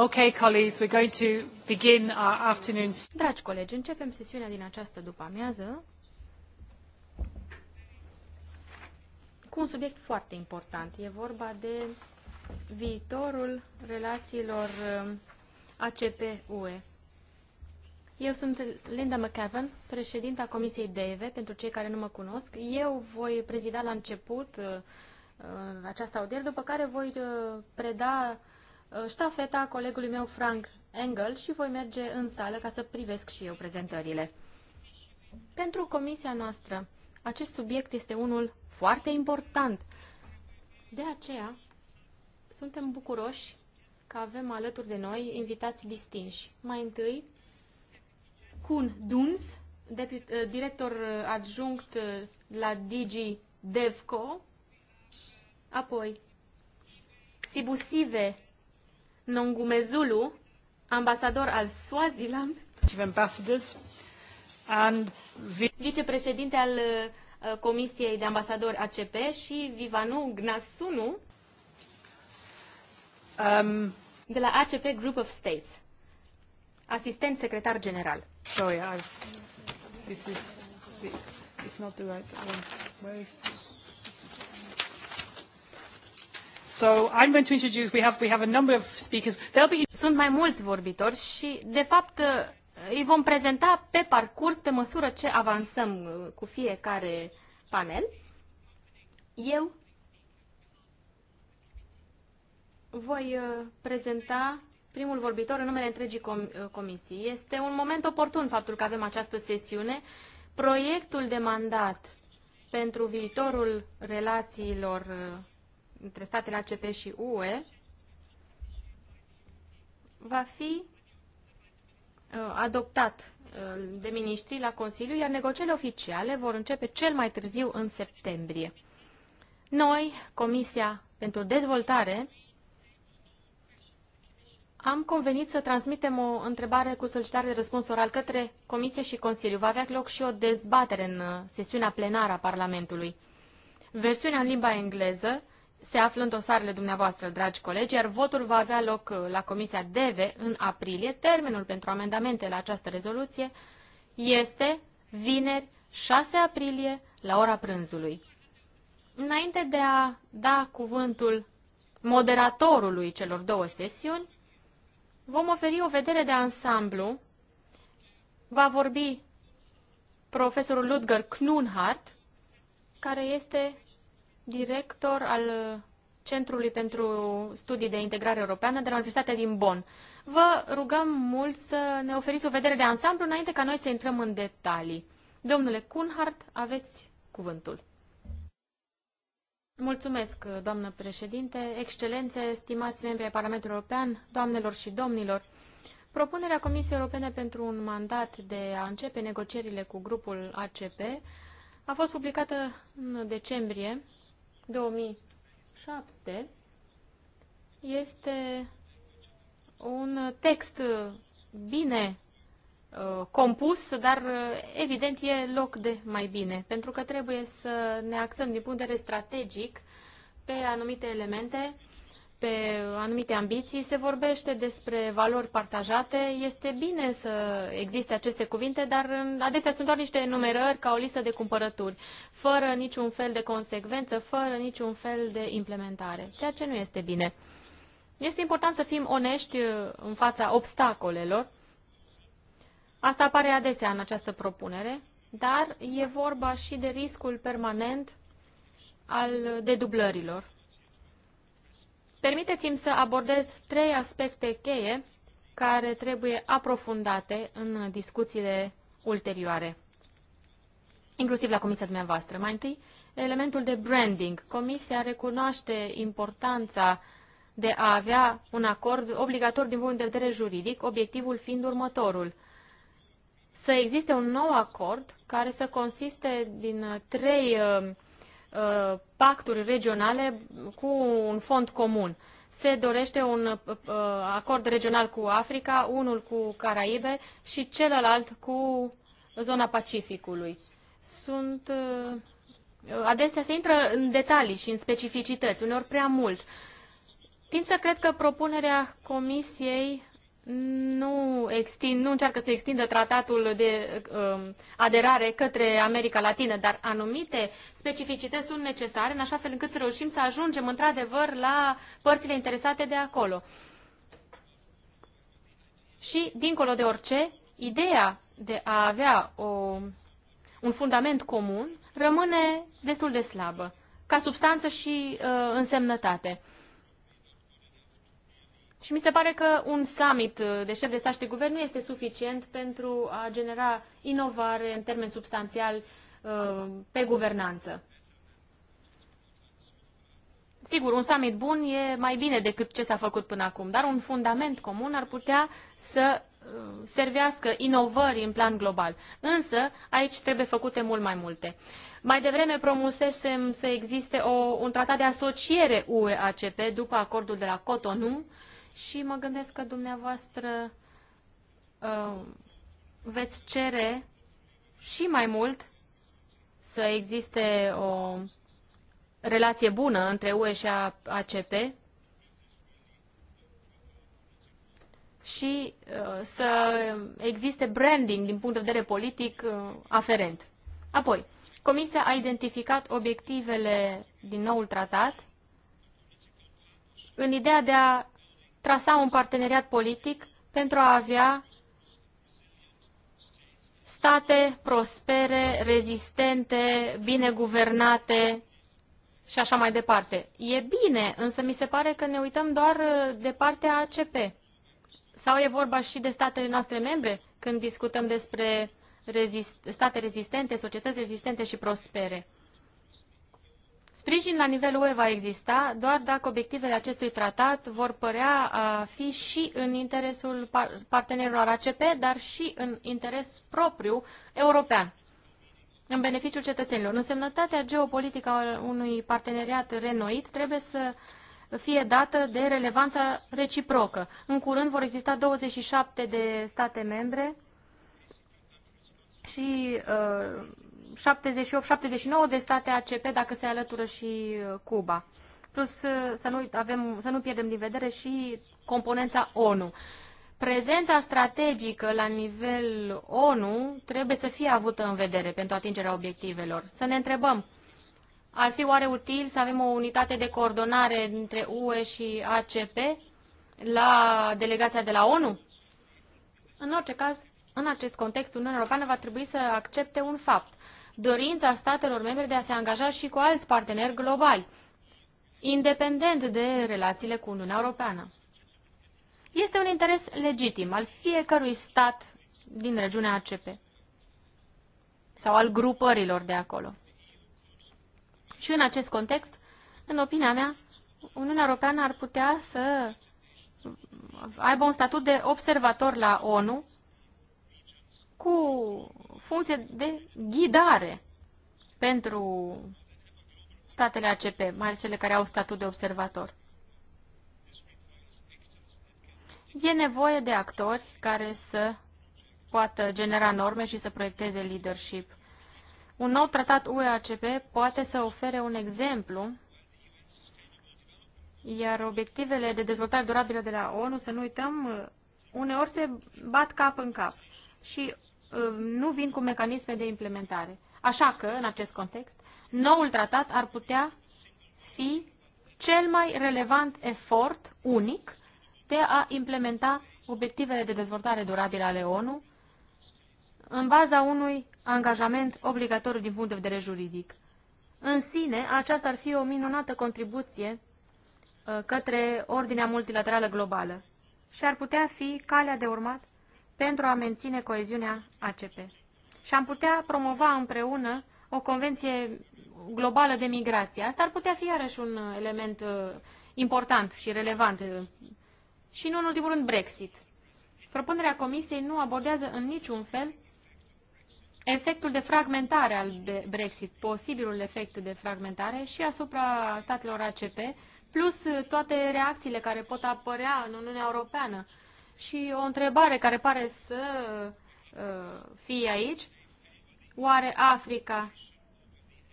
Okay, colleagues, we're going to begin our afternoon. Dragi colegi, începem sesiunea din această după-amiază cu un subiect foarte important. E vorba de viitorul relațiilor um, ACP-UE. Eu sunt Linda McCavan, președinta Comisiei DEVE, pentru cei care nu mă cunosc. Eu voi prezida la început uh, uh, această audiere, după care voi uh, preda uh, Uh, ștafeta colegului meu Frank Engel și voi merge în sală ca să privesc și eu prezentările. Pentru comisia noastră, acest subiect este unul foarte important. De aceea, suntem bucuroși că avem alături de noi invitați distinși. Mai întâi, Kun Duns, uh, director uh, adjunct la Digi DevCo, apoi Sibusive Nongumezulu, ambasador al Swaziland, vicepreședinte al uh, Comisiei de Ambasadori ACP și Vivanu Gnasunu um, de la ACP Group of States, asistent secretar general. Sorry, I've, this is, this, it's not the right one. Where is So I'm going to introduce, we have, we have a number of speakers. They'll be... Sunt mai mulți vorbitori și, de fapt, îi vom prezenta pe parcurs, pe măsură ce avansăm uh, cu fiecare panel. Eu voi uh, prezenta primul vorbitor în numele întregii com uh, comisii. Este un moment oportun faptul că avem această sesiune. Proiectul de mandat pentru viitorul relațiilor între statele ACP și UE va fi uh, adoptat uh, de miniștri la Consiliu, iar negocierile oficiale vor începe cel mai târziu în septembrie. Noi, Comisia pentru Dezvoltare, am convenit să transmitem o întrebare cu solicitare de răspuns oral către Comisie și Consiliu. Va avea loc și o dezbatere în uh, sesiunea plenară a Parlamentului. Versiunea în limba engleză se află în dosarele dumneavoastră, dragi colegi, iar votul va avea loc uh, la Comisia DEVE în aprilie. Termenul pentru amendamente la această rezoluție este vineri 6 aprilie la ora prânzului. Înainte de a da cuvântul moderatorului celor două sesiuni, vom oferi o vedere de ansamblu. Va vorbi profesorul Ludger Knunhardt, care este director al Centrului pentru Studii de Integrare Europeană de la Universitatea din Bonn. Vă rugăm mult să ne oferiți o vedere de ansamblu înainte ca noi să intrăm în detalii. Domnule Kunhart, aveți cuvântul. Mulțumesc, doamnă președinte, excelențe, stimați membri ai Parlamentului European, doamnelor și domnilor. Propunerea Comisiei Europene pentru un mandat de a începe negocierile cu grupul ACP a fost publicată în decembrie 2007 este un text bine uh, compus, dar uh, evident e loc de mai bine, pentru că trebuie să ne axăm din punct de vedere strategic pe anumite elemente pe anumite ambiții, se vorbește despre valori partajate. Este bine să existe aceste cuvinte, dar adesea sunt doar niște enumerări ca o listă de cumpărături, fără niciun fel de consecvență, fără niciun fel de implementare, ceea ce nu este bine. Este important să fim onești uh, în fața obstacolelor. Asta apare adesea în această propunere, dar e vorba și de riscul permanent al dedublărilor. Permiteți-mi să abordez trei aspecte cheie care trebuie aprofundate în discuțiile ulterioare, inclusiv la comisia dumneavoastră. Mai întâi, elementul de branding. Comisia recunoaște importanța de a avea un acord obligator din punct de vedere juridic, obiectivul fiind următorul. Să existe un nou acord care să consiste din trei uh, Uh, pacturi regionale cu un fond comun. Se dorește un uh, uh, acord regional cu Africa, unul cu Caraibe și celălalt cu zona Pacificului. Sunt uh, adesea se intră în detalii și în specificități, uneori prea mult. Tind să cred că propunerea Comisiei nu, extind, nu încearcă să extindă tratatul de um, aderare către America Latină, dar anumite specificități sunt necesare în așa fel încât să reușim să ajungem într-adevăr la părțile interesate de acolo. Și, dincolo de orice, ideea de a avea o, un fundament comun rămâne destul de slabă, ca substanță și uh, însemnătate. Și mi se pare că un summit uh, de șef de stat și de guvern nu este suficient pentru a genera inovare în termen substanțial uh, pe guvernanță. Sigur, un summit bun e mai bine decât ce s-a făcut până acum, dar un fundament comun ar putea să uh, servească inovări în plan global. Însă, aici trebuie făcute mult mai multe. Mai devreme promusesem să existe o, un tratat de asociere UE-ACP după acordul de la Cotonou, și mă gândesc că dumneavoastră uh, veți cere și mai mult să existe o relație bună între UE și ACP și uh, să existe branding din punct de vedere politic uh, aferent. Apoi, Comisia a identificat obiectivele din noul tratat în ideea de a trasa un parteneriat politic pentru a avea state prospere, rezistente, bine guvernate și așa mai departe. E bine, însă mi se pare că ne uităm doar uh, de partea ACP. Sau e vorba și de statele noastre membre când discutăm despre rezist state rezistente, societăți rezistente și prospere. Sprijin la nivel UE va exista doar dacă obiectivele acestui tratat vor părea a fi și în interesul partenerilor ACP, dar și în interes propriu european, în beneficiul cetățenilor. Însemnătatea geopolitică a unui parteneriat renoit trebuie să fie dată de relevanța reciprocă. În curând vor exista 27 de state membre și uh, 78-79 de state ACP dacă se alătură și uh, Cuba. Plus uh, să nu, avem, să nu pierdem din vedere și componența ONU. Prezența strategică la nivel ONU trebuie să fie avută în vedere pentru atingerea obiectivelor. Să ne întrebăm, ar fi oare util să avem o unitate de coordonare între UE și ACP la delegația de la ONU? În orice caz, în acest context, Uniunea Europeană va trebui să accepte un fapt dorința statelor membre de a se angaja și cu alți parteneri globali, independent de relațiile cu Uniunea Europeană. Este un interes legitim al fiecărui stat din regiunea ACP sau al grupărilor de acolo. Și în acest context, în opinia mea, Uniunea Europeană ar putea să aibă un statut de observator la ONU cu funcție de ghidare pentru statele ACP, mai ales cele care au statut de observator. E nevoie de actori care să poată genera norme și să proiecteze leadership. Un nou tratat UEACP poate să ofere un exemplu, iar obiectivele de dezvoltare durabilă de la ONU, să nu uităm, uneori se bat cap în cap. Și Uh, nu vin cu mecanisme de implementare. Așa că, în acest context, noul tratat ar putea fi cel mai relevant efort unic de a implementa obiectivele de dezvoltare durabilă ale ONU în baza unui angajament obligatoriu din punct de vedere juridic. În sine, aceasta ar fi o minunată contribuție uh, către ordinea multilaterală globală și ar putea fi calea de urmat pentru a menține coeziunea ACP. Și am putea promova împreună o convenție globală de migrație. Asta ar putea fi iarăși un element uh, important și relevant. Uh, și nu în ultimul rând Brexit. Propunerea Comisiei nu abordează în niciun fel efectul de fragmentare al Brexit, posibilul efect de fragmentare și asupra statelor ACP, plus toate reacțiile care pot apărea în Uniunea Europeană și o întrebare care pare să uh, fie aici, oare Africa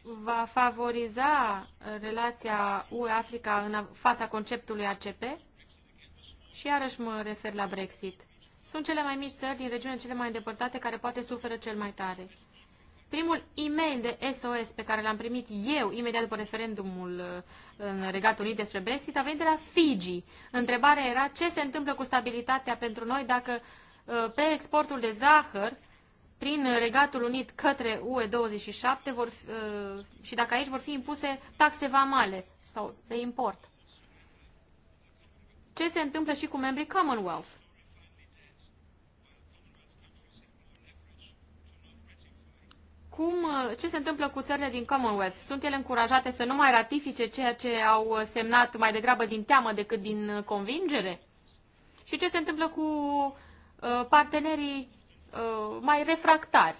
va favoriza uh, relația UE-Africa în fața conceptului ACP? Și iarăși mă refer la Brexit. Sunt cele mai mici țări din regiune cele mai îndepărtate care poate suferă cel mai tare. Primul e-mail de SOS pe care l-am primit eu imediat după referendumul uh, în Regatul Unit despre Brexit a venit de la Fiji. Întrebarea era ce se întâmplă cu stabilitatea pentru noi dacă uh, pe exportul de zahăr prin Regatul Unit către UE27 vor, uh, și dacă aici vor fi impuse taxe vamale sau de import. Ce se întâmplă și cu membrii Commonwealth? Cum, uh, ce se întâmplă cu țările din Commonwealth? Sunt ele încurajate să nu mai ratifice ceea ce au semnat mai degrabă din teamă decât din uh, convingere? Și ce se întâmplă cu uh, partenerii uh, mai refractari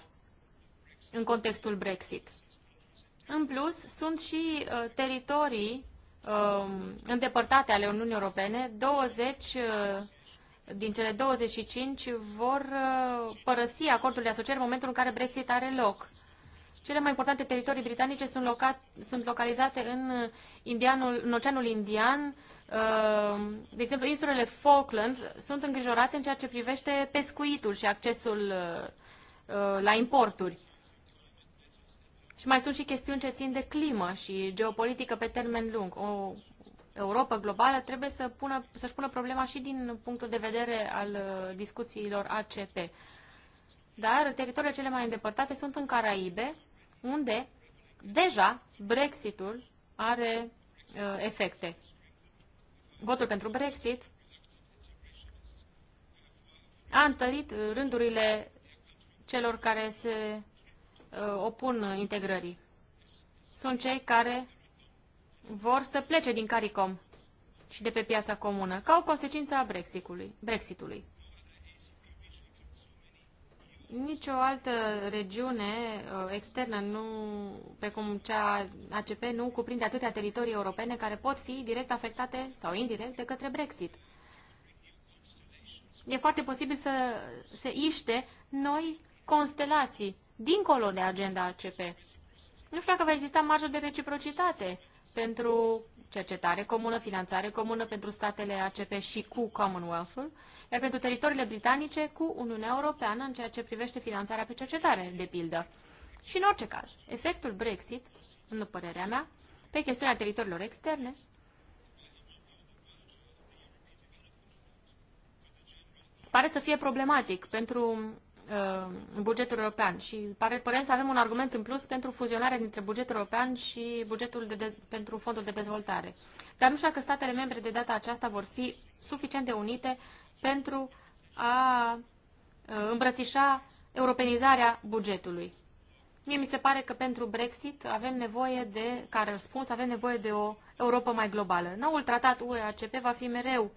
în contextul Brexit? În plus, sunt și uh, teritorii um, îndepărtate ale Uniunii Europene, 20 uh, din cele 25 vor părăsi acordul de asociere în momentul în care Brexit are loc. Cele mai importante teritorii britanice sunt, loca- sunt localizate în, Indianul, în Oceanul Indian. Uh, de exemplu, insulele Falkland sunt îngrijorate în ceea ce privește pescuitul și accesul uh, uh, la importuri. Și mai sunt și chestiuni ce țin de climă și geopolitică pe termen lung. O Europa globală trebuie să pună, să pună problema și din punctul de vedere al discuțiilor ACP. Dar teritoriile cele mai îndepărtate sunt în Caraibe unde deja Brexitul are uh, efecte. Votul pentru Brexit a întărit rândurile celor care se uh, opun integrării. Sunt cei care vor să plece din CARICOM și de pe piața comună, ca o consecință a Brexitului. Brexitului. Nicio altă regiune uh, externă nu, precum cea ACP nu cuprinde atâtea teritorii europene care pot fi direct afectate sau indirect de către Brexit. E foarte posibil să se iște noi constelații dincolo de agenda ACP. Nu știu dacă va exista marjă de reciprocitate pentru cercetare comună, finanțare comună pentru statele ACP și cu Commonwealth-ul, iar pentru teritoriile britanice cu Uniunea Europeană în ceea ce privește finanțarea pe cercetare, de pildă. Și în orice caz, efectul Brexit, în părerea mea, pe chestiunea teritoriilor externe, pare să fie problematic pentru uh, bugetul european și pare, părem să avem un argument în plus pentru fuzionarea dintre bugetul european și bugetul de dez, pentru fondul de dezvoltare. Dar nu știu dacă statele membre de data aceasta vor fi suficient de unite pentru a uh, îmbrățișa europenizarea bugetului. Mie mi se pare că pentru Brexit avem nevoie de, ca răspuns, avem nevoie de o Europa mai globală. Noul tratat UE-ACP va fi mereu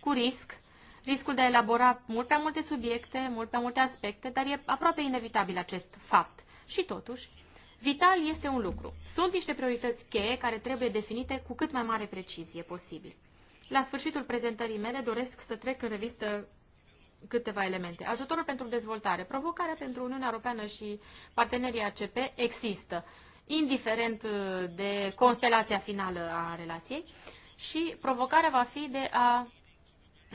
cu risc, riscul de a elabora mult prea multe subiecte, mult prea multe aspecte, dar e aproape inevitabil acest fapt. Și totuși, vital este un lucru. Sunt niște priorități cheie care trebuie definite cu cât mai mare precizie posibil. La sfârșitul prezentării mele doresc să trec în revistă câteva elemente. Ajutorul pentru dezvoltare. Provocarea pentru Uniunea Europeană și partenerii ACP există, indiferent uh, de constelația finală a relației și provocarea va fi de a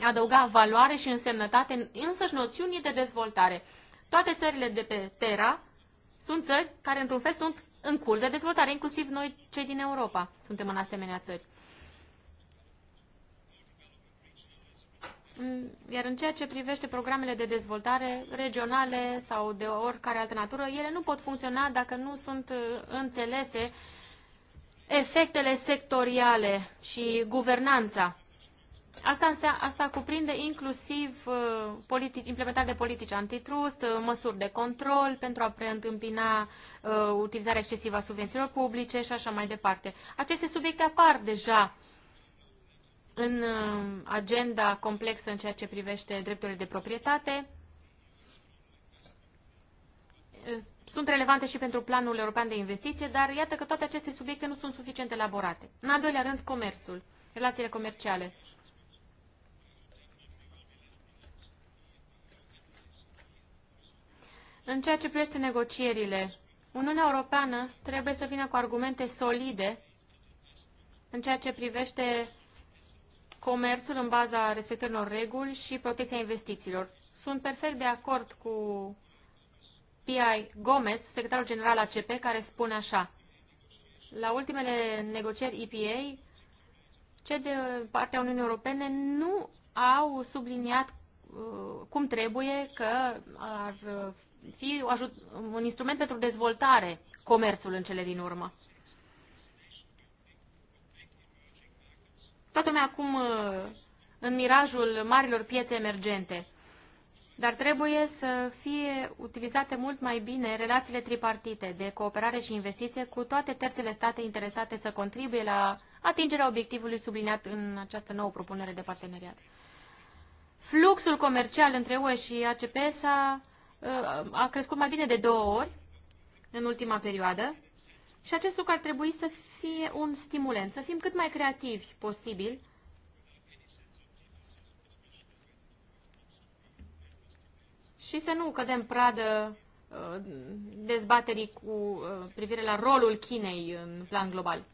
adăuga valoare și însemnătate în însăși noțiunii de dezvoltare. Toate țările de pe Terra sunt țări care, într-un fel, sunt în curs de dezvoltare, inclusiv noi, cei din Europa, suntem în asemenea țări. Mm, iar în ceea ce privește programele de dezvoltare regionale sau de oricare altă natură, ele nu pot funcționa dacă nu sunt uh, înțelese efectele sectoriale și guvernanța. Asta, însea, asta cuprinde inclusiv uh, politici, implementarea de politici antitrust, uh, măsuri de control pentru a preîntâmpina uh, utilizarea excesivă a subvențiilor publice și așa mai departe. Aceste subiecte apar deja uh, în um, agenda complexă în ceea ce privește drepturile de proprietate. Sunt relevante și pentru planul european de investiție, dar iată că toate aceste subiecte nu sunt suficient elaborate. În al doilea rând, comerțul, relațiile comerciale. În ceea ce privește negocierile, Uniunea Europeană trebuie să vină cu argumente solide în ceea ce privește comerțul în baza respectărilor reguli și protecția investițiilor. Sunt perfect de acord cu P.I. Gomez, secretarul general ACP, care spune așa. La ultimele negocieri EPA, cei de partea Uniunii Europene nu au subliniat uh, cum trebuie că ar fi un instrument pentru dezvoltare comerțul în cele din urmă. Toată lumea acum uh, în mirajul marilor piețe emergente. Dar trebuie să fie utilizate mult mai bine relațiile tripartite de cooperare și investiție cu toate terțele state interesate să contribuie la atingerea obiectivului subliniat în această nouă propunere de parteneriat. Fluxul comercial între UE și ACP a uh, a crescut mai bine de două ori în ultima perioadă și acest lucru ar trebui să fie un stimulent, să fim cât mai creativi posibil. Și să nu cădem pradă uh, dezbaterii cu uh, privire la rolul Chinei în plan global.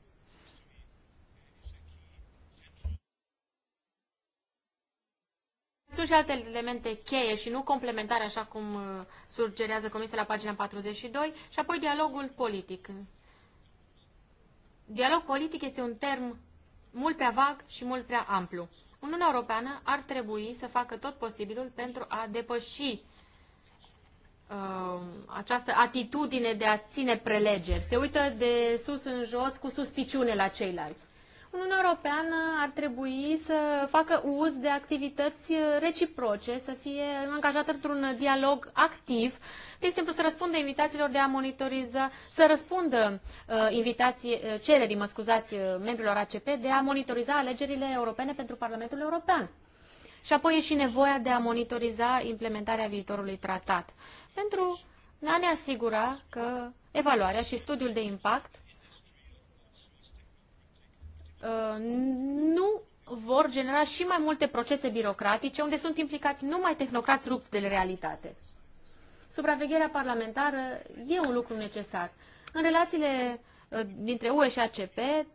Sunt și alte elemente cheie și nu complementare, așa cum uh, sugerează Comisia la pagina 42, și apoi dialogul politic. Dialog politic este un term mult prea vag și mult prea amplu. Uniunea Europeană ar trebui să facă tot posibilul pentru a depăși uh, această atitudine de a ține prelegeri. Se uită de sus în jos cu suspiciune la ceilalți. Uniunea Europeană ar trebui să facă uz de activități reciproce, să fie angajată într-un dialog activ uh, de simplu să răspundă invitațiilor de a monitoriza, să răspundă uh, invitații, uh, cererii, mă scuzați, uh, membrilor ACP de a monitoriza alegerile europene pentru Parlamentul European. Și apoi e și nevoia de a monitoriza implementarea viitorului tratat. Pentru a ne asigura că evaluarea și studiul de impact uh, nu vor genera și mai multe procese birocratice unde sunt implicați numai tehnocrați rupți de realitate supravegherea parlamentară e un lucru necesar. În relațiile uh, dintre UE și ACP, uh,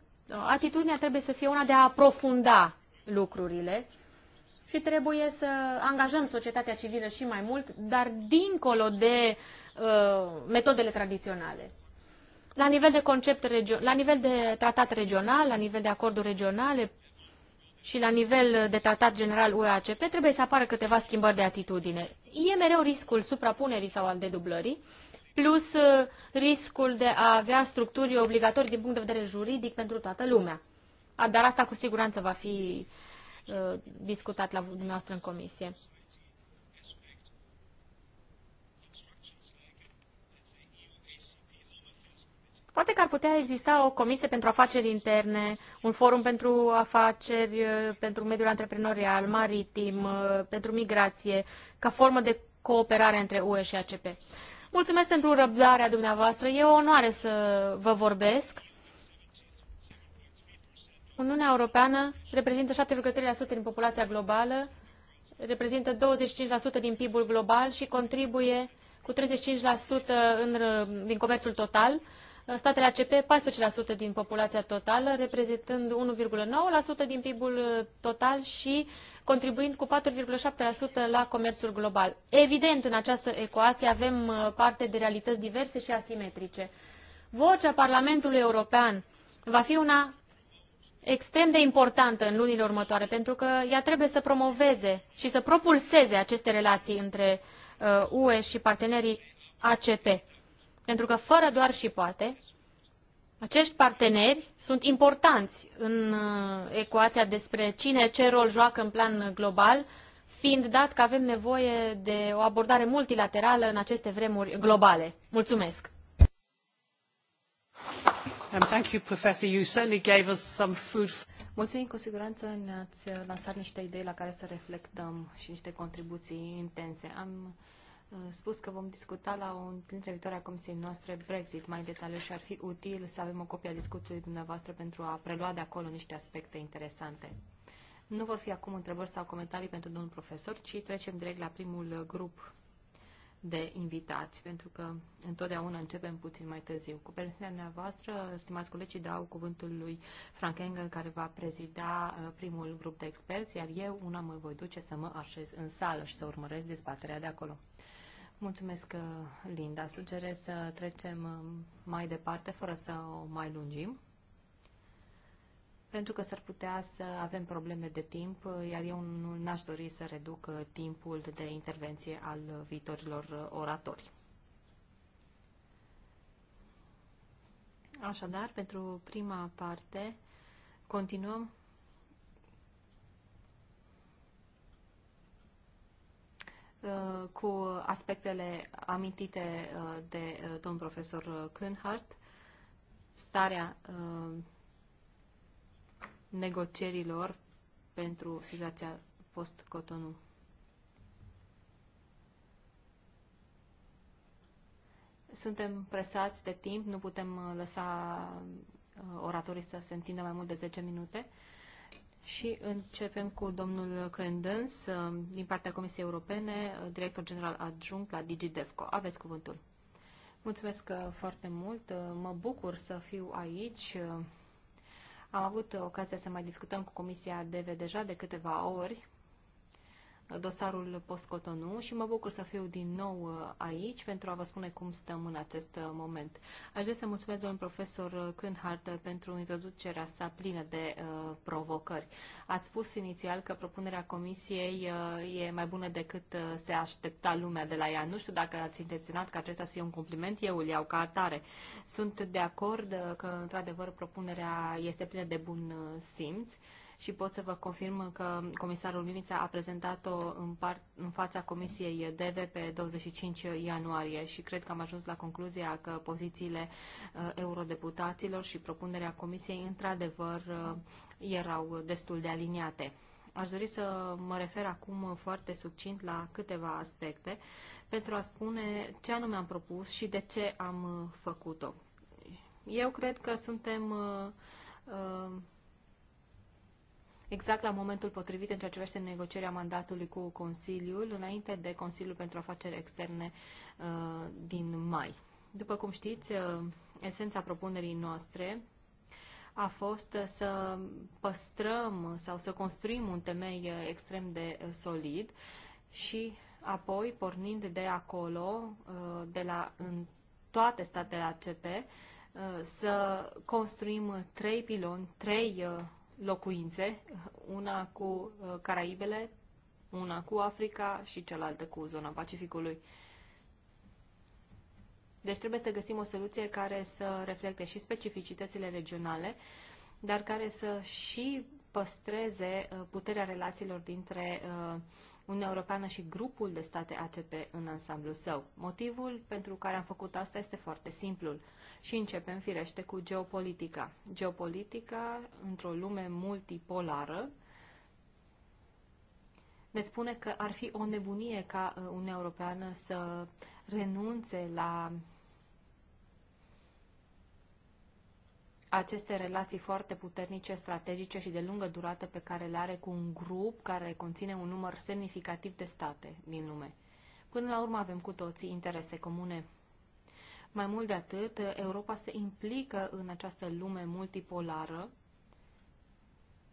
atitudinea trebuie să fie una de a aprofunda lucrurile și trebuie să angajăm societatea civilă și mai mult, dar dincolo de uh, metodele tradiționale. La nivel de concept la nivel de tratat regional, la nivel de acorduri regionale, și la nivel de tratat general UEACP trebuie să apară câteva schimbări de atitudine. E mereu riscul suprapunerii sau al dedublării, plus uh, riscul de a avea structuri obligatorii din punct de vedere juridic pentru toată lumea. Dar asta cu siguranță va fi uh, discutat la dumneavoastră în comisie. Poate că ar putea exista o comisie pentru afaceri interne, un forum pentru afaceri, uh, pentru mediul antreprenorial, maritim, uh, pentru migrație, ca formă de cooperare între UE și ACP. Mulțumesc pentru răbdarea dumneavoastră. E o onoare să vă vorbesc. Uniunea Europeană reprezintă 7,3% din populația globală, reprezintă 25% din PIB-ul global și contribuie cu 35% în, din comerțul total statele ACP 14% din populația totală, reprezentând 1,9% din PIB-ul uh, total și contribuind cu 4,7% la comerțul global. Evident, în această ecuație avem uh, parte de realități diverse și asimetrice. Vocea Parlamentului European va fi una extrem de importantă în lunile următoare, pentru că ea trebuie să promoveze și să propulseze aceste relații între UE uh, și partenerii ACP. Pentru că fără doar și poate, acești parteneri sunt importanți în uh, ecuația despre cine ce rol joacă în plan global, fiind dat că avem nevoie de o abordare multilaterală în aceste vremuri globale. Mulțumesc! Um, thank you, You Professor. certainly gave us some food. Mulțumim, cu siguranță ne-ați lansat niște idei la care să reflectăm și niște contribuții intense. Am Uh, spus că vom discuta la o întâlnire viitoare a Comisiei noastre Brexit mai detaliu și ar fi util să avem o copie a discuției dumneavoastră pentru a prelua de acolo niște aspecte interesante. Nu vor fi acum întrebări sau comentarii pentru domnul profesor, ci trecem direct la primul grup de invitați, pentru că întotdeauna începem puțin mai târziu. Cu permisiunea dumneavoastră, stimați colegii, dau cuvântul lui Frank Engel, care va prezida uh, primul grup de experți, iar eu una mă voi duce să mă așez în sală și să urmăresc dezbaterea de acolo. Mulțumesc, uh, Linda. Sugerez să trecem uh, mai departe, fără să o mai lungim, pentru că s-ar putea să avem probleme de timp, uh, iar eu nu aș dori să reduc timpul de intervenție al viitorilor oratori. Așadar, pentru prima parte, continuăm Uh, cu aspectele amintite uh, de uh, domn profesor Kühnhardt, starea negocierilor pentru situația post-Cotonou. Suntem presați de timp, nu putem lăsa oratorii să se întindă mai mult de 10 minute. Și începem cu domnul Căndâns, uh, din partea Comisiei Europene, uh, director general adjunct la DigiDevco. Aveți cuvântul. Mulțumesc uh, foarte mult. Mă bucur să fiu aici. Am avut ocazia să mai discutăm cu Comisia DV deja de câteva ori dosarul post și mă bucur să fiu din nou uh, aici pentru a vă spune cum stăm în acest uh, moment. Aș vrea să mulțumesc domnul profesor Kühnhardt pentru introducerea sa plină de uh, provocări. Ați spus inițial că propunerea comisiei uh, e mai bună decât uh, se aștepta lumea de la ea. Nu știu dacă ați intenționat că acesta să fie un compliment, eu îl iau ca atare. Sunt de acord uh, că, într-adevăr, propunerea este plină de bun simț. Uh, și pot să vă confirm că comisarul Mimița a prezentat-o în, în fața Comisiei DV pe 25 ianuarie și cred că am ajuns la concluzia că pozițiile uh, eurodeputaților și propunerea Comisiei într-adevăr uh, erau destul de aliniate. Aș dori să mă refer acum foarte succint la câteva aspecte pentru a spune ce anume am propus și de ce am uh, făcut-o. Eu cred că suntem uh, uh exact la momentul potrivit în ceea ce privește negocierea mandatului cu Consiliul, înainte de Consiliul pentru Afaceri Externe uh, din mai. După cum știți, uh, esența propunerii noastre a fost să păstrăm sau să construim un temei extrem de solid și apoi, pornind de acolo, uh, de la în toate statele ACP, să construim trei piloni, trei locuințe, una cu uh, Caraibele, una cu Africa și cealaltă cu zona Pacificului. Deci trebuie să găsim o soluție care să reflecte și specificitățile regionale, dar care să și păstreze uh, puterea relațiilor dintre uh, Uniunea Europeană și grupul de state ACP în ansamblu său. Motivul pentru care am făcut asta este foarte simplul și începem firește cu geopolitica. Geopolitica într-o lume multipolară ne spune că ar fi o nebunie ca uh, Uniunea Europeană să renunțe la aceste relații foarte puternice, strategice și de lungă durată pe care le are cu un grup care conține un număr semnificativ de state din lume. Până la urmă avem cu toții interese comune. Mai mult de atât, Europa se implică în această lume multipolară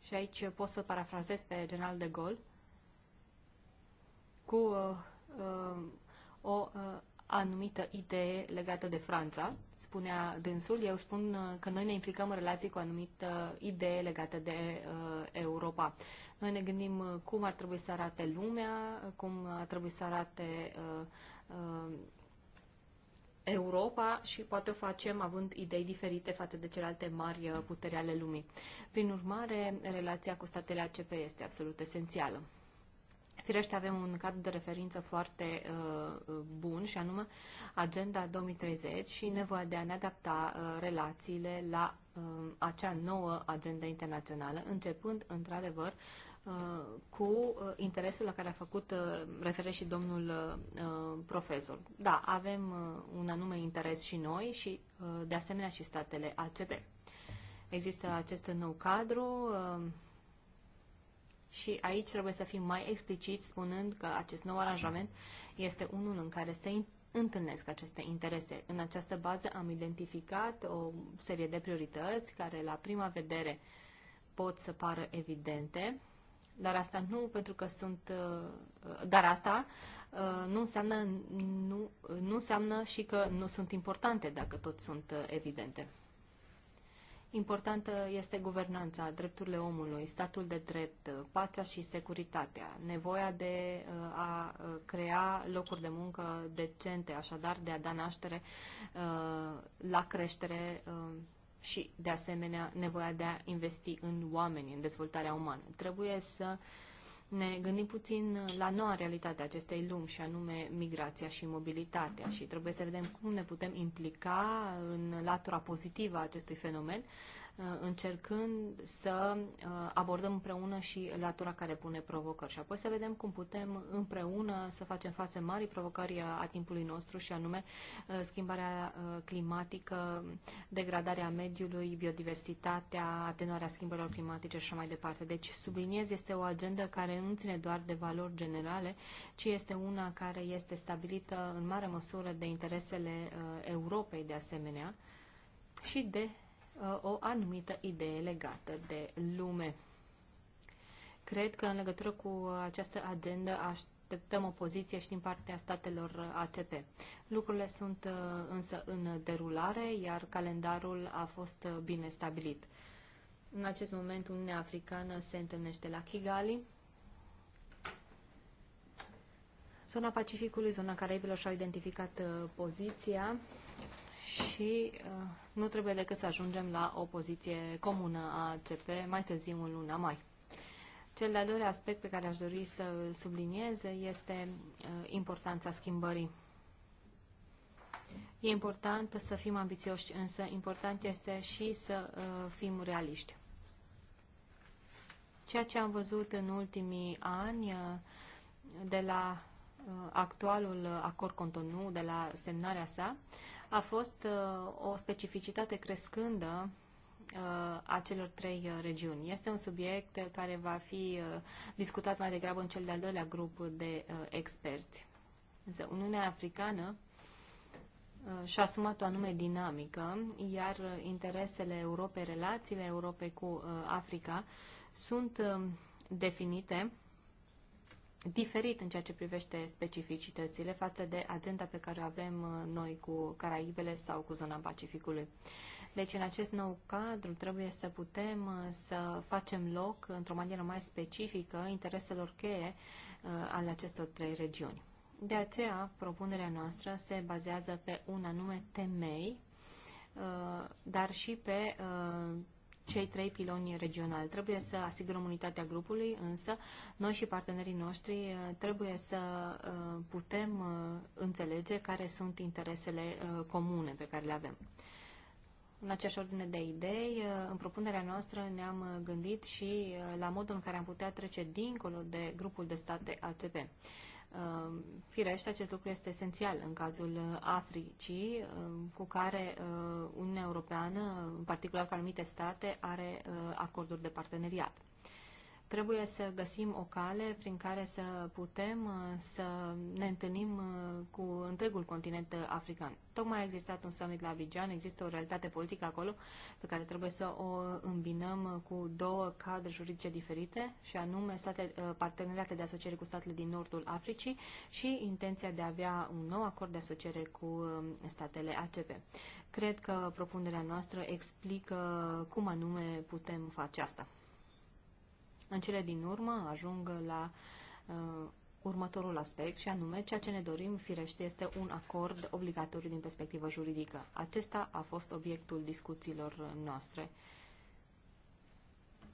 și aici pot să parafrazez pe general de Gaulle cu uh, uh, o uh, anumită idee legată de Franța, spunea dânsul. Eu spun uh, că noi ne implicăm în relații cu o anumită idee legată de uh, Europa. Noi ne gândim uh, cum ar trebui să arate lumea, cum ar trebui să arate uh, uh, Europa și poate o facem având idei diferite față de celelalte mari uh, puteri ale lumii. Prin urmare, relația cu statele ACP este absolut esențială. Firește, avem un cadru de referință foarte uh, bun și anume Agenda 2030 și nevoia de a ne adapta uh, relațiile la uh, acea nouă agenda internațională, începând, într-adevăr, uh, cu uh, interesul la care a făcut uh, referire și domnul profesor. Da, avem un anume interes și noi și de asemenea și statele ACP. Există acest nou cadru și aici trebuie să fim mai expliciți spunând că acest nou aranjament este unul în care se întâlnesc aceste interese. În această bază am identificat o serie de priorități care la prima vedere pot să pară evidente, dar asta nu pentru că sunt uh, dar asta uh, nu înseamnă nu, nu înseamnă și că nu sunt importante dacă tot sunt uh, evidente. Importantă este guvernanța, drepturile omului, statul de drept, pacea și securitatea, nevoia de uh, a uh, crea locuri de muncă decente, așadar de a da naștere uh, la creștere și, de asemenea, nevoia de a investi în oameni, în dezvoltarea umană. Trebuie să uh, ne gândim puțin la noua realitate a acestei lumi și anume migrația și mobilitatea și trebuie să vedem cum ne putem implica în latura pozitivă a acestui fenomen Uh, încercând să uh, abordăm împreună și latura care pune provocări și apoi să vedem cum putem împreună să facem față marii provocări a timpului nostru și anume uh, schimbarea climatică, degradarea mediului, biodiversitatea, atenuarea schimbărilor climatice și așa mai departe. Deci, subliniez, este o agendă care nu ține doar de valori generale, ci este una care este stabilită în mare măsură de interesele Europei de asemenea și de Uh, o anumită idee legată de lume. Cred că în legătură cu această agendă așteptăm o poziție și din partea statelor ACP. Lucrurile sunt uh, însă în derulare, iar calendarul a fost uh, bine stabilit. În acest moment, Uniunea Africană se întâlnește la Kigali. Zona Pacificului, zona Caraibilor și-au identificat poziția și uh, nu trebuie decât să ajungem la o poziție comună a CP mai târziu în luna mai. Cel de-al doilea aspect pe care aș dori să subliniez este uh, importanța schimbării. E important să fim ambițioși, însă important este și să uh, fim realiști. Ceea ce am văzut în ultimii ani de la actualul acord contonu, de la semnarea sa, a fost uh, o specificitate crescândă uh, a celor trei uh, regiuni. Este un subiect care va fi discutat mai degrabă în cel de-al doilea grup de experți. Însă Uniunea Africană și-a asumat o anume dinamică, iar interesele Europei, relațiile Europei cu Africa sunt definite diferit în ceea ce privește specificitățile față de agenda pe care o avem uh, noi cu Caraibele sau cu zona Pacificului. Deci, în acest nou cadru, trebuie să putem uh, să facem loc, într-o manieră mai specifică, intereselor cheie uh, ale acestor trei regiuni. De aceea, propunerea noastră se bazează pe un anume temei, dar și pe cei trei piloni regionali. Trebuie să asigurăm unitatea grupului, însă noi și partenerii noștri uh, trebuie să uh, putem uh, înțelege care sunt interesele comune pe care le avem. În aceeași ordine de idei, în propunerea noastră ne-am gândit și la modul în care am putea trece dincolo de grupul de state ACP. Um, firește, acest lucru este esențial în cazul uh, Africii, um, cu care uh, Uniunea Europeană, în particular cu anumite state, are uh, acorduri de parteneriat. Trebuie să găsim o cale prin care să putem uh, să ne întâlnim uh, cu întregul continent african. Tocmai a existat un summit la Abidjan, există o realitate politică acolo pe care trebuie să o îmbinăm uh, cu două cadre juridice diferite, și anume state, parteneriate de asociere cu statele din nordul Africii și intenția de a avea un nou acord de asociere cu um, statele ACP. Cred că propunerea noastră explică cum anume putem face asta în cele din urmă ajung la uh, următorul aspect și anume ceea ce ne dorim, firește, este un acord obligatoriu din perspectivă juridică. Acesta a fost obiectul discuțiilor noastre.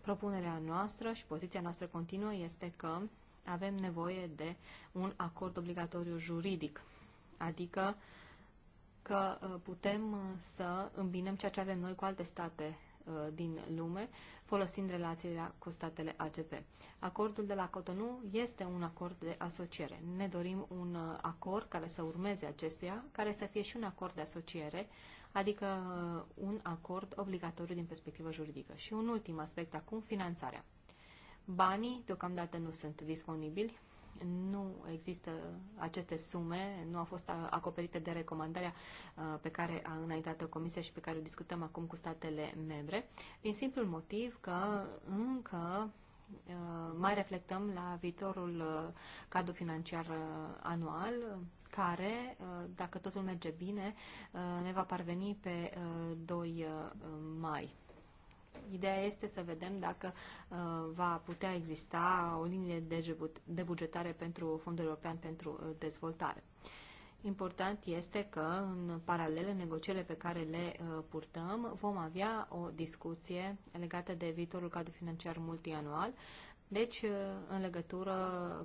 Propunerea noastră și poziția noastră continuă este că avem nevoie de un acord obligatoriu juridic, adică că uh, putem să îmbinăm ceea ce avem noi cu alte state Uh, din lume, folosind relațiile cu statele ACP. Acordul de la Cotonou este un acord de asociere. Ne dorim un uh, acord care să urmeze acestuia, care să fie și un acord de asociere, adică uh, un acord obligatoriu din perspectivă juridică. Și un ultim aspect acum, finanțarea. Banii deocamdată nu sunt disponibili, nu există aceste sume, nu au fost acoperite de recomandarea uh, pe care a înaintat Comisia și pe care o discutăm acum cu statele membre, din simplul motiv că încă uh, mai reflectăm la viitorul uh, cadru financiar anual, care, dacă totul merge bine, ne va parveni pe 2 mai. Ideea este să vedem dacă uh, va putea exista o linie de, de bugetare pentru Fondul European pentru uh, Dezvoltare. Important este că, în paralele negocierile pe care le uh, purtăm, vom avea o discuție legată de viitorul cadru financiar multianual uh, deci uh, în legătură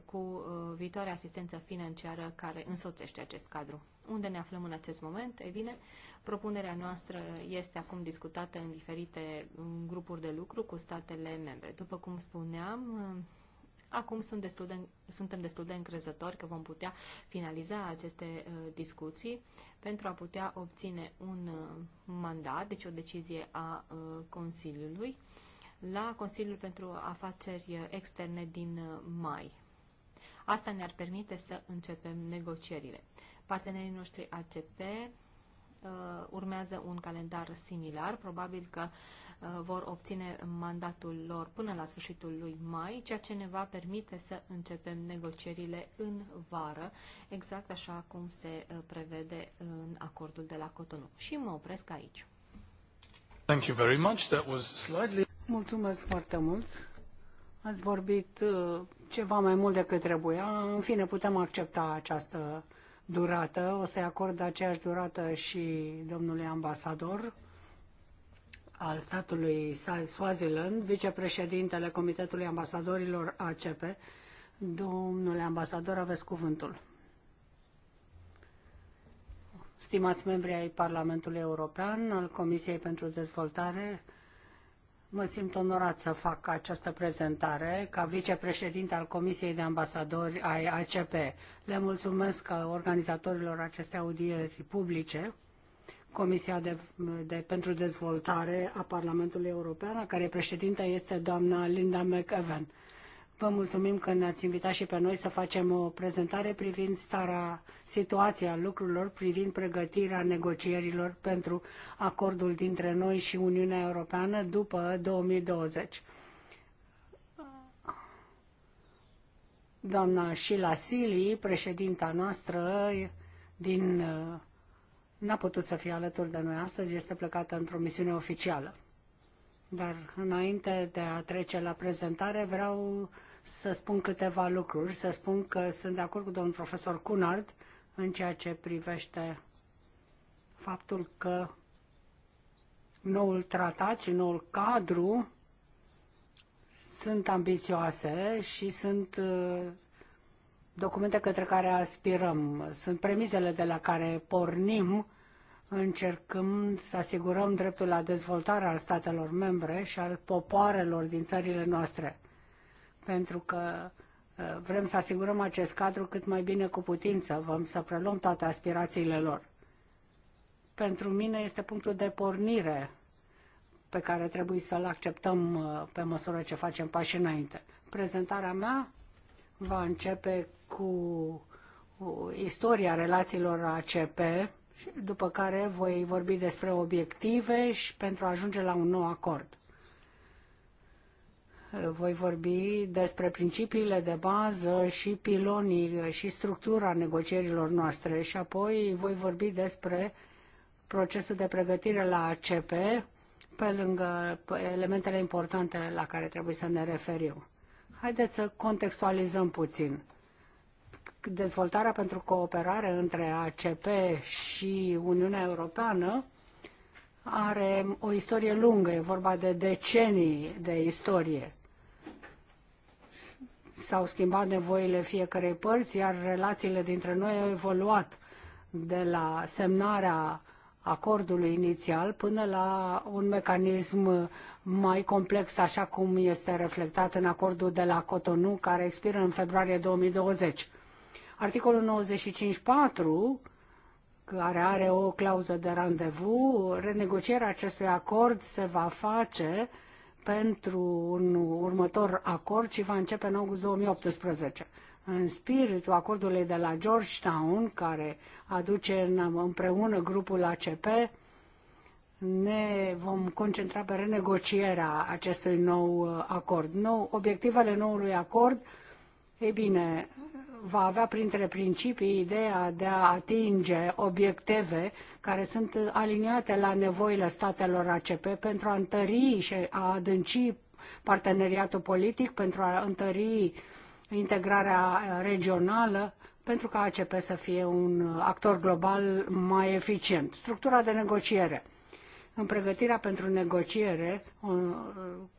cu uh, viitoarea asistență financiară care însoțește acest cadru. Unde ne aflăm în acest moment? E bine, propunerea noastră este acum discutată în diferite uh, grupuri de lucru cu statele membre. După cum spuneam, Acum sunt destul de, suntem destul de încrezători că vom putea finaliza aceste discuții pentru a putea obține un mandat, deci o decizie a Consiliului la Consiliul pentru Afaceri Externe din mai. Asta ne-ar permite să începem negocierile. Partenerii noștri ACP uh, urmează un calendar similar, probabil că uh, vor obține mandatul lor până la sfârșitul lui mai, ceea ce ne va permite să începem negocierile în vară, exact așa cum se uh, prevede în acordul de la Cotonou. Și mă opresc aici. Thank you very much. That was slightly... Mulțumesc foarte mult. Ați vorbit uh, ceva mai mult decât trebuia. În fine, putem accepta această durată. O să-i acord aceeași durată și domnului ambasador al statului Swaziland, vicepreședintele Comitetului Ambasadorilor ACP. Domnule ambasador, aveți cuvântul. Stimați membri ai Parlamentului European, al Comisiei pentru Dezvoltare, Mă simt onorat să fac această prezentare ca vicepreședinte al Comisiei de Ambasadori ai ACP. Le mulțumesc organizatorilor acestei audieri publice, Comisia de, de, pentru Dezvoltare a Parlamentului European, a care președinte este doamna Linda McEwen. Vă mulțumim că ne-ați invitat și pe noi să facem o prezentare privind starea, situația lucrurilor, privind pregătirea negocierilor pentru acordul dintre noi și Uniunea Europeană după 2020. Doamna Sheila Sili, președinta noastră din n-a putut să fie alături de noi astăzi, este plecată într-o misiune oficială. Dar înainte de a trece la prezentare, vreau să spun câteva lucruri, să spun că sunt de acord cu domnul profesor Cunard în ceea ce privește faptul că noul tratat și noul cadru sunt ambițioase și sunt uh, documente către care aspirăm. Sunt premizele de la care pornim, încercăm să asigurăm dreptul la dezvoltare al statelor membre și al popoarelor din țările noastre pentru că uh, vrem să asigurăm acest cadru cât mai bine cu putință, vom să preluăm toate aspirațiile lor. Pentru mine este punctul de pornire pe care trebuie să-l acceptăm uh, pe măsură ce facem pași înainte. Prezentarea mea va începe cu istoria relațiilor ACP, după care voi vorbi despre obiective și pentru a ajunge la un nou acord voi vorbi despre principiile de bază și pilonii și structura negocierilor noastre și apoi voi vorbi despre procesul de pregătire la ACP, pe lângă elementele importante la care trebuie să ne referim. Haideți să contextualizăm puțin. Dezvoltarea pentru cooperare între ACP și Uniunea Europeană are o istorie lungă, e vorba de decenii de istorie s-au schimbat nevoile fiecarei părți, iar relațiile dintre noi au evoluat de la semnarea acordului inițial până la un mecanism mai complex, așa cum este reflectat în acordul de la Cotonou, care expiră în februarie 2020. Articolul 95.4, care are o clauză de randevu, renegocierea acestui acord se va face uh, pentru un următor acord și va începe în august 2018. În spiritul acordului de la Georgetown, care aduce împreună grupul ACP, ne vom concentra pe renegocierea acestui nou uh, acord. Nou, obiectivele noului acord ei bine, va avea printre principii ideea de a atinge obiective care sunt aliniate la nevoile statelor ACP pentru a întări și a adânci parteneriatul politic, pentru a întări integrarea regională, pentru ca ACP să fie un actor global mai eficient. Structura de negociere în pregătirea pentru negociere, uh,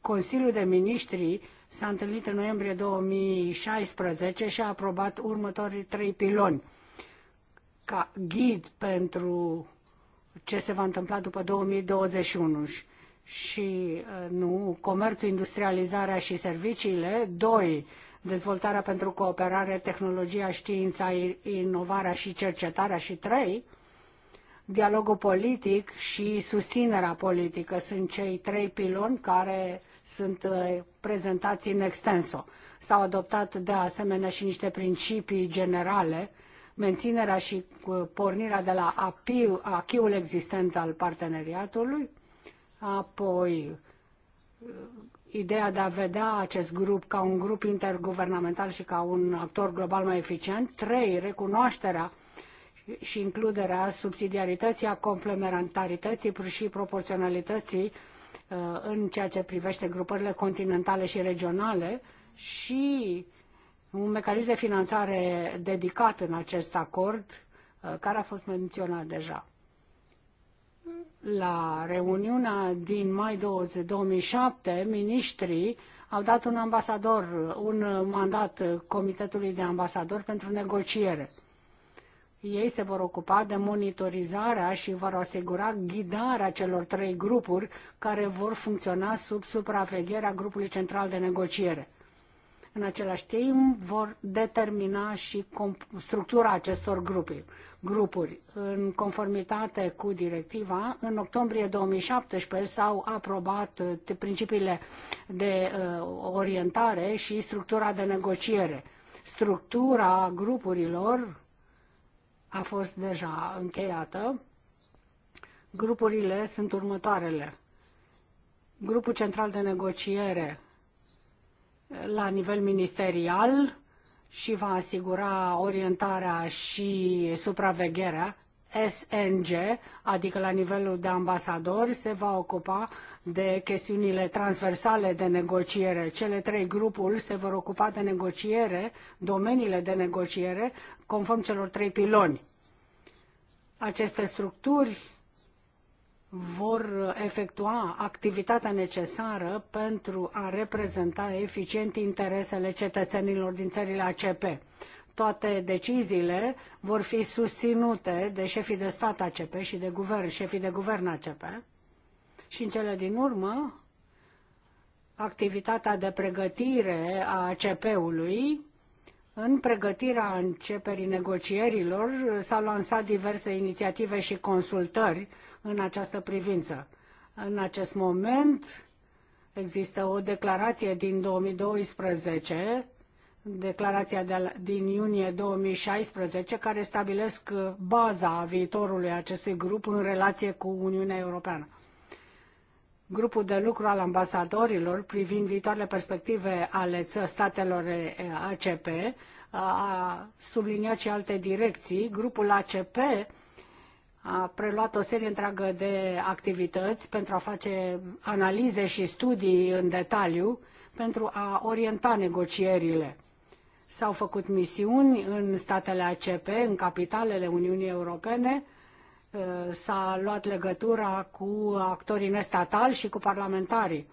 Consiliul de Ministri s-a întâlnit în noiembrie 2016 și a aprobat următorii trei piloni ca ghid pentru ce se va întâmpla după 2021 și uh, nu comerțul, industrializarea și serviciile, doi, dezvoltarea pentru cooperare, tehnologia, știința, inovarea și cercetarea și trei, dialogul politic și susținerea politică sunt cei trei piloni care sunt uh, prezentați în extenso. S-au adoptat de asemenea și niște principii generale, menținerea și uh, pornirea de la achiul existent al parteneriatului, apoi uh, ideea de a vedea acest grup ca un grup interguvernamental și ca un actor global mai eficient, trei, recunoașterea și includerea subsidiarității, a complementarității și proporționalității uh, în ceea ce privește grupările continentale și regionale și un mecanism de finanțare dedicat în acest acord, uh, care a fost menționat deja. La reuniunea din mai 20, 2007, ministrii au dat un ambasador, un mandat Comitetului de Ambasador pentru negociere. Ei se vor ocupa de monitorizarea și vor asigura ghidarea celor trei grupuri care vor funcționa sub supravegherea grupului central de negociere. În același timp, vor determina și structura acestor grupuri, grupuri. În conformitate cu directiva, în octombrie 2017 s-au aprobat uh, principiile de uh, orientare și structura de negociere. Structura grupurilor a fost deja încheiată. Grupurile sunt următoarele. Grupul Central de Negociere la nivel ministerial și va asigura orientarea și supravegherea SNG, adică la nivelul de ambasadori, se va ocupa de chestiunile transversale de negociere. Cele trei grupuri se vor ocupa de negociere, domeniile de negociere, conform celor trei piloni. Aceste structuri vor efectua activitatea necesară pentru a reprezenta eficient interesele cetățenilor din țările ACP toate deciziile vor fi susținute de șefii de stat ACP și de guvern, șefii de guvern ACP. Și în cele din urmă, activitatea de pregătire a ACP-ului, în pregătirea începerii negocierilor s-au lansat diverse inițiative și consultări în această privință. În acest moment există o declarație din 2012 declarația de la, din iunie 2016, care stabilesc uh, baza viitorului acestui grup în relație cu Uniunea Europeană. Grupul de lucru al ambasadorilor privind viitoarele perspective ale statelor uh, ACP a subliniat și alte direcții. Grupul ACP a preluat o serie întreagă de activități pentru a face analize și studii în detaliu pentru a orienta negocierile. S-au făcut misiuni în statele ACP, în capitalele Uniunii Europene, uh, s-a luat legătura cu actorii nestatali și cu parlamentarii.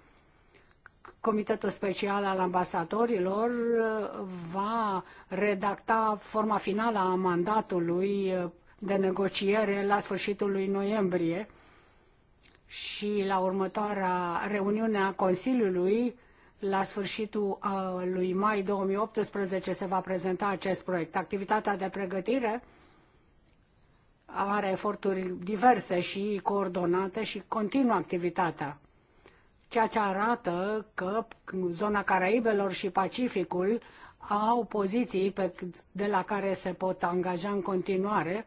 Comitetul Special al Ambasadorilor uh, va redacta forma finală a mandatului uh, de negociere la sfârșitul lui noiembrie și la următoarea reuniune a Consiliului la sfârșitul lui mai 2018 se va prezenta acest proiect. Activitatea de pregătire are eforturi diverse și coordonate și continuă activitatea, ceea ce arată că zona Caraibelor și Pacificul au poziții pe, de la care se pot angaja în continuare,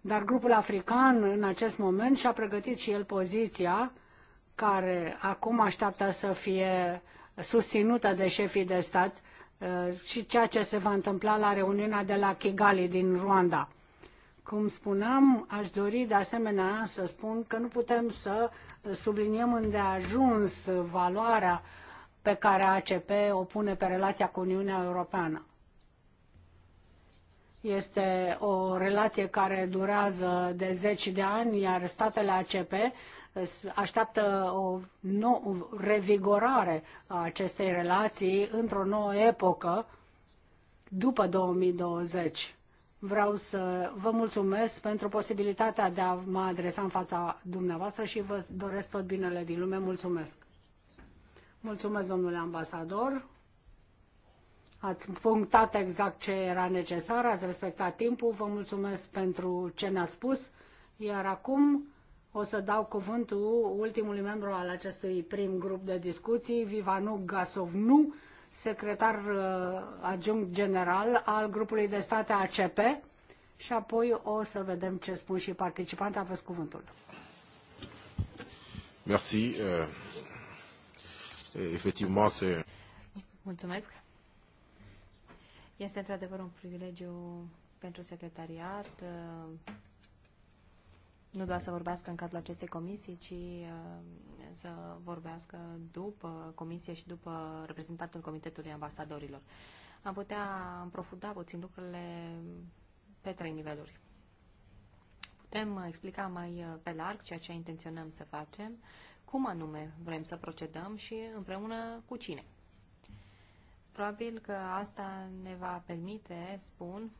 dar grupul african în acest moment și-a pregătit și el poziția care acum așteaptă să fie susținută de șefii de stat uh, și ceea ce se va întâmpla la reuniunea de la Kigali din Rwanda. Cum spuneam, aș dori de asemenea să spun că nu putem să subliniem ajuns valoarea pe care ACP o pune pe relația cu Uniunea Europeană. Este o relație care durează de zeci de ani, iar statele ACP așteaptă o, nou, revigorare a acestei relații într-o nouă epocă după 2020. Vreau să vă mulțumesc pentru posibilitatea de a mă adresa în fața dumneavoastră și vă doresc tot binele din lume. Mulțumesc! Mulțumesc, domnule ambasador! Ați punctat exact ce era necesar, ați respectat timpul, vă mulțumesc pentru ce ne-ați spus, iar acum o să dau cuvântul ultimului membru al acestui prim grup de discuții, Vivanu Gasovnu, secretar uh, adjunct general al grupului de state ACP și apoi o să vedem ce spun și participanții. Aveți cuvântul. Merci. Uh, Efectivement, se... Mulțumesc. Este într-adevăr un privilegiu pentru secretariat uh, nu doar să vorbească în cadrul acestei comisii, ci uh, să vorbească după comisie și după reprezentantul Comitetului Ambasadorilor. Am putea profuda puțin lucrurile pe trei niveluri. Putem explica mai uh, pe larg ceea ce intenționăm să facem, cum anume vrem să procedăm și împreună cu cine. Probabil că asta ne va permite, spun,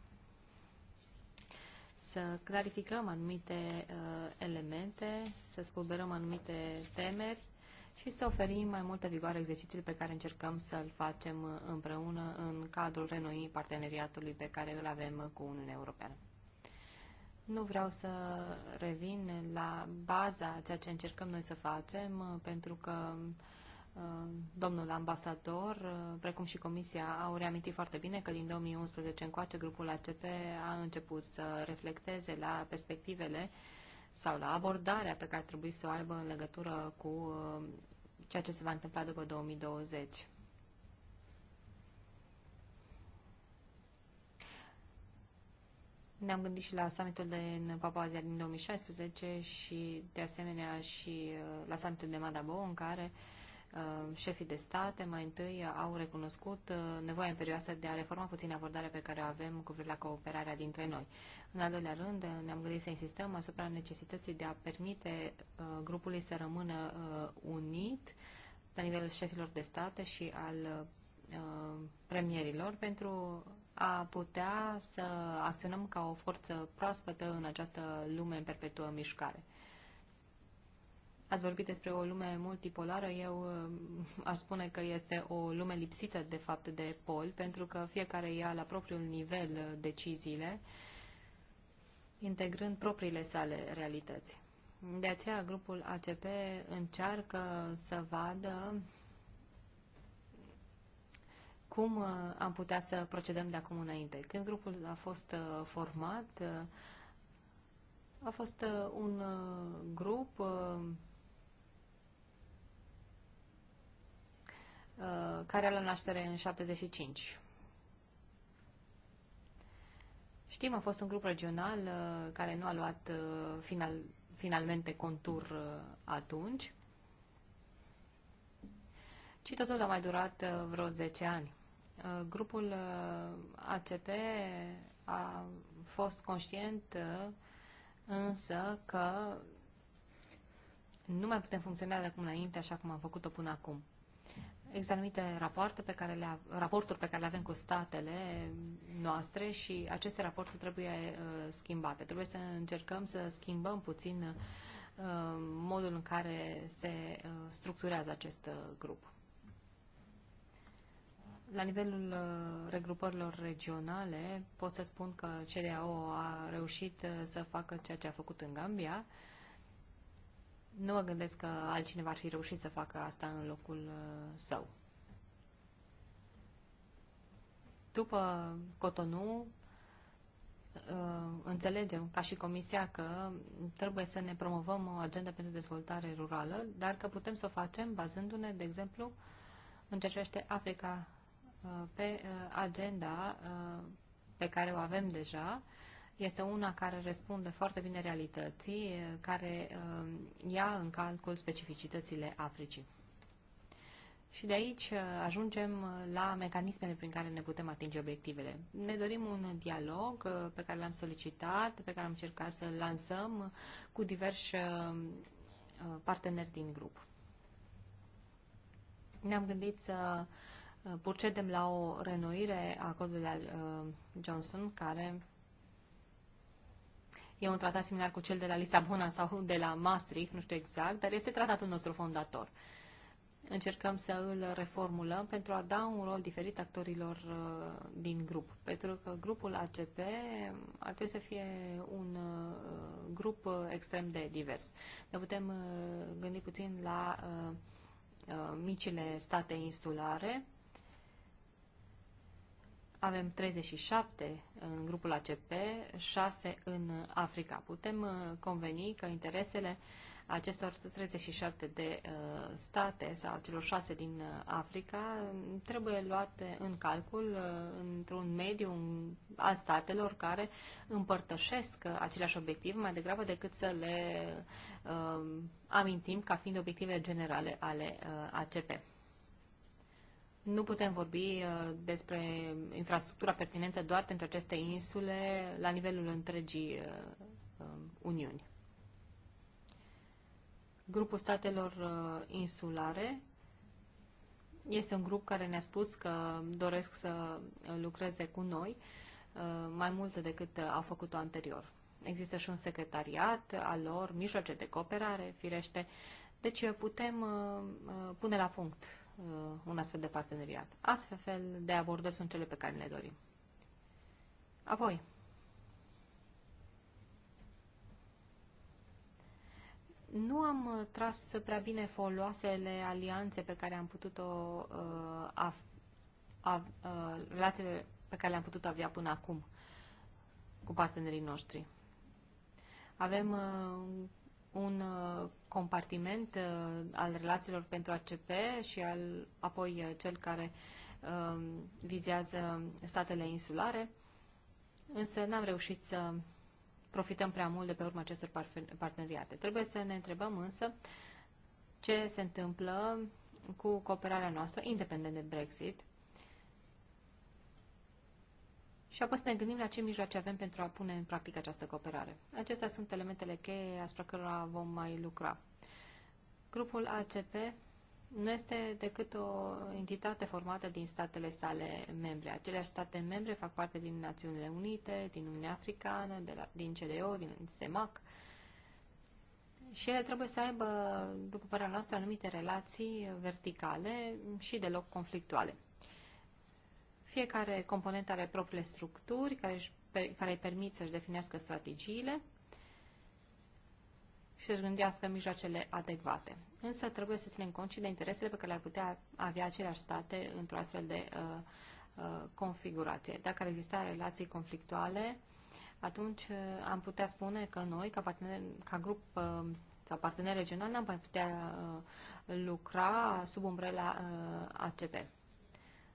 să clarificăm anumite uh, elemente, să scoberăm anumite temeri și să oferim mai multă vigoare exercițiului pe care încercăm să-l facem uh, împreună în cadrul renoirii parteneriatului pe care îl avem uh, cu Uniunea Europeană. Nu vreau să revin la baza ceea ce încercăm noi să facem, uh, pentru că uh, Uh, domnul ambasador, uh, precum și Comisia, au reamintit foarte bine că din 2011 încoace grupul ACP a început să reflecteze la perspectivele sau la abordarea pe care trebuie să o aibă în legătură cu uh, ceea ce se va întâmpla după 2020. Ne-am gândit și la summitul de, în Papazia din 2016 și de asemenea și la summitul de Madabo în care uh, Uh, șefii de state mai întâi uh, au recunoscut uh, nevoia imperioasă de a reforma puțin abordarea pe care o avem cu privire la cooperarea dintre noi. În al doilea rând, ne-am gândit să insistăm asupra necesității de a permite grupului să rămână unit la nivelul șefilor de state și al premierilor pentru a putea să acționăm ca o forță proaspătă în această lume în perpetuă mișcare. Ați vorbit despre o lume multipolară. Eu eh, aș spune că este o lume lipsită, de fapt, de pol, pentru că fiecare ia la propriul nivel eh, deciziile, integrând propriile sale realități. De aceea, grupul ACP încearcă să vadă cum eh, am putea să procedăm de acum înainte. Când grupul a fost format, a fost un grup Uh, care are la naștere în 75. Știm, a fost un grup regional uh, care nu a luat uh, final, finalmente contur atunci, ci totul a mai durat vreo 10 ani. Grupul ACP a fost conștient însă că nu mai putem funcționa de acum înainte așa cum am făcut-o până acum. Există anumite rapoarte pe care le, raporturi pe care le avem cu statele noastre și aceste raporturi trebuie uh, schimbate. Trebuie să încercăm să schimbăm puțin uh, modul în care se uh, structurează acest grup. La nivelul regrupărilor regionale pot să spun că CDAO a reușit să facă ceea ce a făcut în Gambia, nu mă gândesc că altcineva ar fi reușit să facă asta în locul uh, său. După Cotonou, uh, înțelegem ca și Comisia că trebuie să ne promovăm o agenda pentru dezvoltare rurală, dar că putem să o facem bazându-ne, de exemplu, în ce privește Africa, uh, pe agenda pe care o avem deja este una care răspunde foarte bine realității, eh, care eh, ia în calcul specificitățile Africii. Și de aici eh, ajungem la mecanismele prin care ne putem atinge obiectivele. Ne dorim un dialog pe care l-am solicitat, pe care am încercat să-l lansăm cu diversi parteneri din grup. Ne-am gândit să procedem la o renoire a codului al Johnson, care E un tratat similar cu cel de la Lisabona sau de la Maastricht, nu știu exact, dar este tratatul nostru fondator. Încercăm să îl reformulăm pentru a da un rol diferit actorilor uh, din grup. Pentru că grupul ACP ar trebui să fie un uh, grup uh, extrem de divers. Ne putem gândi puțin la micile state insulare, avem 37 în grupul ACP, 6 în Africa. Putem uh, conveni că interesele acestor 37 de uh, state sau celor 6 din uh, Africa trebuie luate în calcul într-un mediu al statelor care împărtășesc aceleași obiective mai degrabă decât să le amintim ca fiind obiective generale ale ACP. Nu putem vorbi uh, despre infrastructura pertinentă doar pentru aceste insule la nivelul întregii uh, um, Uniuni. Grupul statelor uh, insulare este un grup care ne-a spus că doresc să lucreze cu noi mai mult decât au făcut-o anterior. Există și un secretariat al lor, mijloace de cooperare, firește. Deci putem pune la punct Uh, un astfel de parteneriat. Astfel de abordări sunt cele pe care ne dorim. Apoi, nu am uh, tras prea bine foloasele alianțe pe care am putut-o uh, uh, relațiile pe care le-am putut avea până acum cu partenerii noștri. Avem uh, un uh, compartiment uh, al relațiilor pentru ACP și al, apoi uh, cel care um, vizează statele insulare, însă n-am reușit să profităm prea mult de pe urma acestor parteneriate. Trebuie să ne întrebăm însă ce se întâmplă cu cooperarea noastră, independent de Brexit, și apoi să ne gândim la ce mijloace avem pentru a pune în practică această cooperare. Acestea sunt elementele cheie asupra cărora vom mai lucra. Grupul ACP nu este decât o entitate formată din statele sale membre. Aceleași state membre fac parte din Națiunile Unite, din Uniunea Africană, de la, din CDO, din SEMAC și ele trebuie să aibă, după părerea noastră, anumite relații verticale și deloc conflictuale fiecare component are propriile structuri care își care îi permit să-și definească strategiile și să-și gândească mijloacele adecvate. Însă trebuie să ținem cont și de interesele pe care le-ar putea avea aceleași state într-o astfel de uh, uh, configurație. Dacă ar exista relații conflictuale, atunci uh, am putea spune că noi, ca, partener, ca grup uh, sau partener regional, n-am mai putea uh, lucra sub umbrela uh, ACP.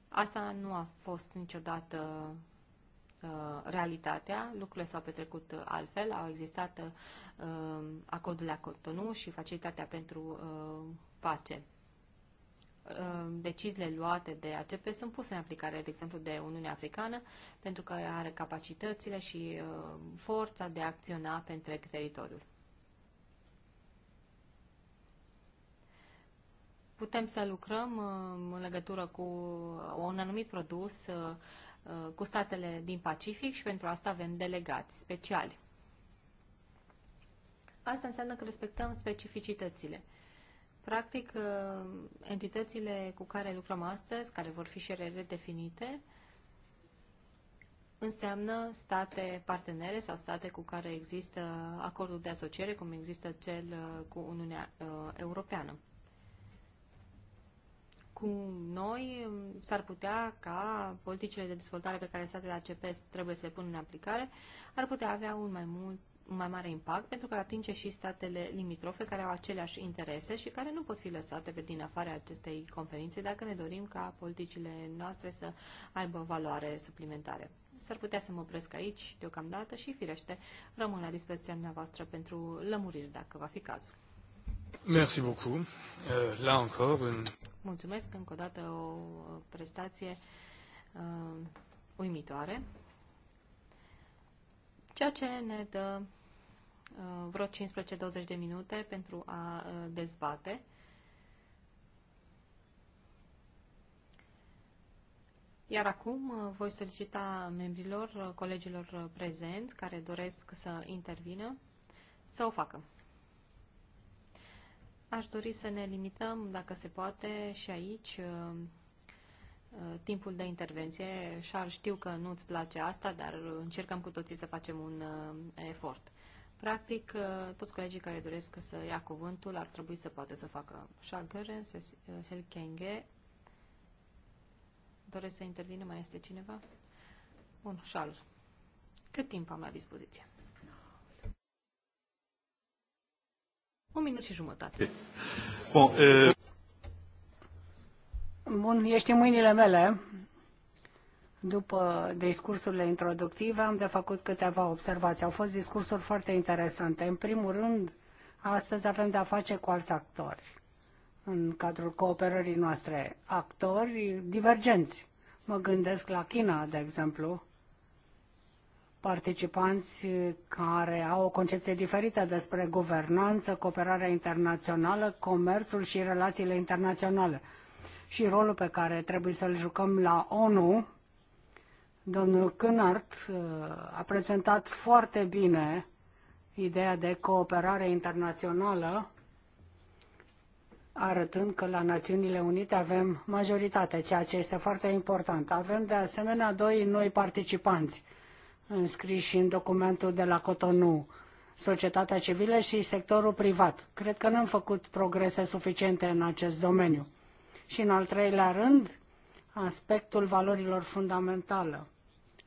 Asta nu a fost niciodată uh, realitatea, lucrurile s-au petrecut uh, altfel, au existat uh, uh acordul la Cotonou și facilitatea pentru uh, pace. deciziile luate de ACP sunt puse în aplicare, de exemplu, de Uniunea Africană, pentru că are capacitățile și forța de a acționa pe întreg teritoriul. putem să lucrăm uh, în legătură cu un anumit produs uh, uh, cu statele din Pacific și pentru asta avem delegați speciali. Asta înseamnă că respectăm specificitățile. Practic, entitățile cu care lucrăm astăzi, care vor fi și redefinite, înseamnă state partenere sau state cu care există acordul de asociere, cum există cel cu Uniunea Europeană cu noi, mm, s-ar putea ca politicile de dezvoltare pe care statele ACP trebuie să le pun în aplicare, ar putea avea un mai mult un mai mare impact pentru că atinge și statele limitrofe care au aceleași interese și care nu pot fi lăsate pe din afara acestei conferințe dacă ne dorim ca politicile noastre să aibă valoare suplimentare. S-ar putea să mă opresc aici deocamdată și, firește, rămân la dispoziția noastră pentru lămuriri dacă va fi cazul. Merci beaucoup. Euh, là encore une... Mulțumesc încă o dată o prestație uh, uimitoare, ceea ce ne dă uh, vreo 15-20 de minute pentru a uh, dezbate. Iar acum uh, voi solicita membrilor, uh, colegilor uh, prezenți care doresc să intervină, să o facă. Aș dori să ne limităm, dacă se poate, și aici uh, uh, timpul de intervenție. Șar, știu că nu-ți place asta, dar încercăm cu toții să facem un uh, efort. Practic, toți colegii care doresc să ia cuvântul ar trebui să poată să facă. Charles Görens, Cecil Kenge, doresc să intervină, mai este cineva? Bun, Charles, cât timp am la dispoziție? Un minut și jumătate. Bun, e... Bun ești în mâinile mele. După discursurile introductive am de făcut câteva observații. Au fost discursuri foarte interesante. În primul rând, astăzi avem de-a face cu alți actori în cadrul cooperării noastre. Actori divergenți. Mă gândesc la China, de exemplu, participanți care au o concepție diferită despre guvernanță, cooperarea internațională, comerțul și relațiile internaționale. Și rolul pe care trebuie să-l jucăm la ONU, domnul Cânart uh, a prezentat foarte bine ideea de cooperare internațională, arătând că la Națiunile Unite avem majoritate, ceea ce este foarte important. Avem de asemenea doi noi participanți – înscriși în documentul de la Cotonou, societatea civilă și sectorul privat. Cred că n-am făcut progrese suficiente în acest domeniu. Și în al treilea rând, aspectul valorilor fundamentale.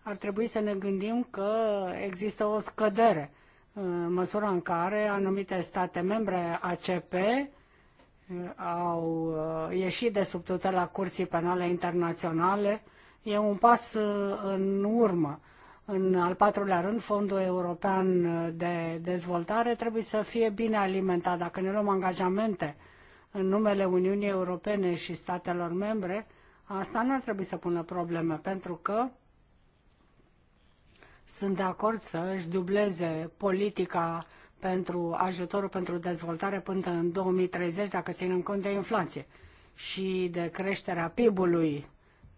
Ar trebui să ne gândim că există o scădere în măsura în care anumite state membre ACP au uh, ieșit de sub tutela Curții Penale Internaționale, e un pas uh, în urmă în al patrulea rând, Fondul European de Dezvoltare trebuie să fie bine alimentat. Dacă ne luăm angajamente în numele Uniunii Europene și statelor membre, asta nu ar trebui să pună probleme, pentru că sunt de acord să își dubleze politica pentru ajutorul pentru dezvoltare până în 2030, dacă ținem cont de inflație și de creșterea PIB-ului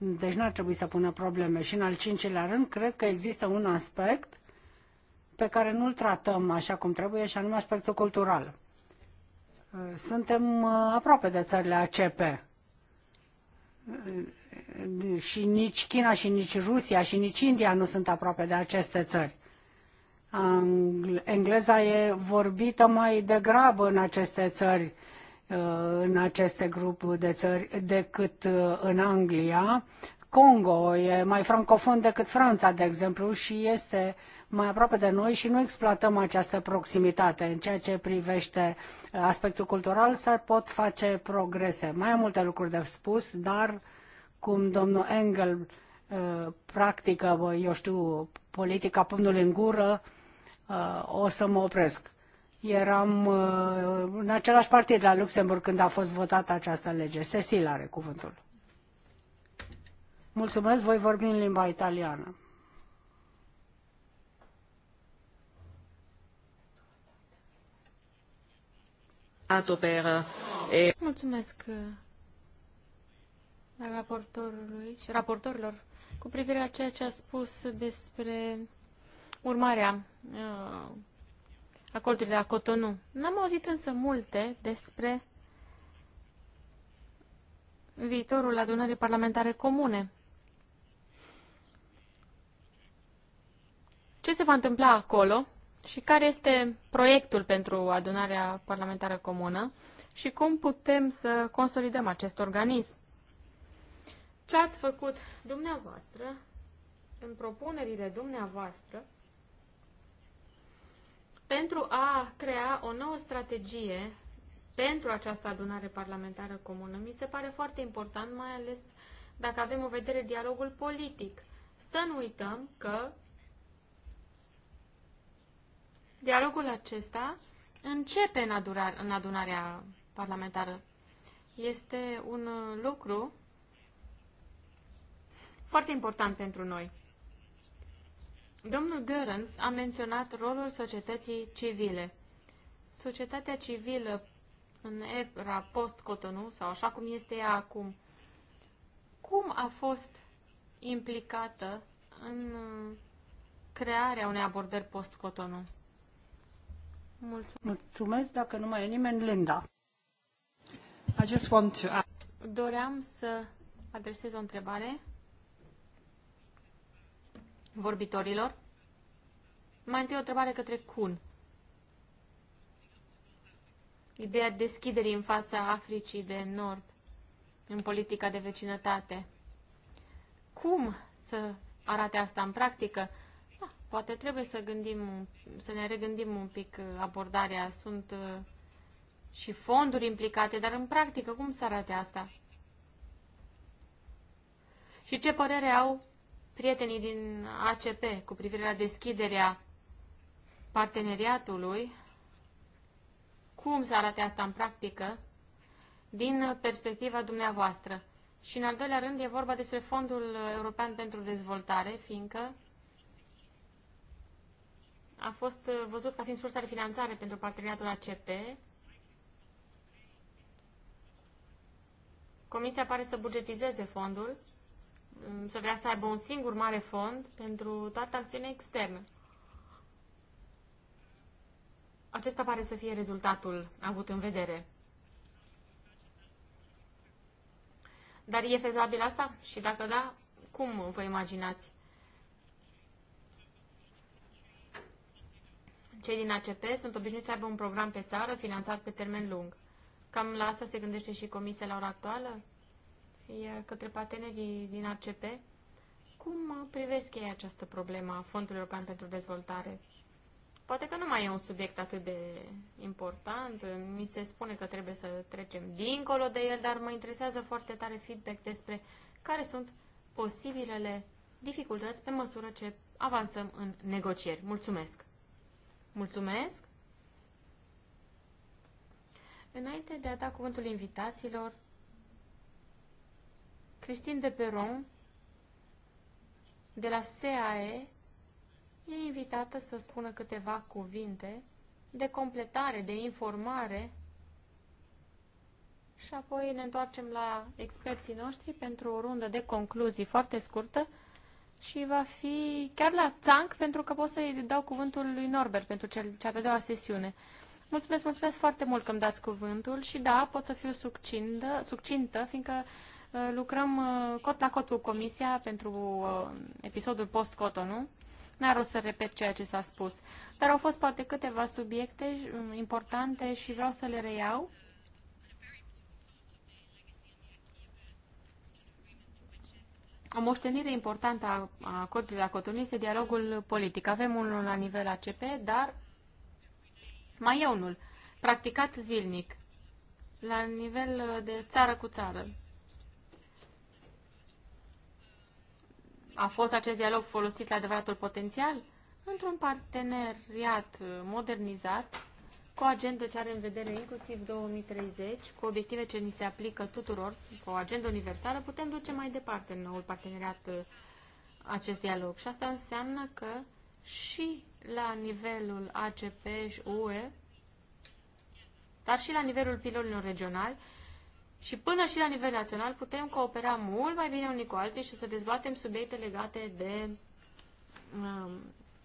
deci n-ar trebui să pună probleme. Și în al cincilea rând, cred că există un aspect pe care nu-l tratăm așa cum trebuie, și anume aspectul cultural. Suntem uh, aproape de țările ACP și nici China și nici Rusia și nici India nu sunt aproape de aceste țări. Engleza e vorbită mai degrabă în aceste țări Uh, în aceste grupuri de țări decât uh, în Anglia. Congo e mai francofon decât Franța, de exemplu, și este mai aproape de noi și nu exploatăm această proximitate. În ceea ce privește uh, aspectul cultural, s-ar pot face progrese. Mai multe lucruri de spus, dar cum domnul Engel practică, eu știu, politica pumnului în gură, o să mă opresc. Eram uh, în același partid la Luxemburg când a fost votată această lege. Cecil are cuvântul. Mulțumesc, voi vorbi în limba italiană. Mulțumesc uh, raportorului și raportorilor cu privire la ceea ce a spus despre urmarea uh, acordul de la Cotonou. N-am auzit însă multe despre viitorul adunării parlamentare comune. Ce se va întâmpla acolo și care este proiectul pentru adunarea parlamentară comună și cum putem să consolidăm acest organism? Ce ați făcut dumneavoastră în propunerile dumneavoastră pentru a crea o nouă strategie pentru această adunare parlamentară comună. Mi se pare foarte important, mai ales dacă avem în vedere dialogul politic. Să nu uităm că dialogul acesta începe în, adura, în adunarea parlamentară. Este un lucru foarte important pentru noi. Domnul Görens a menționat rolul societății civile. Societatea civilă în era post-Cotonou, sau așa cum este ea acum, cum a fost implicată în uh, crearea unei abordări post-Cotonou? Mulțumesc. Mulțumesc. Dacă nu mai e nimeni, Linda. I just want to... Doream să adresez o întrebare vorbitorilor. Mai întâi o întrebare către Kun. Ideea deschiderii în fața Africii de Nord în politica de vecinătate. Cum să arate asta în practică? Da, poate trebuie să, gândim, să ne regândim un pic uh, abordarea. Sunt uh, și fonduri implicate, dar în practică cum să arate asta? Și ce părere au prietenii din ACP cu privire la deschiderea parteneriatului, cum să arate asta în practică, din perspectiva dumneavoastră. Și în al doilea rând e vorba despre Fondul European pentru Dezvoltare, fiindcă a fost văzut ca fiind sursa de finanțare pentru parteneriatul ACP. Comisia pare să bugetizeze fondul să vrea să aibă un singur mare fond pentru toată acțiunea externă. Acesta pare să fie rezultatul avut în vedere. Dar e fezabil asta? Și dacă da, cum vă imaginați? Cei din ACP sunt obișnuiți să aibă un program pe țară finanțat pe termen lung. Cam la asta se gândește și comisia la ora actuală? către partenerii din ACP. Cum privesc ei această problemă a Fondului European pentru Dezvoltare? Poate că nu mai e un subiect atât de important, mi se spune că trebuie să trecem dincolo de el, dar mă interesează foarte tare feedback despre care sunt posibilele dificultăți pe măsură ce avansăm în negocieri. Mulțumesc! Mulțumesc! Înainte de a da cuvântul invitațiilor, Cristin de Peron, de la SAE, e invitată să spună câteva cuvinte de completare, de informare și apoi ne întoarcem la experții noștri pentru o rundă de concluzii foarte scurtă și va fi chiar la țanc pentru că pot să-i dau cuvântul lui Norbert pentru cea de-a doua sesiune. Mulțumesc, mulțumesc foarte mult că îmi dați cuvântul și da, pot să fiu succintă, succintă fiindcă Uh, lucrăm uh, cot la cot cu Comisia pentru uh, episodul post nu? N-ar rost să repet ceea ce s-a spus, dar au fost poate câteva subiecte importante și vreau să le reiau. O moștenire importantă a, a codului la Cotonou este dialogul politic. Avem unul la nivel ACP, dar mai e unul, practicat zilnic, la nivel de țară cu țară. A fost acest dialog folosit la adevăratul potențial? Într-un parteneriat modernizat, cu o agendă ce are în vedere inclusiv 2030, cu obiective ce ni se aplică tuturor, cu o agendă universală, putem duce mai departe în noul parteneriat uh, acest dialog. Și asta înseamnă că și la nivelul ACP și UE, dar și la nivelul pilonilor regionali, și până și la nivel național putem coopera mult mai bine unii cu alții și să dezbatem subiecte legate de um,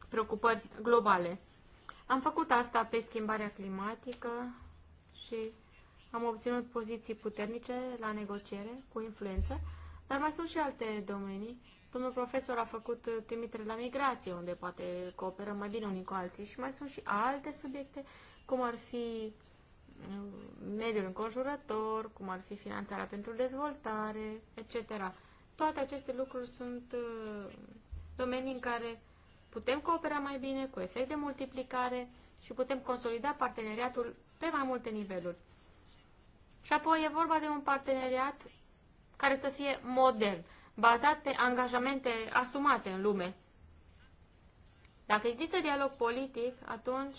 preocupări globale. Am făcut asta pe schimbarea climatică și am obținut poziții puternice la negociere cu influență, dar mai sunt și alte domenii. Domnul profesor a făcut trimitere la migrație, unde poate cooperăm mai bine unii cu alții și mai sunt și alte subiecte, cum ar fi mediul înconjurător, cum ar fi finanțarea pentru dezvoltare, etc. Toate aceste lucruri sunt uh, domenii în care putem coopera mai bine, cu efect de multiplicare și putem consolida parteneriatul pe mai multe niveluri. Și apoi e vorba de un parteneriat care să fie model, bazat pe angajamente asumate în lume. Dacă există dialog politic, atunci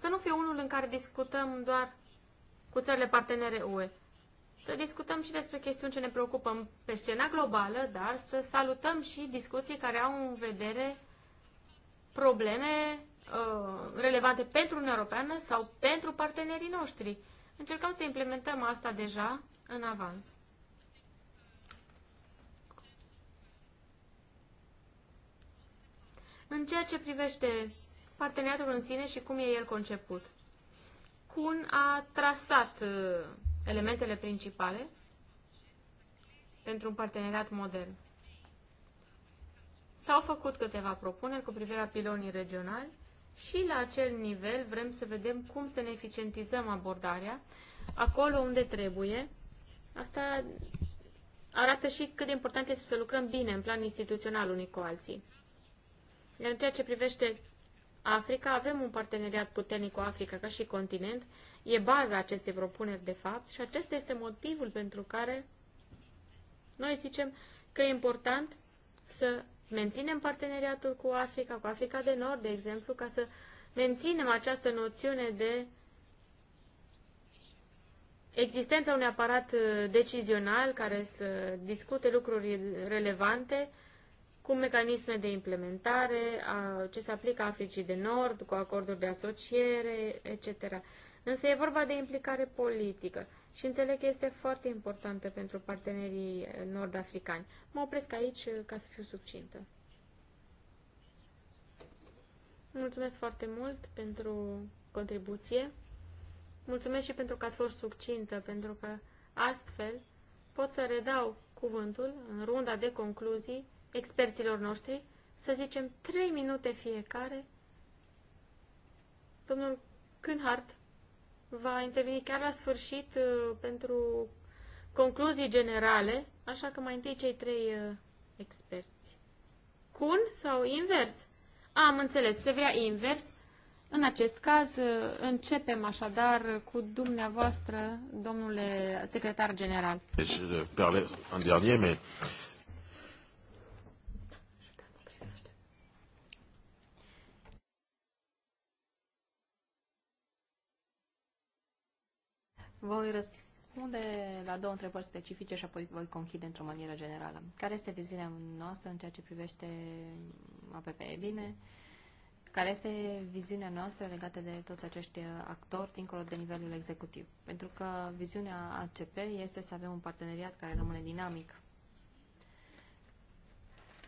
să nu fie unul în care discutăm doar cu țările partenere UE. Să discutăm și despre chestiuni ce ne preocupă pe scena globală, dar să salutăm și discuții care au în vedere probleme uh, relevante pentru Uniunea Europeană sau pentru partenerii noștri. Încercăm să implementăm asta deja în avans. În ceea ce privește parteneriatul în sine și cum e el conceput. Kuhn a trasat uh, elementele principale pentru un parteneriat modern. S-au făcut câteva propuneri cu privire la pilonii regionali și la acel nivel vrem să vedem cum să ne eficientizăm abordarea acolo unde trebuie. Asta arată și cât de important este să lucrăm bine în plan instituțional unii cu alții. Iar în ceea ce privește Africa. Avem un parteneriat puternic cu Africa ca și continent. E baza acestei propuneri, de fapt, și acesta este motivul pentru care noi zicem că e important să menținem parteneriatul cu Africa, cu Africa de Nord, de exemplu, ca să menținem această noțiune de existența unui aparat uh, decizional care să discute lucruri relevante, cu mecanisme de implementare, a, ce se aplică Africii de Nord, cu acorduri de asociere, etc. Însă e vorba de implicare politică și înțeleg că este foarte importantă pentru partenerii eh, nord-africani. Mă opresc aici eh, ca să fiu subcintă. Mulțumesc foarte mult pentru contribuție. Mulțumesc și pentru că ați fost succintă, pentru că astfel pot să redau cuvântul în runda de concluzii experților noștri, să zicem trei minute fiecare, domnul Cânhart va interveni chiar la sfârșit uh, pentru concluzii generale, așa că mai întâi cei trei uh, experți. Cun sau invers? Am înțeles, se vrea invers. În acest caz, uh, începem așadar cu dumneavoastră, domnule secretar general. Deci, în dernier, mais Voi răspunde la două întrebări specifice și apoi voi conchide într-o manieră generală. Care este viziunea noastră în ceea ce privește APP? E bine, care este viziunea noastră legată de toți acești actori dincolo de nivelul executiv? Pentru că viziunea ACP este să avem un parteneriat care rămâne dinamic.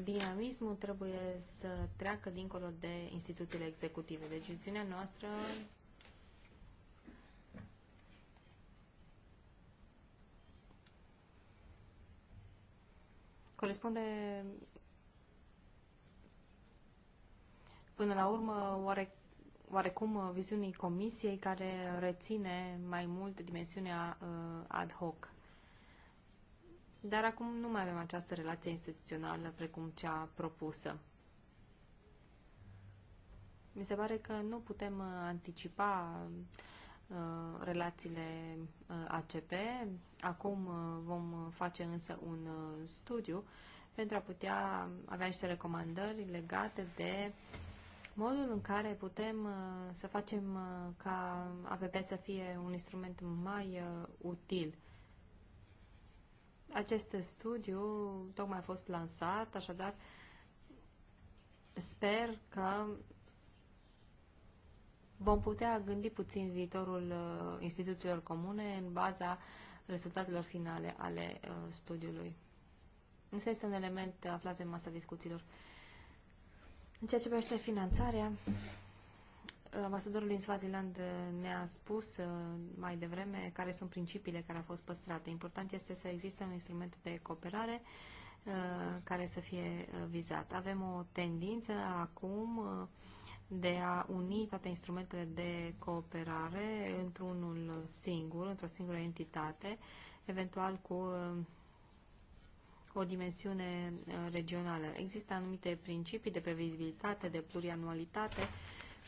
Dinamismul trebuie să treacă dincolo de instituțiile executive. Deci viziunea noastră corespunde până la urmă oare, oarecum viziunii comisiei care reține mai mult dimensiunea uh, ad hoc. Dar acum nu mai avem această relație instituțională precum cea propusă. Mi se pare că nu putem uh, anticipa uh, Uh, relațiile uh, ACP. Acum uh, vom face însă un studiu pentru a putea avea niște recomandări legate de modul în care putem să facem ca APP să fie un instrument mai util. Acest studiu tocmai a fost lansat, așadar sper că vom putea gândi puțin viitorul uh, instituțiilor comune în baza rezultatelor finale ale uh, studiului. Însă este un element aflat pe masa discuțiilor. În ceea ce privește finanțarea, ambasadorul din Swaziland uh, ne-a spus mai devreme care sunt principiile care au fost păstrate. Important este să existe un instrument de cooperare care să fie vizat. Avem o tendință acum de a uni toate instrumentele de cooperare într-unul singur, într-o singură entitate, eventual cu o dimensiune uh, regională. Există anumite principii de previzibilitate, de plurianualitate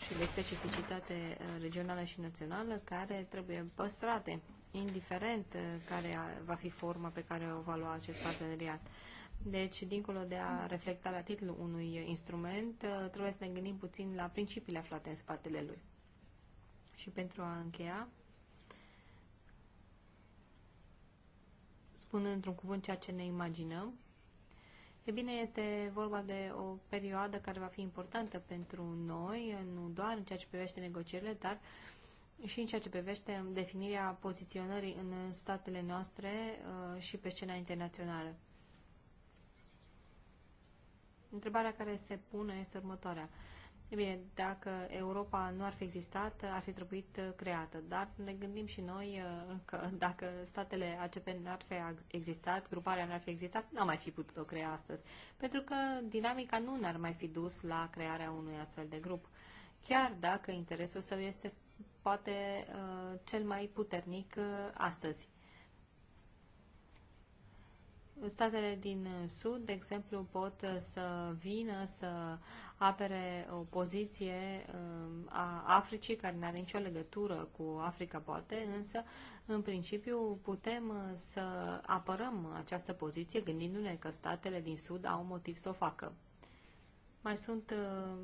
și de specificitate uh, regională și națională care trebuie păstrate, indiferent uh, care va fi forma pe care o va lua acest parteneriat. Deci, dincolo de a reflecta la titlul unui instrument, uh, trebuie să ne gândim puțin la principiile aflate în spatele lui. Și pentru a încheia, spun într-un cuvânt ceea ce ne imaginăm, E bine, este vorba de o perioadă care va fi importantă pentru noi, nu doar în ceea ce privește negocierile, dar și în ceea ce privește definirea poziționării în statele noastre uh, și pe scena internațională. Întrebarea care se pune este următoarea. E bine, dacă Europa nu ar fi existat, ar fi trebuit uh, creată. Dar ne gândim și noi uh, că dacă statele ACP n-ar fi existat, gruparea n-ar fi existat, n-am mai fi putut-o crea astăzi. Pentru că dinamica nu ne-ar mai fi dus la crearea unui astfel de grup. Chiar dacă interesul său este poate uh, cel mai puternic astăzi. Statele din Sud, de exemplu, pot să vină să apere o poziție um, a Africii, care nu are nicio legătură cu Africa, poate, însă, în principiu, putem să apărăm această poziție gândindu-ne că statele din Sud au motiv să o facă. Mai sunt uh,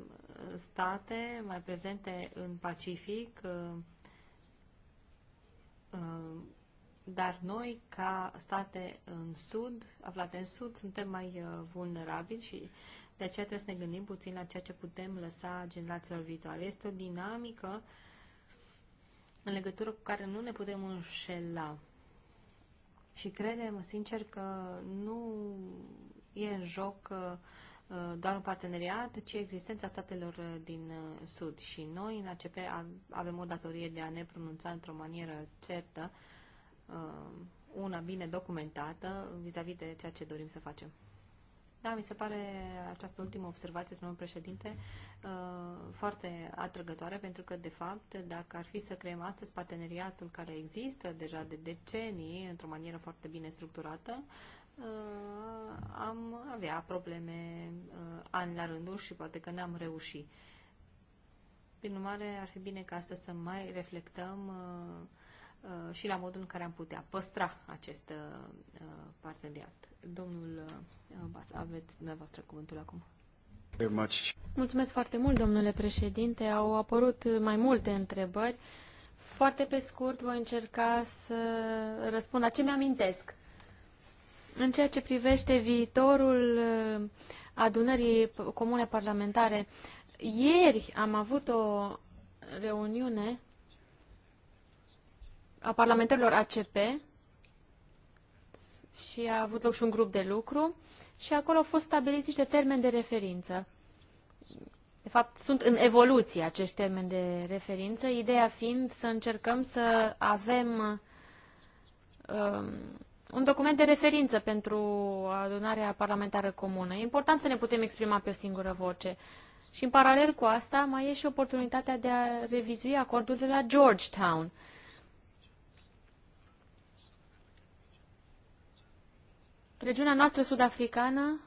state mai prezente în Pacific, uh, uh, dar noi, ca state în sud, aflate în sud, suntem mai uh, vulnerabili și de aceea trebuie să ne gândim puțin la ceea ce putem lăsa generațiilor viitoare. Este o dinamică în legătură cu care nu ne putem înșela. Și credem, sincer, că nu e în joc uh, doar un parteneriat, ci existența statelor uh, din Sud. Și noi, în ACP, avem o datorie de a ne pronunța într-o manieră certă Uh, una bine documentată vis-a-vis -vis de ceea ce dorim să facem. Da, mi se pare această ultimă observație, domnul președinte, uh, foarte atrăgătoare, pentru că, de fapt, dacă ar fi să creăm astăzi parteneriatul care există deja de decenii, într-o manieră foarte bine structurată, uh, am avea probleme an la rândul și poate că n-am reușit. Prin urmare, ar fi bine ca astăzi să mai reflectăm uh, Uh, și la modul în care am putea păstra acest uh, uh, parteneriat. Domnul Bas, aveți dumneavoastră cuvântul acum. Mulțumesc foarte mult, domnule președinte. Au apărut mai multe întrebări. Foarte pe scurt voi încerca să răspund la ce mi-amintesc. În ceea ce privește viitorul adunării comune parlamentare, ieri am avut o reuniune a parlamentarilor ACP și a avut loc și un grup de lucru și acolo au fost stabiliți niște termeni de referință. De fapt, sunt în evoluție acești termeni de referință, ideea fiind să încercăm să avem um, un document de referință pentru adunarea parlamentară comună. E important să ne putem exprima pe o singură voce. Și în paralel cu asta mai e și oportunitatea de a revizui acordul de la Georgetown. Uh, Regiunea noastră sud-africană,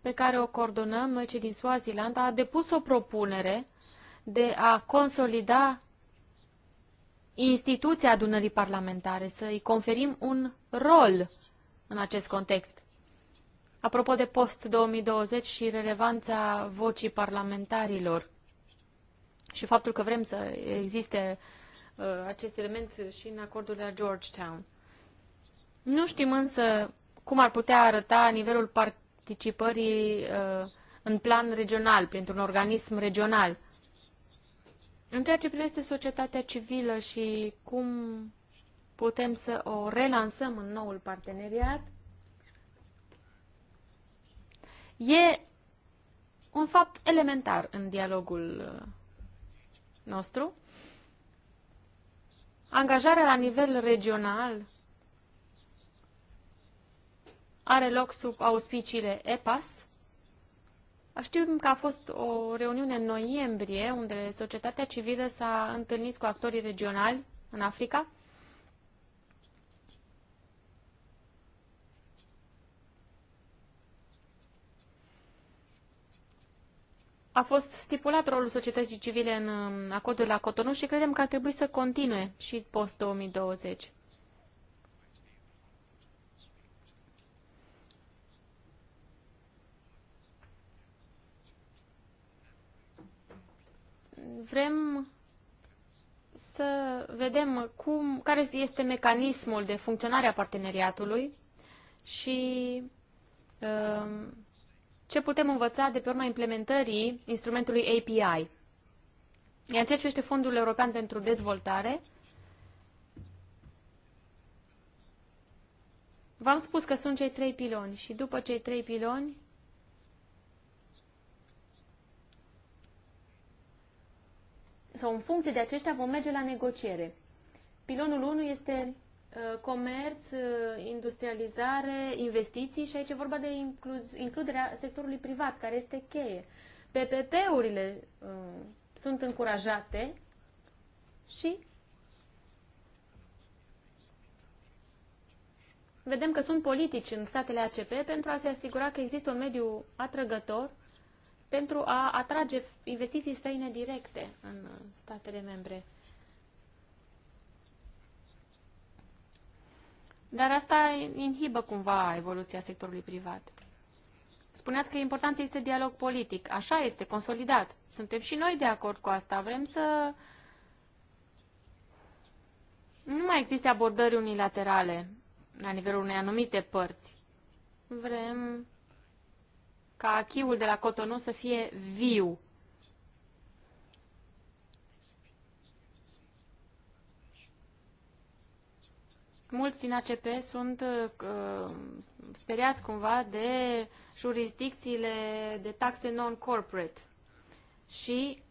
pe care o coordonăm noi cei din Swaziland, a depus o propunere de a consolida instituția adunării parlamentare, să îi conferim un rol în acest context. Apropo de post-2020 și relevanța vocii parlamentarilor și faptul că vrem să existe uh, acest element și în acordul de la Georgetown. Nu știm însă cum ar putea arăta nivelul participării uh, în plan regional, printr-un organism regional. În ceea ce privește societatea civilă și cum putem să o relansăm în noul parteneriat, e un fapt elementar în dialogul uh, nostru. Angajarea la nivel regional are loc sub auspiciile EPAS. Știm că a fost o reuniune în noiembrie, unde societatea civilă s-a întâlnit cu actorii regionali în Africa. A fost stipulat rolul societății civile în acordul la Cotonou și credem că ar trebui să continue și post-2020. vrem să vedem cum, care este mecanismul de funcționare a parteneriatului și um, ce putem învăța de pe urma implementării instrumentului API. Iar ceea ce este Fondul European pentru Dezvoltare, v-am spus că sunt cei trei piloni și după cei trei piloni sau în funcție de aceștia vom merge la negociere. Pilonul 1 este uh, comerț, uh, industrializare, investiții și aici e vorba de incluz, includerea sectorului privat, care este cheie. PPP-urile uh, sunt încurajate și vedem că sunt politici în statele ACP pentru a se asigura că există un mediu atrăgător pentru a atrage investiții străine directe în statele membre. Dar asta inhibă cumva evoluția sectorului privat. Spuneați că importanța este dialog politic. Așa este, consolidat. Suntem și noi de acord cu asta. Vrem să nu mai existe abordări unilaterale la nivelul unei anumite părți. Vrem ca achiul de la Cotonou să fie viu. Mulți din ACP sunt uh, speriați cumva de jurisdicțiile de taxe non-corporate și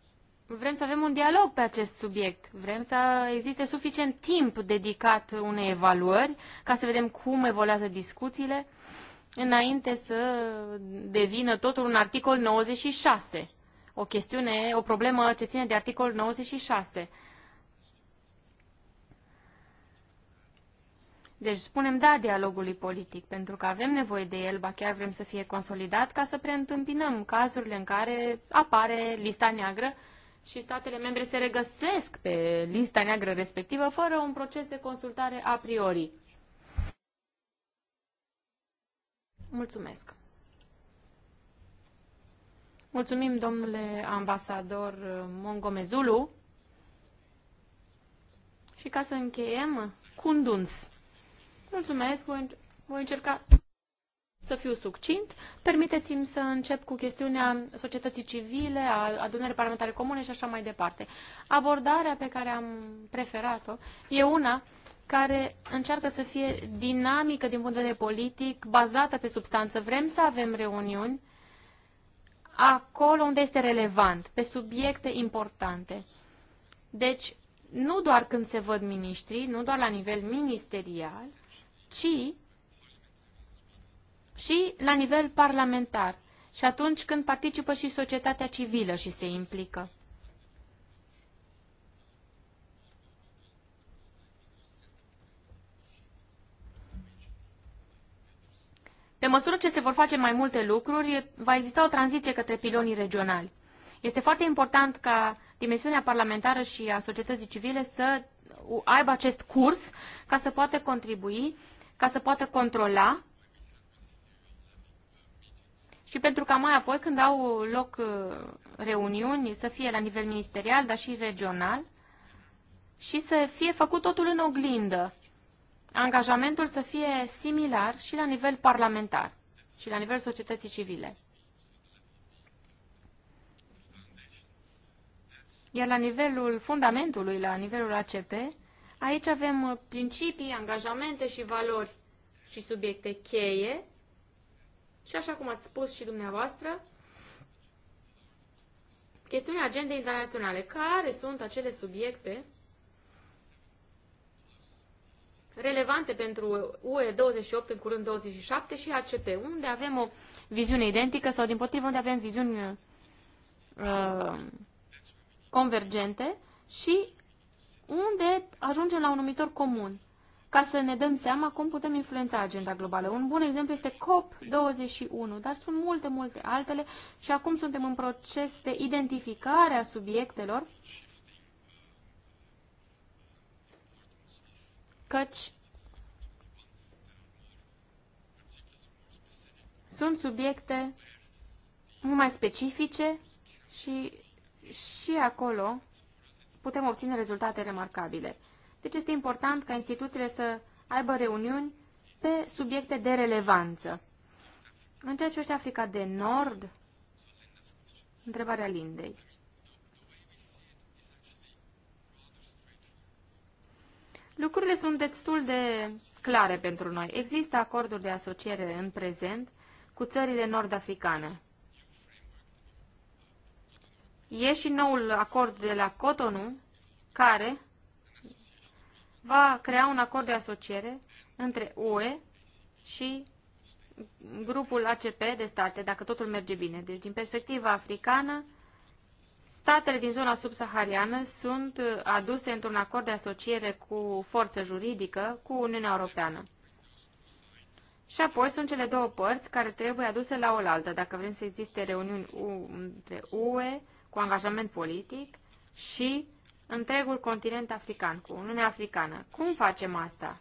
vrem să avem un dialog pe acest subiect. Vrem să existe suficient timp dedicat unei evaluări ca să vedem cum evoluează discuțiile. Uh, înainte să devină totul un articol 96. O chestiune, o problemă ce ține de articol 96. Deci spunem da dialogului politic, pentru că avem nevoie de el, ba chiar vrem să fie consolidat ca să preîntâmpinăm cazurile în care apare lista neagră și statele membre se regăsesc pe lista neagră respectivă fără un proces de consultare a priori. Mulțumesc! Mulțumim, domnule ambasador Mongomezulu. Și ca să încheiem, cunduns. Mulțumesc, voi, voi încerca să fiu succint. Permiteți-mi să încep cu chestiunea societății civile, a adunării parlamentare comune și așa mai departe. Abordarea pe care am preferat-o e una care încearcă să fie dinamică din punct de vedere politic, bazată pe substanță. Vrem să avem reuniuni acolo unde este relevant, pe subiecte importante. Deci, nu doar când se văd miniștrii, nu doar la nivel ministerial, ci și la nivel parlamentar. Și atunci când participă și societatea civilă și se implică. Pe măsură ce se vor face mai multe lucruri, va exista o tranziție către pilonii regionali. Este foarte important ca dimensiunea parlamentară și a societății civile să aibă acest curs ca să poată contribui, ca să poată controla și pentru ca mai apoi, când au loc uh, reuniuni, să fie la nivel ministerial, dar și regional, și să fie făcut totul în oglindă angajamentul să fie similar și la nivel parlamentar și la nivel societății civile. Iar la nivelul fundamentului, la nivelul ACP, aici avem principii, angajamente și valori și subiecte cheie. Și așa cum ați spus și dumneavoastră, chestiunea agendei internaționale. Care sunt acele subiecte relevante pentru UE 28, în curând 27 și ACP, unde avem o viziune identică sau, din potrivă, unde avem viziuni uh, convergente și unde ajungem la un numitor comun ca să ne dăm seama cum putem influența agenda globală. Un bun exemplu este COP21, dar sunt multe, multe altele și acum suntem în proces de identificare a subiectelor căci sunt subiecte mult mai specifice și, și acolo putem obține rezultate remarcabile. Deci este important ca instituțiile să aibă reuniuni pe subiecte de relevanță. În ceea ce Africa de Nord, întrebarea Lindei. Lucrurile sunt destul de clare pentru noi. Există acorduri de asociere în prezent cu țările nord-africane. E și noul acord de la Cotonou, care va crea un acord de asociere între UE și grupul ACP de state, dacă totul merge bine. Deci, din perspectiva africană, Statele din zona subsahariană sunt uh, aduse într-un acord de asociere cu forță juridică cu Uniunea Europeană. Și apoi sunt cele două părți care trebuie aduse la oaltă, dacă vrem să existe reuniuni între UE cu angajament politic și întregul continent african, cu Uniunea Africană. Cum facem asta?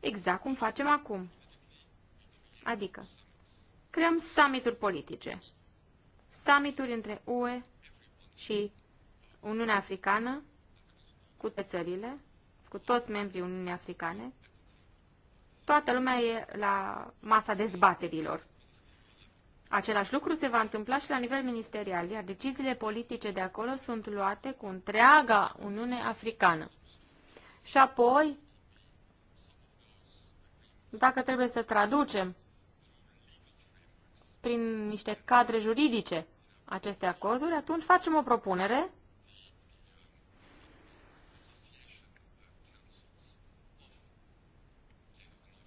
Exact cum facem acum. Adică, creăm summituri politice summitul între UE și Uniunea Africană cu țările, cu toți membrii Uniunii Africane. Toată lumea e la masa dezbaterilor. Același lucru se va întâmpla și la nivel ministerial, iar deciziile politice de acolo sunt luate cu întreaga Uniune Africană. Și apoi, dacă trebuie să traducem prin niște cadre juridice aceste acorduri, atunci facem o propunere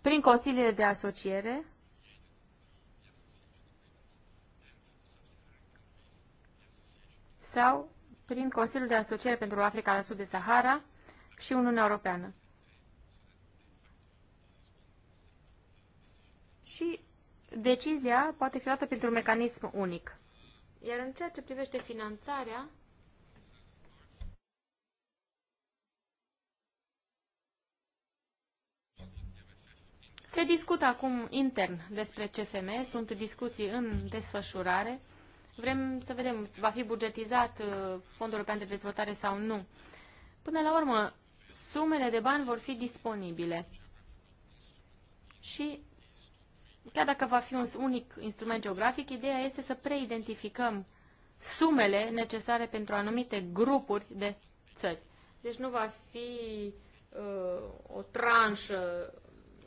prin consiliile de asociere sau prin Consiliul de Asociere pentru Africa la Sud de Sahara și Uniunea Europeană. Și decizia poate fi luată pentru un mecanism unic. Iar în ceea ce privește finanțarea, se discută acum intern despre CFM, sunt discuții în desfășurare. Vrem să vedem, va fi bugetizat uh, Fondul European de Dezvoltare sau nu. Până la urmă, sumele de bani vor fi disponibile. Și Chiar dacă va fi un unic instrument geografic, ideea este să preidentificăm sumele necesare pentru anumite grupuri de țări. Deci nu va fi uh, o tranșă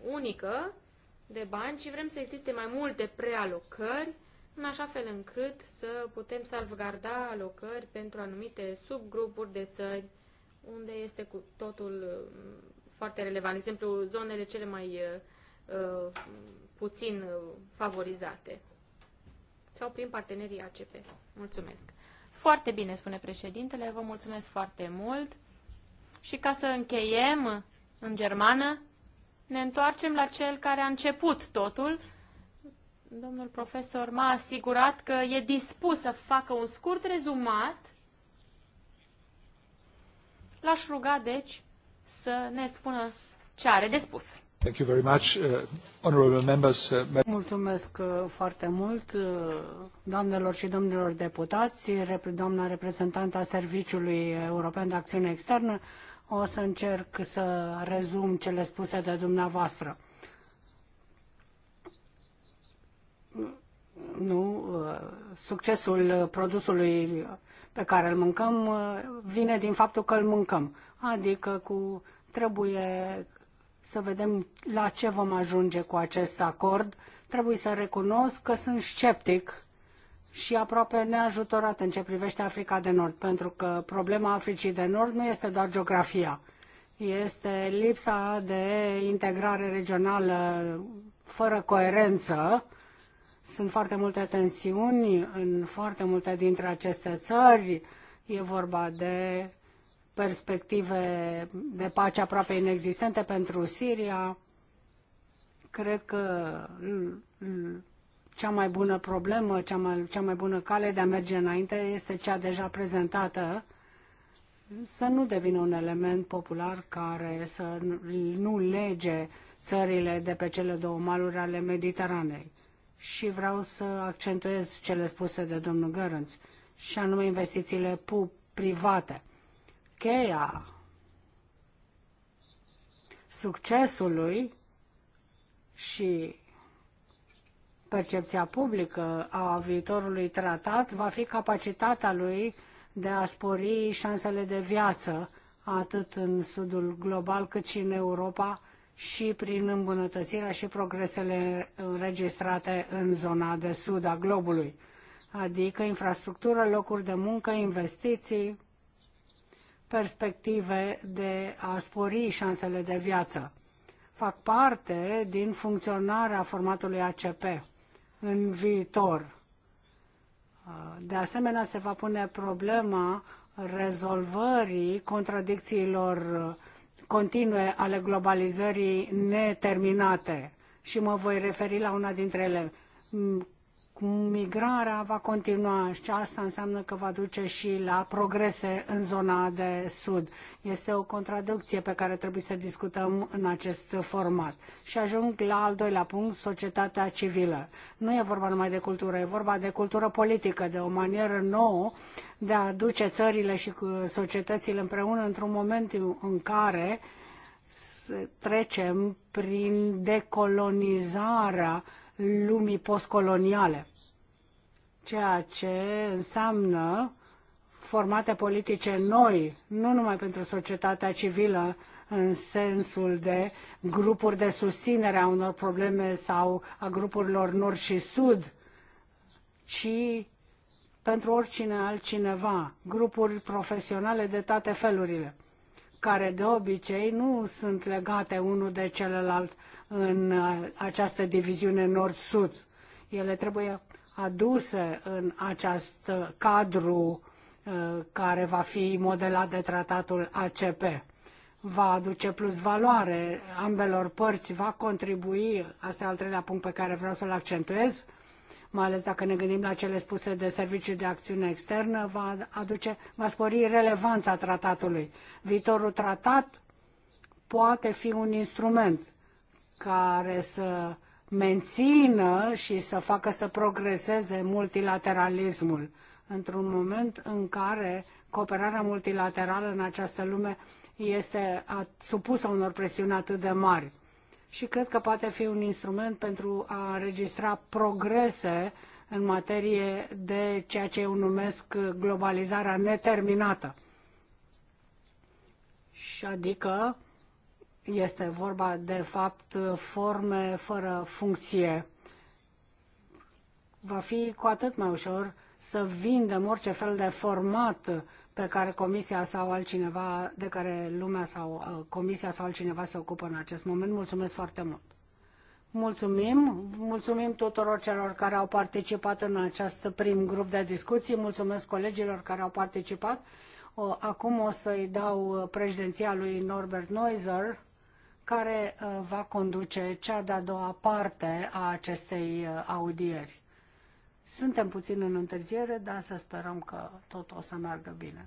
unică de bani, ci vrem să existe mai multe prealocări, în așa fel încât să putem salvgarda alocări pentru anumite subgrupuri de țări unde este cu totul uh, foarte relevant. De exemplu, zonele cele mai uh, Uh, puțin uh, favorizate sau prin partenerii ACP. Mulțumesc. Foarte bine, spune președintele, vă mulțumesc foarte mult. Și ca să încheiem în germană, ne întoarcem la cel care a început totul. Domnul profesor m-a asigurat că e dispus să facă un scurt rezumat. L-aș ruga, deci, să ne spună ce are de spus. Uh, uh, Mulțumesc uh, foarte mult, doamnelor și domnilor deputați, doamna reprezentanta Serviciului European de Acțiune Externă. O să încerc să rezum cele spuse de dumneavoastră. nu, succesul produsului pe care îl mâncăm vine din faptul că îl mâncăm. Adică cu, trebuie să vedem la ce vom ajunge cu acest acord. Trebuie să recunosc că sunt sceptic și aproape neajutorat în ce privește Africa de Nord, pentru că problema Africii de Nord nu este doar geografia, este lipsa de integrare regională fără coerență. Sunt foarte multe tensiuni în foarte multe dintre aceste țări. E vorba de perspective de pace aproape inexistente pentru Siria. Cred că cea mai bună problemă, cea mai, cea mai bună cale de a merge înainte este cea deja prezentată, să nu devină un element popular care să nu lege țările de pe cele două maluri ale Mediteranei. Și vreau să accentuez cele spuse de domnul Gărânț, și anume investițiile private cheia succesului și percepția publică a viitorului tratat va fi capacitatea lui de a spori șansele de viață atât în sudul global cât și în Europa și prin îmbunătățirea și progresele înregistrate în zona de sud a globului, adică infrastructură, locuri de muncă, investiții, perspective de a spori șansele de viață. Fac parte din funcționarea formatului ACP în viitor. De asemenea, se va pune problema rezolvării contradicțiilor continue ale globalizării neterminate și mă voi referi la una dintre ele migrarea va continua și asta înseamnă că va duce și la progrese în zona de sud. Este o contradicție pe care trebuie să discutăm în acest format. Și ajung la al doilea punct, societatea civilă. Nu e vorba numai de cultură, e vorba de cultură politică, de o manieră nouă de a duce țările și societățile împreună într-un moment în care trecem prin decolonizarea uh, lumii postcoloniale, ceea ce înseamnă formate politice noi, nu numai pentru societatea civilă în sensul de grupuri de susținere a unor probleme sau a grupurilor nord și sud, ci pentru oricine altcineva, grupuri profesionale de toate felurile, care de obicei nu sunt legate unul de celălalt în uh, această diviziune nord-sud. Ele trebuie aduse în acest cadru uh, care va fi modelat de tratatul ACP. Va aduce plus valoare ambelor părți, va contribui, asta e al treilea punct pe care vreau să-l accentuez, mai ales dacă ne gândim la cele spuse de Serviciul de Acțiune Externă, va, aduce, va spori relevanța tratatului. Viitorul tratat poate fi un instrument care să mențină și să facă să progreseze multilateralismul într-un moment în care cooperarea multilaterală în această lume este supusă unor presiuni atât de mari. Și cred că poate fi un instrument pentru a înregistra progrese în materie de ceea ce eu numesc globalizarea neterminată. Și adică este vorba de fapt forme fără funcție. Va fi cu atât mai ușor să vindem orice fel de format pe care comisia sau altcineva, de care lumea sau uh, comisia sau altcineva se ocupă în acest moment. Mulțumesc foarte mult! Mulțumim, mulțumim tuturor celor care au participat în acest prim grup de discuții, mulțumesc colegilor care au participat. Acum o să-i dau președinția lui Norbert Neuser care uh, va conduce cea de-a doua parte a acestei uh, audieri. Suntem puțin în întârziere, dar să sperăm că tot o să meargă bine.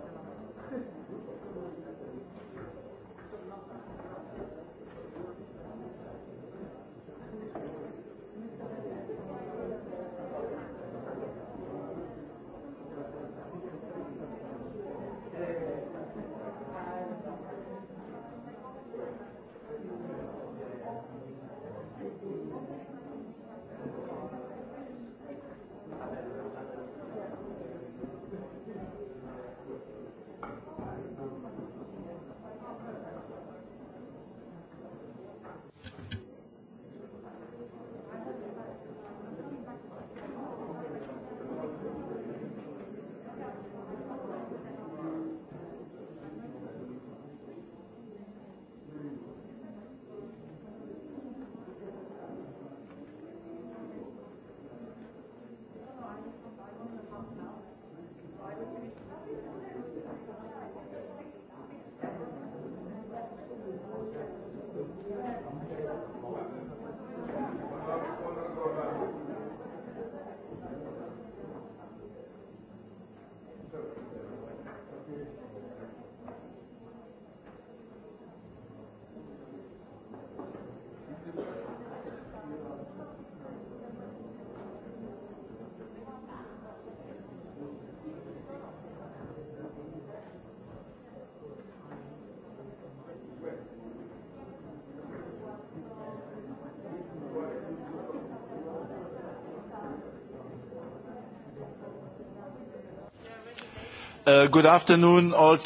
Uh, good afternoon all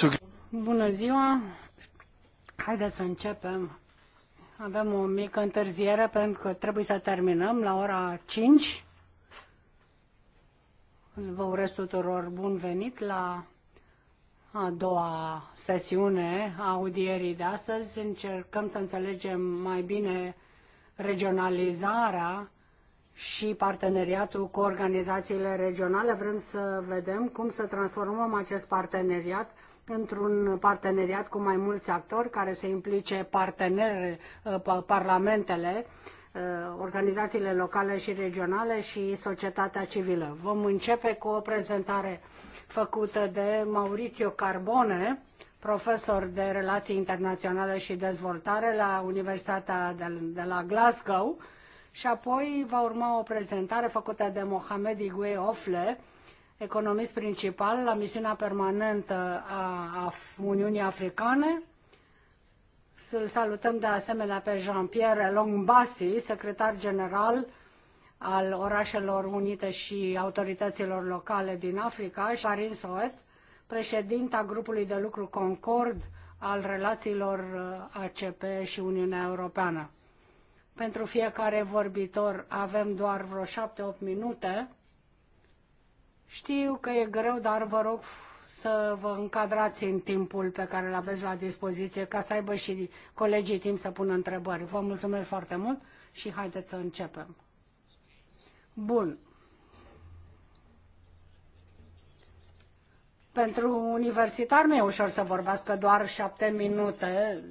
Bună ziua! Haideți să începem. Avem o mică întârziere pentru că trebuie să terminăm la ora 5. Vă urez tuturor bun venit la a doua sesiune a audierii de astăzi. Încercăm să înțelegem mai bine regionalizarea și parteneriatul cu organizațiile regionale. Vrem să vedem cum să transformăm acest parteneriat într-un parteneriat cu mai mulți actori care să implice parteneri, uh, parlamentele, uh, organizațiile locale și regionale și societatea civilă. Vom începe cu o prezentare făcută de Maurizio Carbone, profesor de relații internaționale și dezvoltare la Universitatea de la Glasgow, și apoi va urma o prezentare făcută de Mohamed Igwe Ofle, economist principal la misiunea permanentă a Uniunii Africane. Să-l salutăm de asemenea pe Jean-Pierre Longbassi, secretar general al orașelor unite și autorităților locale din Africa, și Karin Soet, președinta grupului de lucru Concord al relațiilor uh, ACP și Uniunea Europeană. Pentru fiecare vorbitor avem doar vreo șapte opt minute. Știu că e greu, dar vă rog să vă încadrați în timpul pe care îl aveți la dispoziție, ca să aibă și colegii timp să pună întrebări. Vă mulțumesc foarte mult și haideți să începem. Bun. Pentru universitar nu e ușor să vorbească doar șapte minute.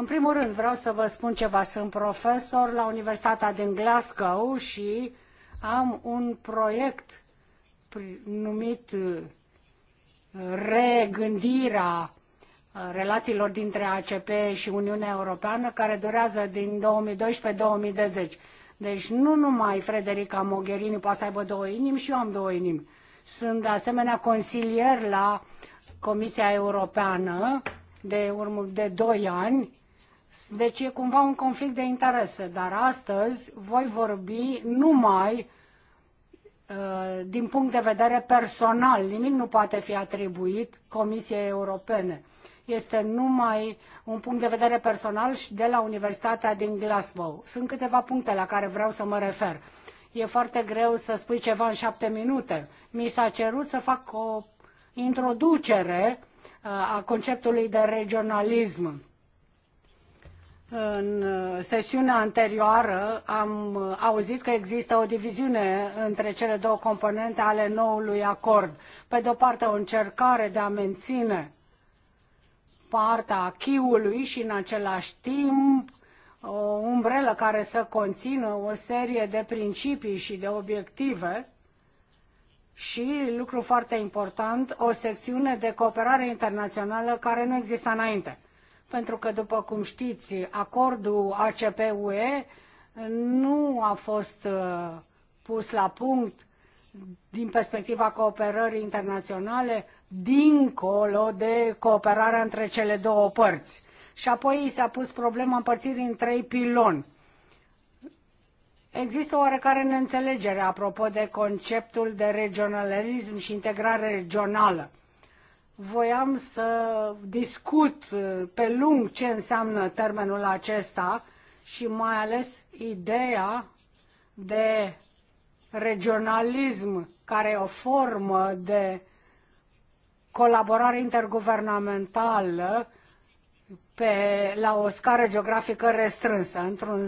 În primul rând, vreau să vă spun ceva. Sunt profesor la Universitatea din Glasgow și am un proiect numit uh, Regândirea uh, relațiilor dintre ACP și Uniunea Europeană, care durează din 2012-2010. Deci nu numai Frederica Mogherini poate să aibă două inimi și eu am două inimi. Sunt de asemenea consilier la Comisia Europeană de urmă de 2 ani deci e cumva un conflict de interese, dar astăzi voi vorbi numai uh, din punct de vedere personal. Nimic nu poate fi atribuit Comisiei Europene. Este numai un punct de vedere personal și de la Universitatea din Glasgow. Sunt câteva puncte la care vreau să mă refer. E foarte greu să spui ceva în șapte minute. Mi s-a cerut să fac o introducere uh, a conceptului de regionalism în sesiunea anterioară am auzit că există o diviziune între cele două componente ale noului acord. Pe de o parte o încercare de a menține partea chiului și în același timp o umbrelă care să conțină o serie de principii și de obiective și, lucru foarte important, o secțiune de cooperare internațională care nu exista înainte pentru că, după cum știți, acordul ACP-UE nu a fost uh, pus la punct din perspectiva cooperării internaționale, dincolo de cooperarea între cele două părți. Și apoi s-a pus problema împărțirii în trei piloni. Există oarecare neînțelegere apropo de conceptul de regionalism și integrare regională voiam să discut uh, pe lung ce înseamnă termenul acesta și mai ales ideea de regionalism, care e o formă de colaborare interguvernamentală pe, la o scară geografică restrânsă. Într-un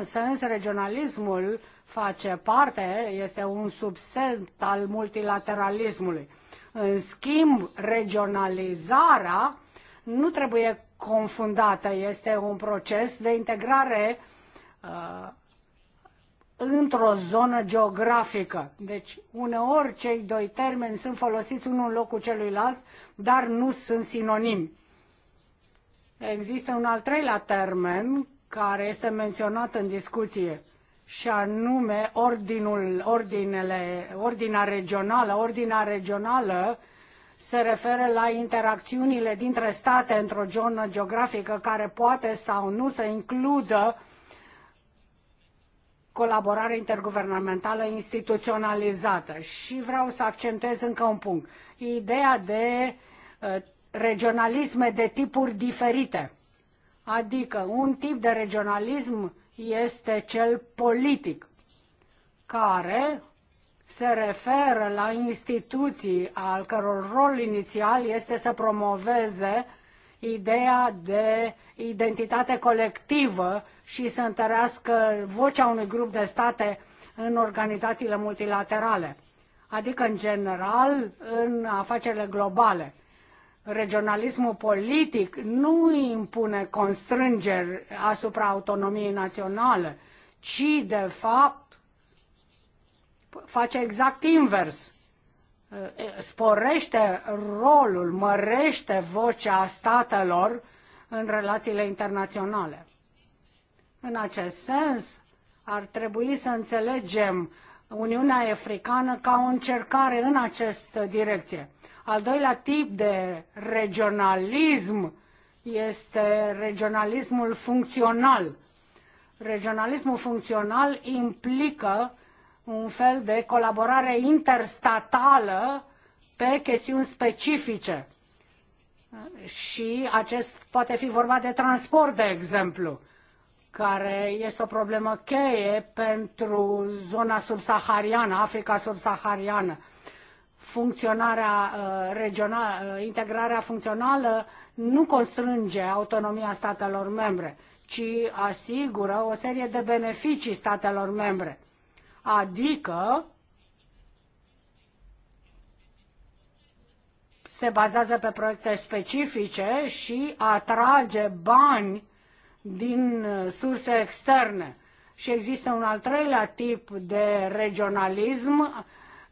sens, regionalismul face parte, este un subset al multilateralismului în schimb, regionalizarea nu trebuie confundată, este un proces de integrare uh, într-o zonă geografică. Deci, uneori, cei doi termeni sunt folosiți unul în locul celuilalt, dar nu sunt sinonimi. Există un al treilea termen care este menționat în discuție și anume ordinul, ordinele, ordinea regională. Ordinea regională se referă la interacțiunile dintre state într-o zonă geografică care poate sau nu să includă colaborare interguvernamentală instituționalizată. Și vreau să accentez încă un punct. Ideea de uh, regionalisme de tipuri diferite. Adică un tip de regionalism este cel politic, care se referă la instituții al căror rol inițial este să promoveze ideea de identitate colectivă și să întărească vocea unui grup de state în organizațiile multilaterale, adică în general în afacerile globale regionalismul politic nu impune constrângeri asupra autonomiei naționale, ci, de fapt, face exact invers. Sporește rolul, mărește vocea statelor în relațiile internaționale. În acest sens, ar trebui să înțelegem Uniunea Africană ca o încercare în această direcție. Al doilea tip de regionalism este regionalismul funcțional. Regionalismul funcțional implică un fel de colaborare interstatală pe chestiuni specifice. Și acest poate fi vorba de transport, de exemplu, care este o problemă cheie pentru zona subsahariană, Africa subsahariană funcționarea uh, regională, uh, integrarea funcțională nu constrânge autonomia statelor membre, ci asigură o serie de beneficii statelor membre. Adică se bazează pe proiecte specifice și atrage bani din uh, surse externe. Și există un al treilea tip de regionalism,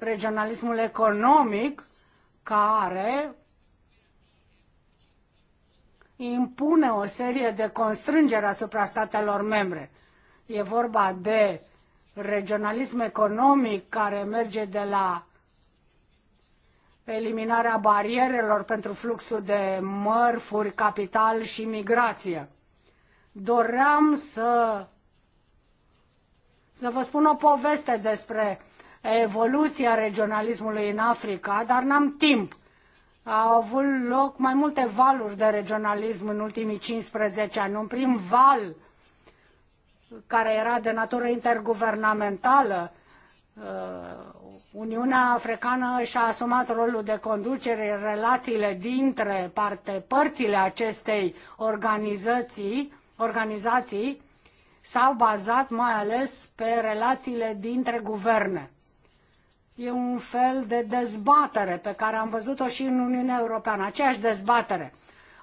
regionalismul economic care impune o serie de constrângeri asupra statelor membre. E vorba de regionalism economic care merge de la eliminarea barierelor pentru fluxul de mărfuri, capital și migrație. Doream să, să vă spun o poveste despre evoluția regionalismului în Africa, dar n-am timp. Au avut loc mai multe valuri de regionalism în ultimii 15 ani. Un prim val care era de natură interguvernamentală, uh, Uniunea Africană și-a asumat rolul de conducere în relațiile dintre parte, părțile acestei organizații, organizații s-au bazat mai ales pe relațiile dintre guverne. E un fel de dezbatere pe care am văzut-o și în Uniunea Europeană, aceeași dezbatere.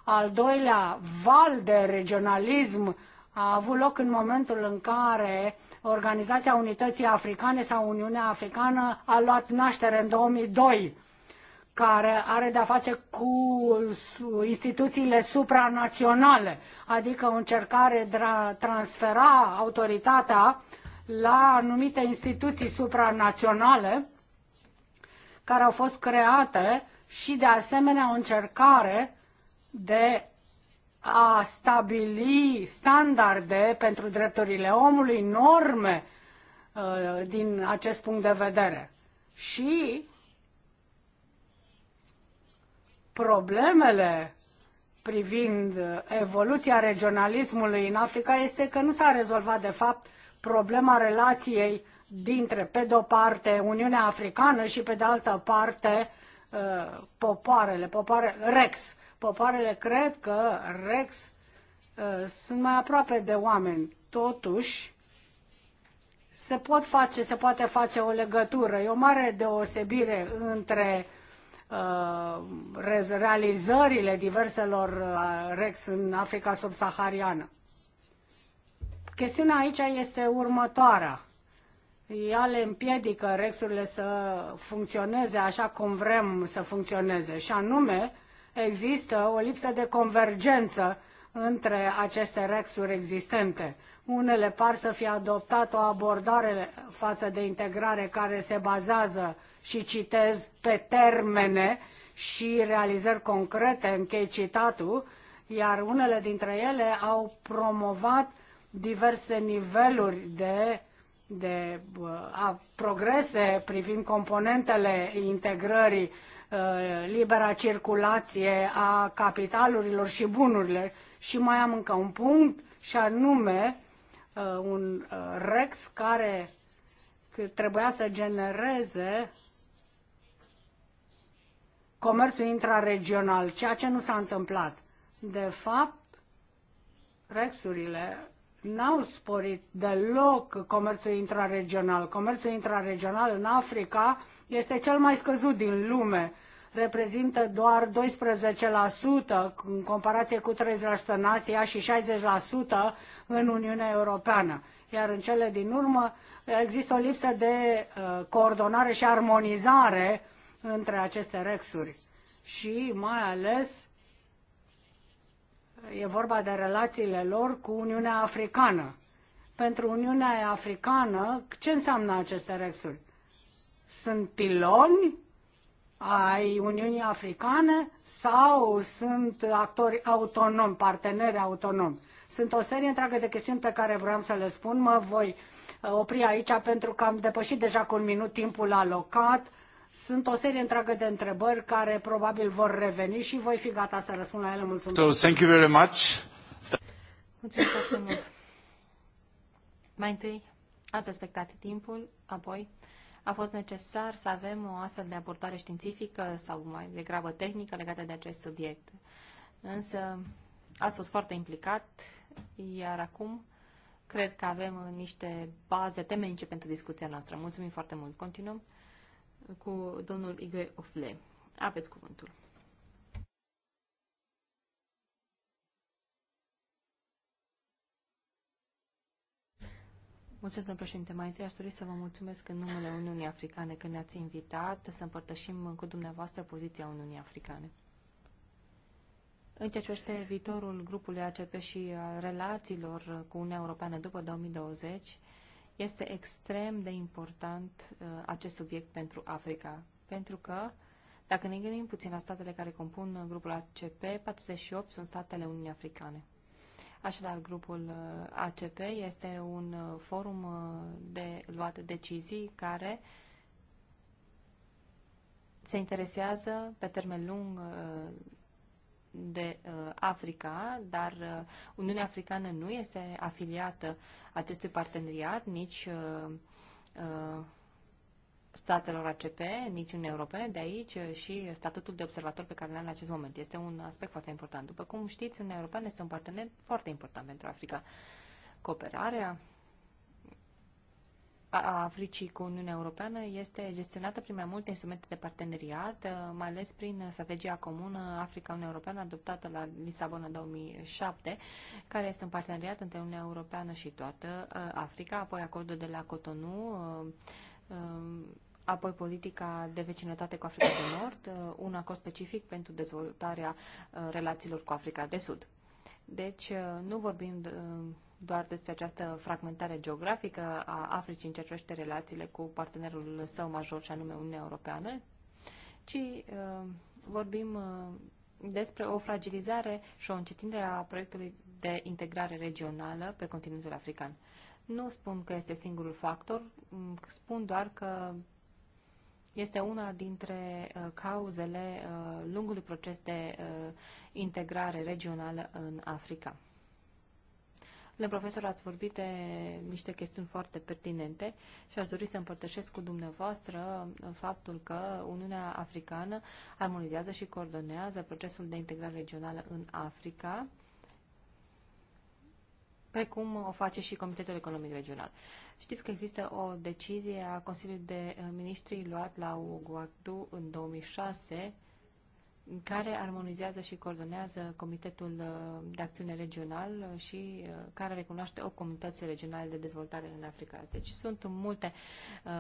Al doilea val de regionalism a avut loc în momentul în care Organizația Unității Africane sau Uniunea Africană a luat naștere în 2002, care are de-a face cu instituțiile supranaționale, adică o încercare de a transfera autoritatea la anumite instituții supranaționale care au fost create și de asemenea o încercare de a stabili standarde pentru drepturile omului, norme uh, din acest punct de vedere. Și problemele privind evoluția regionalismului în Africa este că nu s-a rezolvat, de fapt, problema relației dintre, pe de-o parte, Uniunea Africană și, pe de altă parte, uh, popoarele, popoare, Rex. Popoarele cred că Rex uh, sunt mai aproape de oameni. Totuși, se, pot face, se poate face o legătură. E o mare deosebire între uh, realizările diverselor uh, REX în Africa subsahariană. Chestiunea aici este următoarea ea le împiedică rexurile să funcționeze așa cum vrem să funcționeze. Și anume, există o lipsă de convergență între aceste rexuri existente. Unele par să fie adoptat o abordare față de integrare care se bazează, și citez, pe termene și realizări concrete, închei citatul, iar unele dintre ele au promovat diverse niveluri de de a, progrese privind componentele integrării, ă, libera circulație a capitalurilor și bunurilor. Și mai am încă un punct și anume ă, un ă, REX care trebuia să genereze comerțul intraregional, ceea ce nu s-a întâmplat. De fapt, rexurile n-au sporit deloc comerțul intraregional. Comerțul intraregional în Africa este cel mai scăzut din lume. Reprezintă doar 12% în comparație cu 30% în Asia și 60% în Uniunea Europeană. Iar în cele din urmă există o lipsă de uh, coordonare și armonizare între aceste rexuri și mai ales E vorba de relațiile lor cu Uniunea Africană. Pentru Uniunea Africană, ce înseamnă aceste rexuri? Sunt piloni ai Uniunii Africane sau sunt actori autonomi, parteneri autonomi? Sunt o serie întreagă de chestiuni pe care vreau să le spun. Mă voi uh, opri aici pentru că am depășit deja cu un minut timpul alocat. Sunt o serie întreagă de întrebări care probabil vor reveni și voi fi gata să răspund la ele. Mulțumesc. So, thank you very much. Mulțumesc foarte mult. Mai întâi, ați respectat timpul, apoi a fost necesar să avem o astfel de abordare științifică sau mai degrabă tehnică legată de acest subiect. Însă ați fost foarte implicat, iar acum cred că avem niște baze temenice pentru discuția noastră. Mulțumim foarte mult. Continuăm cu domnul Igor Ofle. Aveți cuvântul. Mulțumesc, domnul președinte. Mai întâi aș dori să vă mulțumesc în numele Uniunii Africane că ne-ați invitat să împărtășim cu dumneavoastră poziția Uniunii Africane. În ceea ce privește viitorul grupului ACP și relațiilor cu Uniunea Europeană după 2020, este extrem de important uh, acest subiect pentru Africa, pentru că dacă ne gândim puțin la statele care compun uh, grupul ACP, 48 sunt statele Uniunii Africane. Așadar, grupul uh, ACP este un forum de luat decizii care se interesează pe termen lung de uh, Africa, dar uh, Uniunea Africană nu este afiliată acestui parteneriat, nici uh, uh, statelor ACP, nici Uniunea Europene, de aici uh, și statutul de observator pe care l-am în acest moment. Este un aspect foarte important. După cum știți, Uniunea Europeană este un partener foarte important pentru Africa. Cooperarea a Africii cu Uniunea Europeană este gestionată prin mai multe instrumente de parteneriat, uh, mai ales prin strategia comună Africa-Uniunea Europeană adoptată la Lisabona 2007, care este un parteneriat între Uniunea Europeană și toată uh, Africa, apoi acordul de la Cotonou, uh, um, apoi politica de vecinătate cu Africa de Nord, un acord specific pentru dezvoltarea relațiilor cu Africa de Sud. Deci nu vorbim doar despre această fragmentare geografică a Africii în ce privește relațiile cu partenerul său major și anume Uniunea Europeană, ci uh, vorbim uh, despre o fragilizare și o încetinire a proiectului de integrare regională pe continentul african. Nu spun că este singurul factor, mm, spun doar că este una dintre uh, cauzele uh, lungului proces de uh, integrare regională în Africa. Domnule profesor, ați vorbit de niște chestiuni foarte pertinente și aș dori să împărtășesc cu dumneavoastră uh, faptul că Uniunea Africană armonizează și coordonează procesul de integrare regională în Africa, precum o face și Comitetul Economic Regional. Știți că există o decizie a Consiliului de uh, Ministri luat la Uguagdu în 2006 care armonizează și coordonează Comitetul uh, de Acțiune Regional uh, și uh, care recunoaște o comunități regionale de dezvoltare în Africa. Deci sunt multe uh,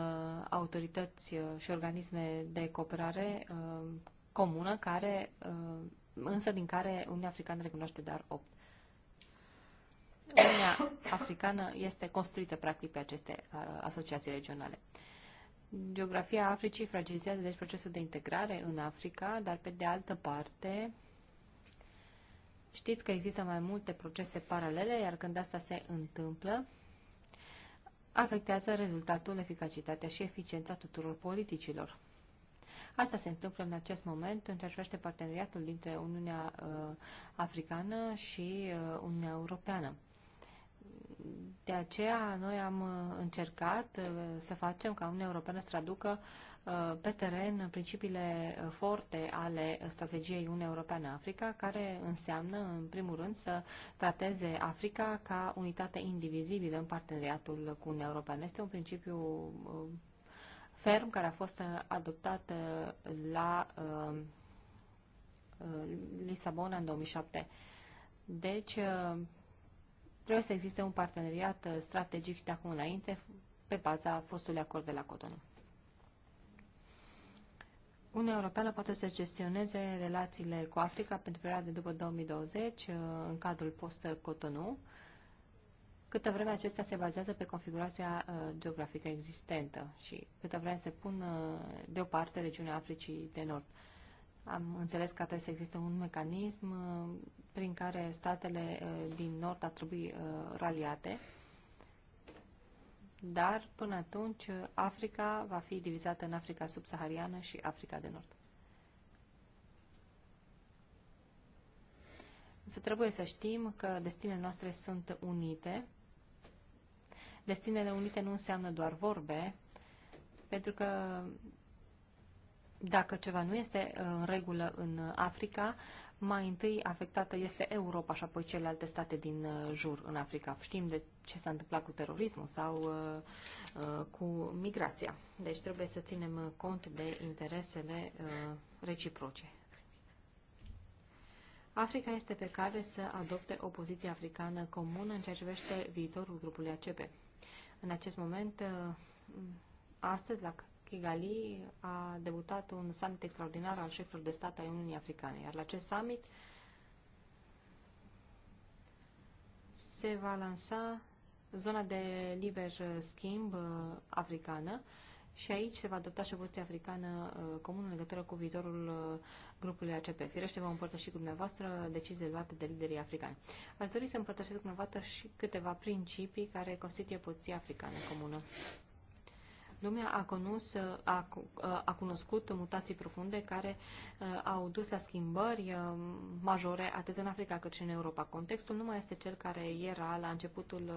autorități și organisme de cooperare uh, comună, care, uh, însă din care Uniunea Africană recunoaște doar 8. Uniunea Africană este construită practic pe aceste asociații regionale. Uh, geografia Africii fragilizează deci procesul de integrare în Africa, dar pe de altă parte știți că există mai multe procese paralele, iar când asta se întâmplă, afectează rezultatul, eficacitatea și eficiența tuturor politicilor. Asta se întâmplă în acest moment în ceea ce privește parteneriatul dintre Uniunea uh, Africană și uh, Uniunea Europeană. De aceea noi am uh, încercat uh, să facem ca Uniunea Europeană să traducă uh, pe teren principiile forte ale strategiei Uniunea Europeană-Africa, care înseamnă, în primul rând, să trateze Africa ca unitate indivizibilă în parteneriatul cu Uniunea Europeană. Este un principiu ferm care a fost adoptat la Lisabona în 2007. Deci, Trebuie să existe un parteneriat uh, strategic de acum înainte pe baza fostului acord de la Cotonou. Uniunea Europeană poate să gestioneze relațiile cu Africa pentru perioada după 2020 uh, în cadrul post-Cotonou, câtă vreme acestea se bazează pe configurația uh, geografică existentă și câtă vreme se pun deoparte regiunea Africii de Nord. Am înțeles că trebuie să existe un mecanism uh, prin care statele uh, din Nord ar trebui uh, raliate, dar până atunci Africa va fi divizată în Africa subsahariană și Africa de Nord. Însă trebuie să știm că destinele noastre sunt unite. Destinele unite nu înseamnă doar vorbe, pentru că dacă ceva nu este uh, în regulă în Africa, mai întâi afectată este Europa și apoi celelalte state din uh, jur în Africa. Știm de ce s-a întâmplat cu terorismul sau uh, uh, cu migrația. Deci trebuie să ținem cont de interesele uh, reciproce. Africa este pe care să adopte o poziție africană comună în ceea ce privește viitorul grupului ACP. În acest moment, uh, astăzi, la Kigali a debutat un summit extraordinar al șefilor de stat ai Uniunii Africane, iar la acest summit se va lansa zona de liber schimb uh, africană și aici se va adopta și o poziție africană uh, comună în legătură cu viitorul uh, grupului ACP. Firește, vom împărtăși cu dumneavoastră decizii luate de liderii africani. Aș dori să împărtășesc cu dumneavoastră și câteva principii care constituie poziția africană comună. Lumea a, cunos, a, a cunoscut mutații profunde care au dus la schimbări majore atât în Africa cât și în Europa. Contextul nu mai este cel care era la începutul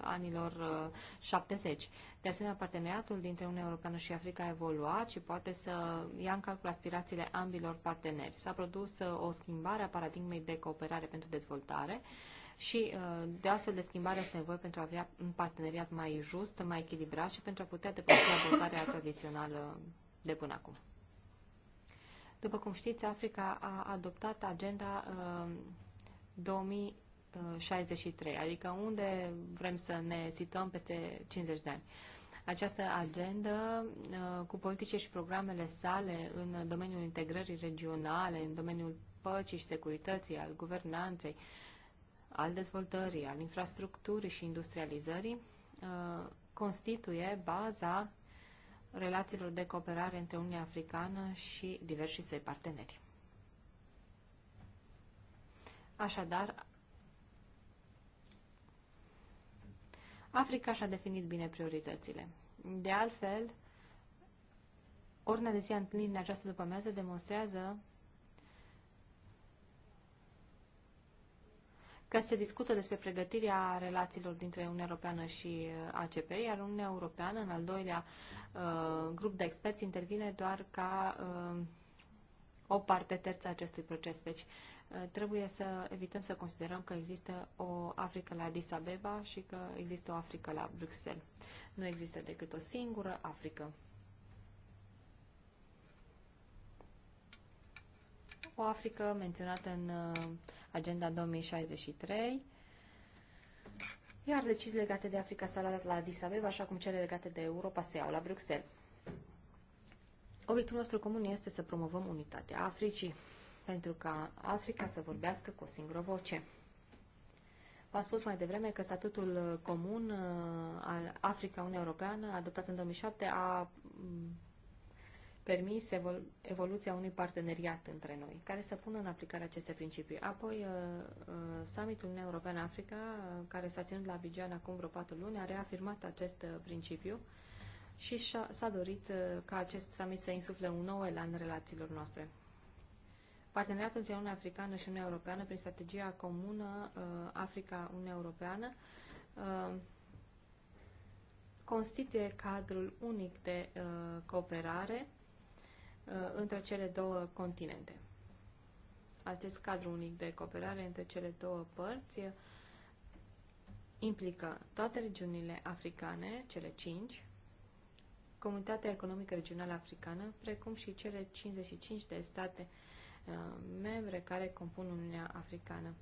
anilor 70. De asemenea, parteneriatul dintre Uniunea Europeană și Africa a evoluat și poate să ia în calcul aspirațiile ambilor parteneri. S-a produs o schimbare a paradigmei de cooperare pentru dezvoltare. Uh, și uh, de astfel de schimbare este nevoie pentru a avea un parteneriat mai just, mai echilibrat și pentru a putea depăși abordarea tradițională de până acum. După cum știți, Africa a adoptat agenda 2063, uh, uh, adică unde vrem să ne situăm peste 50 de ani. Această agendă, cu politice și programele sale în domeniul integrării regionale, în domeniul păcii și securității, al guvernanței, uh, al dezvoltării, al infrastructurii și industrializării, uh, constituie baza relațiilor de cooperare între Uniunea Africană și diversii săi parteneri. Așadar, Africa și-a definit bine prioritățile. De altfel, ordinea de zi întâlnirii în această după demonstrează că se discută despre pregătirea relațiilor dintre Uniunea Europeană și uh, ACP, iar Uniunea Europeană, în al doilea uh, grup de experți, intervine doar ca uh, o parte terță a acestui proces. Deci uh, trebuie să evităm să considerăm că există o Africă la Addis Abeba și că există o Africă la Bruxelles. Nu există decât o singură Africă. O Africă menționată în uh, Agenda 2063, iar decizii legate de Africa s-au luat la Addis Abeba, așa cum cele legate de Europa se iau la Bruxelles. Obiectul nostru comun este să promovăm unitatea Africii, pentru ca Africa să vorbească cu o singură voce. V-am spus mai devreme că statutul comun uh, al Africa-Uniunea Europeană, adoptat în 2007, a permis evol- evoluția unui parteneriat între noi, care să pună în aplicare aceste principii. Apoi, uh, uh, summitul Uniunea Europeană-Africa, uh, care s-a ținut la Abidjan acum vreo patru luni, a reafirmat acest principiu și s-a dorit ca acest summit să insufle un nou elan relațiilor noastre. Parteneriatul între Uniunea Africană și Uniunea Europeană prin strategia comună Africa-Uniunea Europeană constituie cadrul unic de uh, cooperare Uh, între cele două continente. Acest cadru unic de cooperare între cele două părți uh, implică toate regiunile africane, cele cinci, Comunitatea Economică Regională Africană, precum și cele 55 de state uh, membre care compun Uniunea Africană.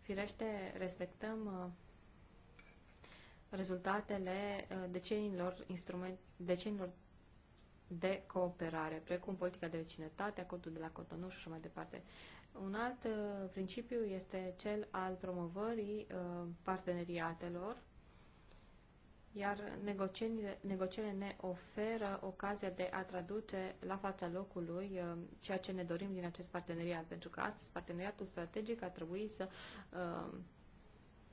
Firește, respectăm rezultatele deceniilor, instrument, deceniilor de cooperare, precum politica de vecinătate, acordul de la Cotonou și așa mai departe. Un alt uh, principiu este cel al promovării uh, parteneriatelor, iar negocierile, negocierile ne oferă ocazia de a traduce la fața locului uh, ceea ce ne dorim din acest parteneriat, pentru că astăzi parteneriatul strategic ar trebui să uh,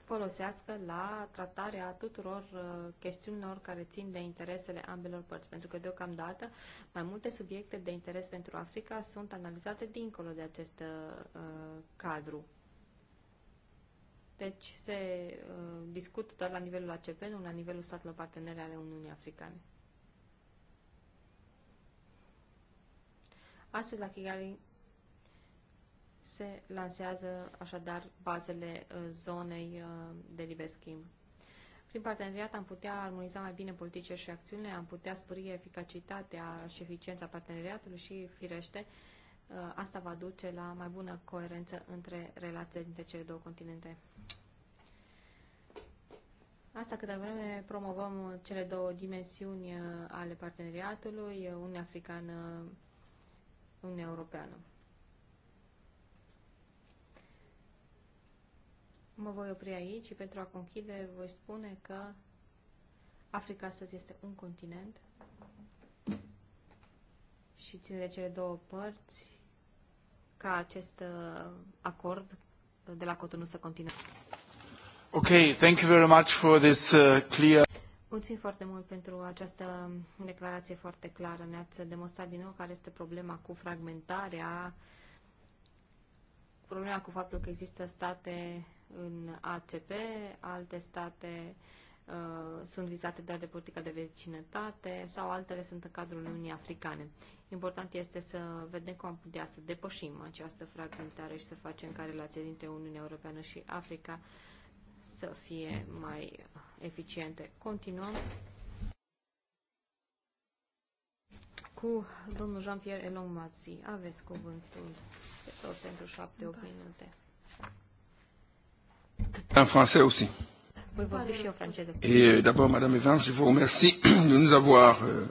folosească la tratarea tuturor uh, chestiunilor care țin de interesele ambelor părți, pentru că deocamdată mai multe subiecte de interes pentru Africa sunt analizate dincolo de acest uh, uh cadru. Deci se uh, discută doar la nivelul ACP, nu la nivelul statelor partenere ale Uniunii Africane. Astăzi, la Kigali, se lansează așadar bazele uh, zonei uh, de liber schimb. Prin parteneriat am putea armoniza mai bine politice și acțiunile, am putea spori eficacitatea și eficiența parteneriatului și, firește, uh, asta va duce la mai bună coerență între relațiile dintre cele două continente. Asta câte vreme promovăm cele două dimensiuni ale parteneriatului, Uniunea Africană, Uniunea Europeană. Mă voi opri aici și pentru a conchide voi spune că Africa astăzi este un continent și ține de cele două părți ca acest uh, acord de la Cotonou să continue. Ok, thank you very much for this uh, clear... Mulțumim foarte mult pentru această declarație foarte clară. Ne-ați demonstrat din nou care este problema cu fragmentarea, problema cu faptul că există state în ACP, alte state uh, sunt vizate doar de politica de vecinătate sau altele sunt în cadrul Uniunii Africane. Important este să vedem cum am putea să depășim această fragmentare și să facem ca relația dintre Uniunea Europeană și Africa să fie mai eficiente. Continuăm cu domnul Jean-Pierre Elon Mazi. Aveți cuvântul de tot pentru șapte 8 da. minute. În francez aussi. și Et euh, d'abord, Madame Evans, je vous remercie de nous avoir... Euh,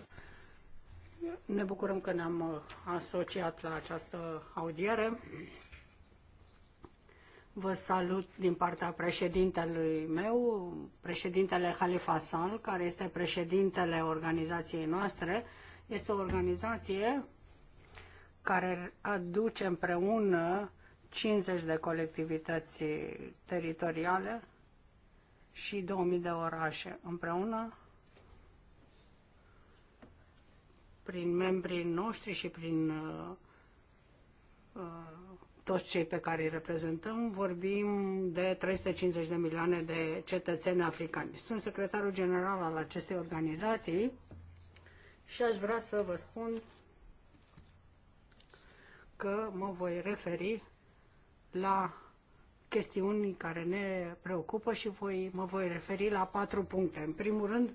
ne bucurăm că ne-am uh, asociat la această audiere. Vă salut din partea președintelui meu, președintele Khalifa Sal, care este președintele organizației noastre. Este o organizație care aduce împreună uh, 50 de colectivități teritoriale și 2000 de orașe împreună prin membrii noștri și prin uh, uh toți cei pe care îi reprezentăm, vorbim de 350 de milioane de cetățeni africani. Sunt secretarul general al acestei organizații și aș vrea să vă spun că mă voi referi la chestiuni care ne preocupă și voi, mă voi referi la patru puncte. În primul rând,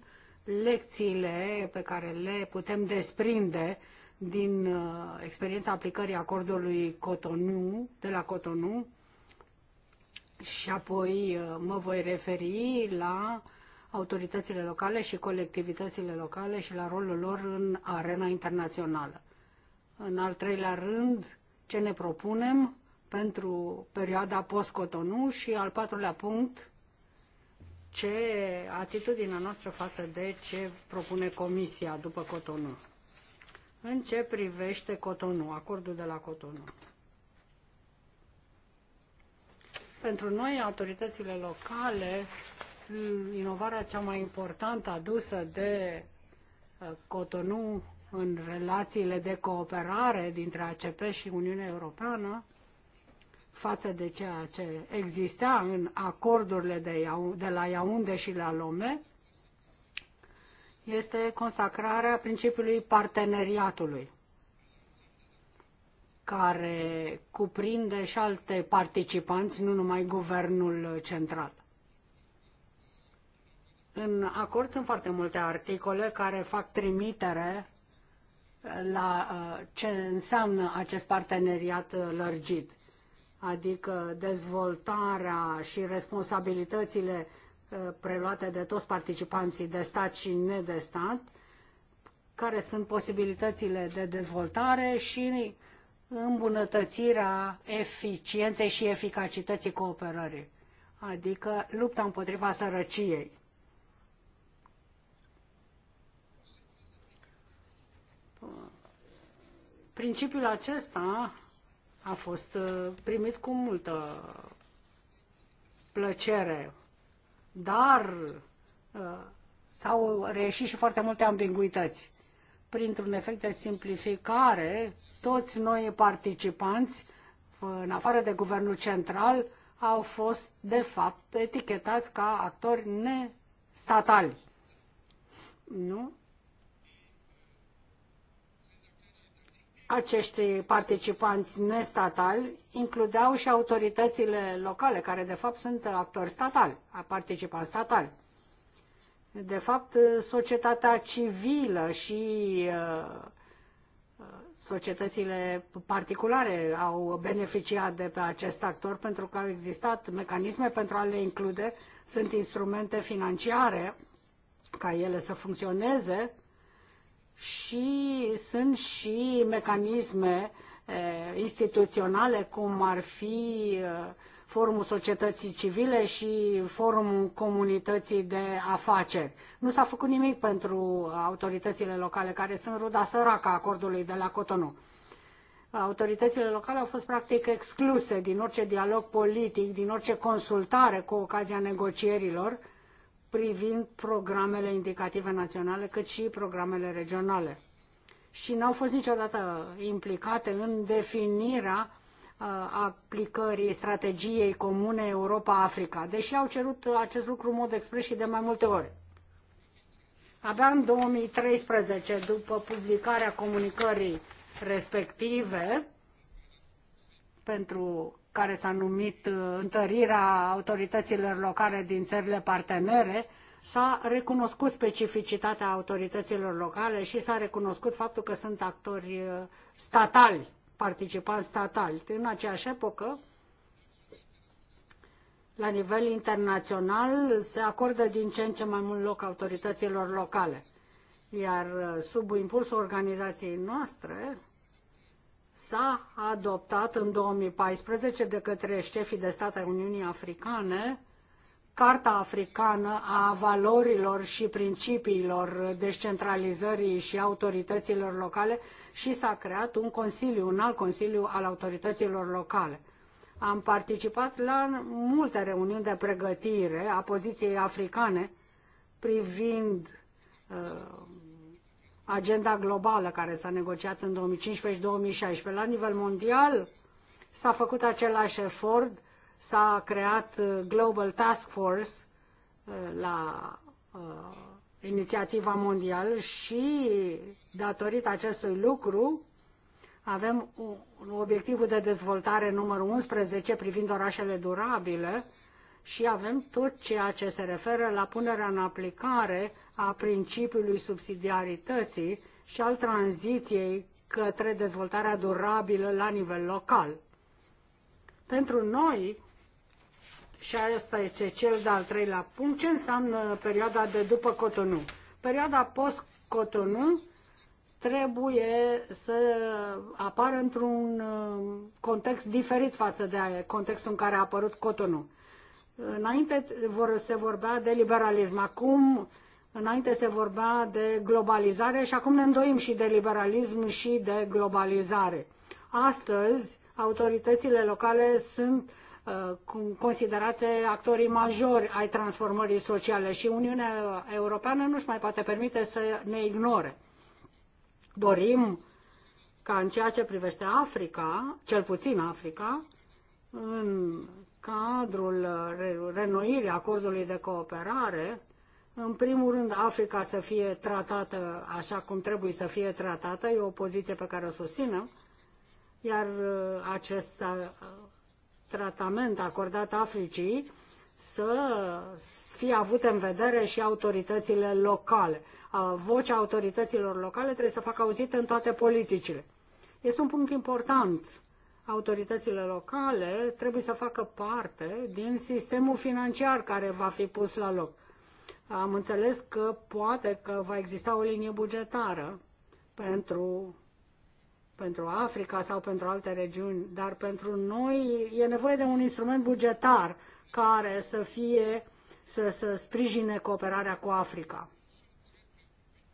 lecțiile pe care le putem desprinde din uh, experiența aplicării acordului Cotonou, de la Cotonou și apoi uh, mă voi referi la autoritățile locale și colectivitățile locale și la rolul lor în arena internațională. În al treilea rând, ce ne propunem pentru perioada post-Cotonou și al patrulea punct, ce atitudinea noastră față de ce propune Comisia după Cotonou. În ce privește Cotonou, acordul de la Cotonou. Pentru noi, autoritățile locale, inovarea cea mai importantă adusă de uh, Cotonou în relațiile de cooperare dintre ACP și Uniunea Europeană față de ceea ce exista în acordurile de, de la Iaunde și la Lome, este consacrarea principiului parteneriatului, care cuprinde și alte participanți, nu numai guvernul central. În acord sunt foarte multe articole care fac trimitere la uh, ce înseamnă acest parteneriat lărgit adică dezvoltarea și responsabilitățile uh, preluate de toți participanții de stat și nedestat, care sunt posibilitățile de dezvoltare și îmbunătățirea eficienței și eficacității cooperării, adică lupta împotriva sărăciei. Principiul acesta a fost uh, primit cu multă plăcere, dar uh, s-au reieșit și foarte multe ambiguități. Printr-un efect de simplificare, toți noi participanți, în afară de guvernul central, au fost, de fapt, etichetați ca actori nestatali. Nu? acești participanți nestatali includeau și autoritățile locale, care de fapt sunt actori statali, participanți statali. De fapt, societatea civilă și uh, societățile particulare au beneficiat de pe acest actor pentru că au existat mecanisme pentru a le include, sunt instrumente financiare ca ele să funcționeze și sunt și mecanisme instituționale, cum ar fi Forumul Societății Civile și Forumul Comunității de Afaceri. Nu s-a făcut nimic pentru autoritățile locale, care sunt ruda săracă acordului de la Cotonou. Autoritățile locale au fost practic excluse din orice dialog politic, din orice consultare cu ocazia negocierilor, uh, privind programele indicative naționale, cât și programele regionale. Și n-au fost niciodată implicate în definirea uh, aplicării strategiei comune Europa-Africa, deși au cerut acest lucru în mod expres și de mai multe ori. Abia în 2013, după publicarea comunicării respective pentru care s-a numit uh, întărirea autorităților locale din țările partenere, s-a recunoscut specificitatea autorităților locale și s-a recunoscut faptul că sunt actori uh, statali, participanți statali. În aceeași epocă, la nivel internațional, se acordă din ce în ce mai mult loc autorităților locale. Iar uh, sub impulsul organizației noastre, s-a adoptat în 2014 de către șefii de stat ai Uniunii Africane Carta Africană a valorilor și principiilor descentralizării și autorităților locale și s-a creat un consiliu, un alt consiliu al autorităților locale. Am participat la multe reuniuni de pregătire a poziției africane privind uh, agenda globală care s-a negociat în 2015 și 2016. La nivel mondial s-a făcut același efort, s-a creat uh, Global Task Force uh, la uh, inițiativa mondială și datorită acestui lucru avem obiectivul de dezvoltare numărul 11 privind orașele durabile, și avem tot ceea ce se referă la punerea în aplicare a principiului subsidiarității și al tranziției către dezvoltarea durabilă la nivel local. Pentru noi, și asta este cel de-al treilea punct, ce înseamnă perioada de după Cotonou? Perioada post-Cotonou trebuie să apară într-un uh, context diferit față de contextul în care a apărut Cotonou. Înainte vor, se vorbea de liberalism, acum înainte se vorbea de globalizare și acum ne îndoim și de liberalism și de globalizare. Astăzi, autoritățile locale sunt uh, considerate actorii majori ai transformării sociale și Uniunea Europeană nu-și mai poate permite să ne ignore. Dorim ca în ceea ce privește Africa, cel puțin Africa, în cadrul renoirii acordului de cooperare, în primul rând Africa să fie tratată așa cum trebuie să fie tratată, e o poziție pe care o susținem, iar uh, acest uh, tratament acordat Africii să fie avut în vedere și autoritățile locale. Uh, vocea autorităților locale trebuie să facă auzită în toate politicile. Este un punct important autoritățile locale trebuie să facă parte din sistemul financiar care va fi pus la loc. Am înțeles că poate că va exista o linie bugetară pentru, pentru Africa sau pentru alte regiuni, dar pentru noi e nevoie de un instrument bugetar care să fie să, să sprijine cooperarea cu Africa.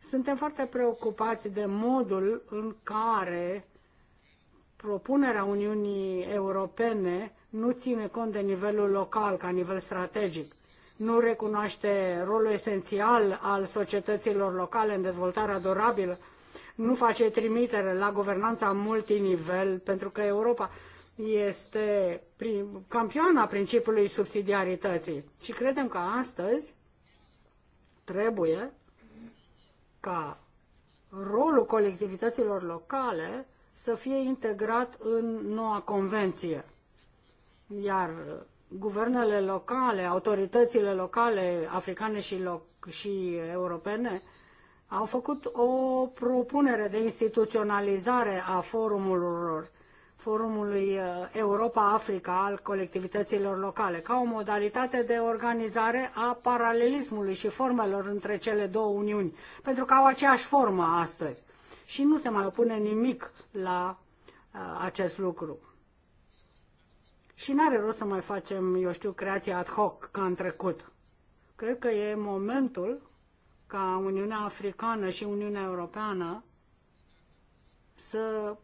Suntem foarte preocupați de modul în care propunerea Uniunii Europene nu ține cont de nivelul local ca nivel strategic, nu recunoaște rolul esențial al societăților locale în dezvoltarea durabilă, nu face trimitere la guvernanța multinivel, pentru că Europa este prim, campioana principiului subsidiarității. Și credem că astăzi trebuie ca rolul colectivităților locale să fie integrat în noua convenție. Iar guvernele locale, autoritățile locale, africane și, loc- și europene, au făcut o propunere de instituționalizare a forumurilor, forumului uh, Europa-Africa al colectivităților locale, ca o modalitate de organizare a paralelismului și formelor între cele două uniuni, pentru că au aceeași formă astăzi. Și nu se mai opune nimic la acest lucru. Și n-are rost să mai facem, eu știu, creație ad hoc ca în trecut. Cred că e momentul ca Uniunea Africană și Uniunea Europeană să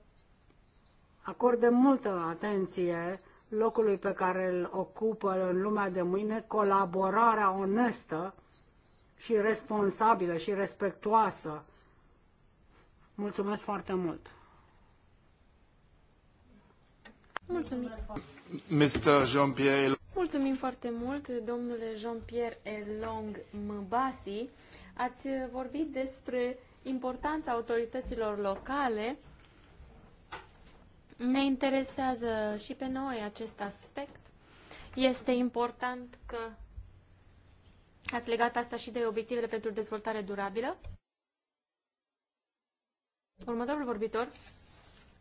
acorde multă atenție locului pe care îl ocupă în lumea de mâine, colaborarea onestă și responsabilă și respectuoasă. Mulțumesc foarte mult! Mulțumim. Mr. Jean-Pierre. Mulțumim foarte mult, domnule Jean-Pierre Elong Mbasi. Ați vorbit despre importanța autorităților locale. Ne interesează și pe noi acest aspect. Este important că ați legat asta și de obiectivele pentru dezvoltare durabilă. Următorul vorbitor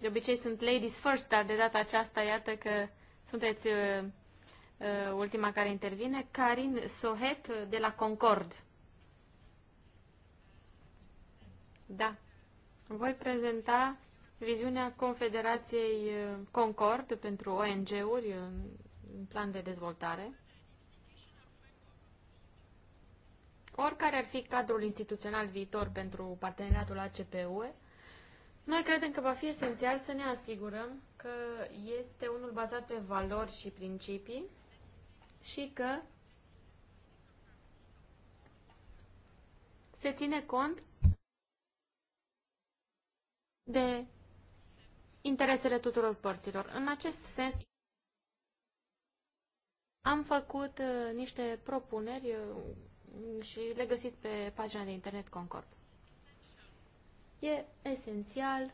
de obicei sunt ladies first, dar de data aceasta, iată că sunteți uh, uh, ultima care intervine. Karin Sohet uh, de la Concord. Da. Voi prezenta viziunea Confederației uh, Concord pentru ONG-uri uh, în plan de dezvoltare. Oricare ar fi cadrul instituțional viitor pentru parteneriatul ACPUE, noi credem că va fi esențial să ne asigurăm că este unul bazat pe valori și principii și că se ține cont de interesele tuturor părților. În acest sens, am făcut uh, niște propuneri uh, și le găsit pe pagina de internet Concord. E esențial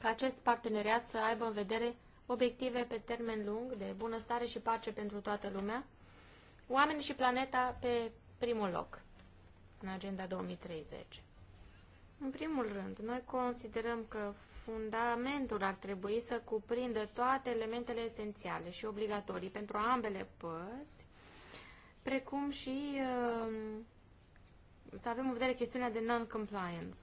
ca acest parteneriat să aibă în vedere obiective pe termen lung de bunăstare și pace pentru toată lumea, oameni și planeta pe primul loc în Agenda 2030. În primul rând, noi considerăm că fundamentul ar trebui să cuprindă toate elementele esențiale și obligatorii pentru ambele părți, precum și uh, să avem în vedere chestiunea de non-compliance,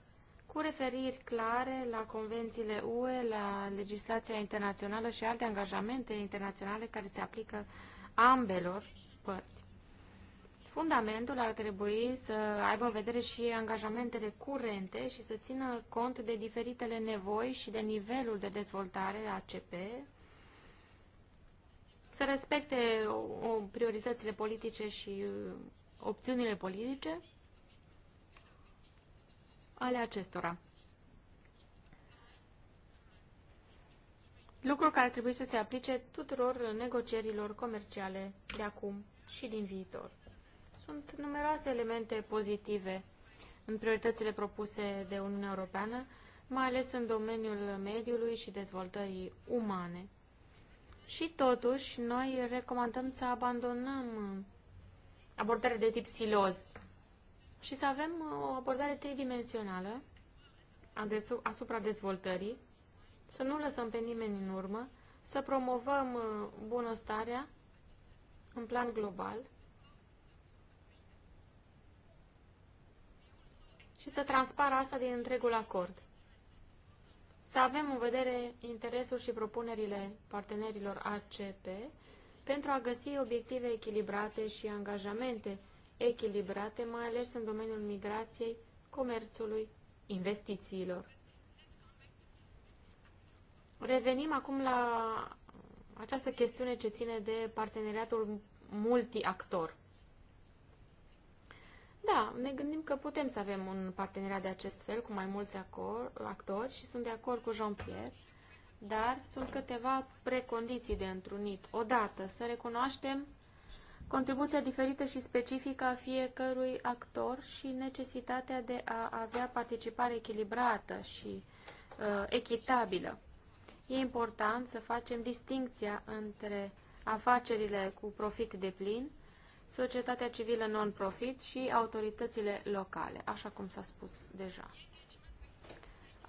cu referiri clare la convențiile UE, la legislația internațională și alte angajamente internaționale care se aplică ambelor părți. Fundamentul ar trebui să aibă în vedere și angajamentele curente și să țină cont de diferitele nevoi și de nivelul de dezvoltare ACP, să respecte o, prioritățile politice și opțiunile politice ale acestora. Lucru care trebuie să se aplice tuturor negocierilor comerciale de acum și din viitor. Sunt numeroase elemente pozitive în prioritățile propuse de Uniunea Europeană, mai ales în domeniul mediului și dezvoltării umane. Și totuși, noi recomandăm să abandonăm abordarea de tip siloz și să avem uh, o abordare tridimensională asupra dezvoltării, să nu lăsăm pe nimeni în urmă, să promovăm uh, bunăstarea în plan global și să transpară asta din întregul acord. Să avem în vedere interesul și propunerile partenerilor ACP pentru a găsi obiective echilibrate și angajamente echilibrate, mai ales în domeniul migrației, comerțului, investițiilor. Revenim acum la această chestiune ce ține de parteneriatul multiactor. Da, ne gândim că putem să avem un parteneriat de acest fel cu mai mulți acor, actori și sunt de acord cu Jean-Pierre, dar sunt câteva precondiții de întrunit. Odată, să recunoaștem contribuția diferită și specifică a fiecărui actor și necesitatea de a avea participare echilibrată și uh, echitabilă. E important să facem distincția între afacerile cu profit de plin, societatea civilă non-profit și autoritățile locale, așa cum s-a spus deja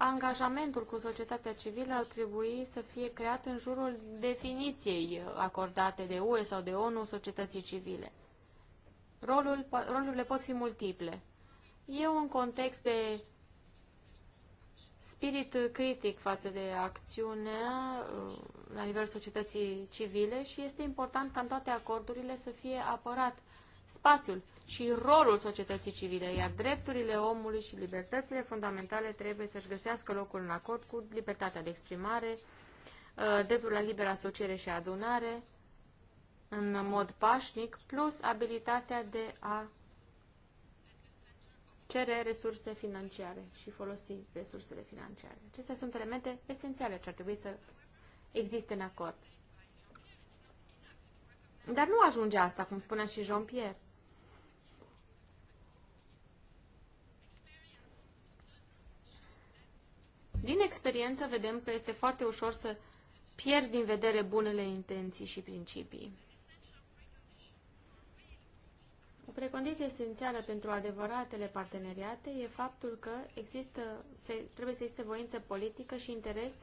angajamentul cu societatea civilă ar trebui să fie creat în jurul definiției acordate de UE sau de ONU societății civile. Rolul, rolurile pot fi multiple. E un context de spirit critic față de acțiunea uh, la nivelul societății civile și este important ca în toate acordurile să fie apărat spațiul și rolul societății civile, iar drepturile omului și libertățile fundamentale trebuie să-și găsească locul în acord cu libertatea de exprimare, uh, dreptul la liberă asociere și adunare, în mod pașnic, plus abilitatea de a cere resurse financiare și folosi resursele financiare. Acestea sunt elemente esențiale ce ar trebui să existe în acord. Dar nu ajunge asta, cum spunea și Jean-Pierre. Din experiență vedem că este foarte ușor să pierzi din vedere bunele intenții și principii. O precondiție esențială pentru adevăratele parteneriate e faptul că există, se, trebuie să existe voință politică și interes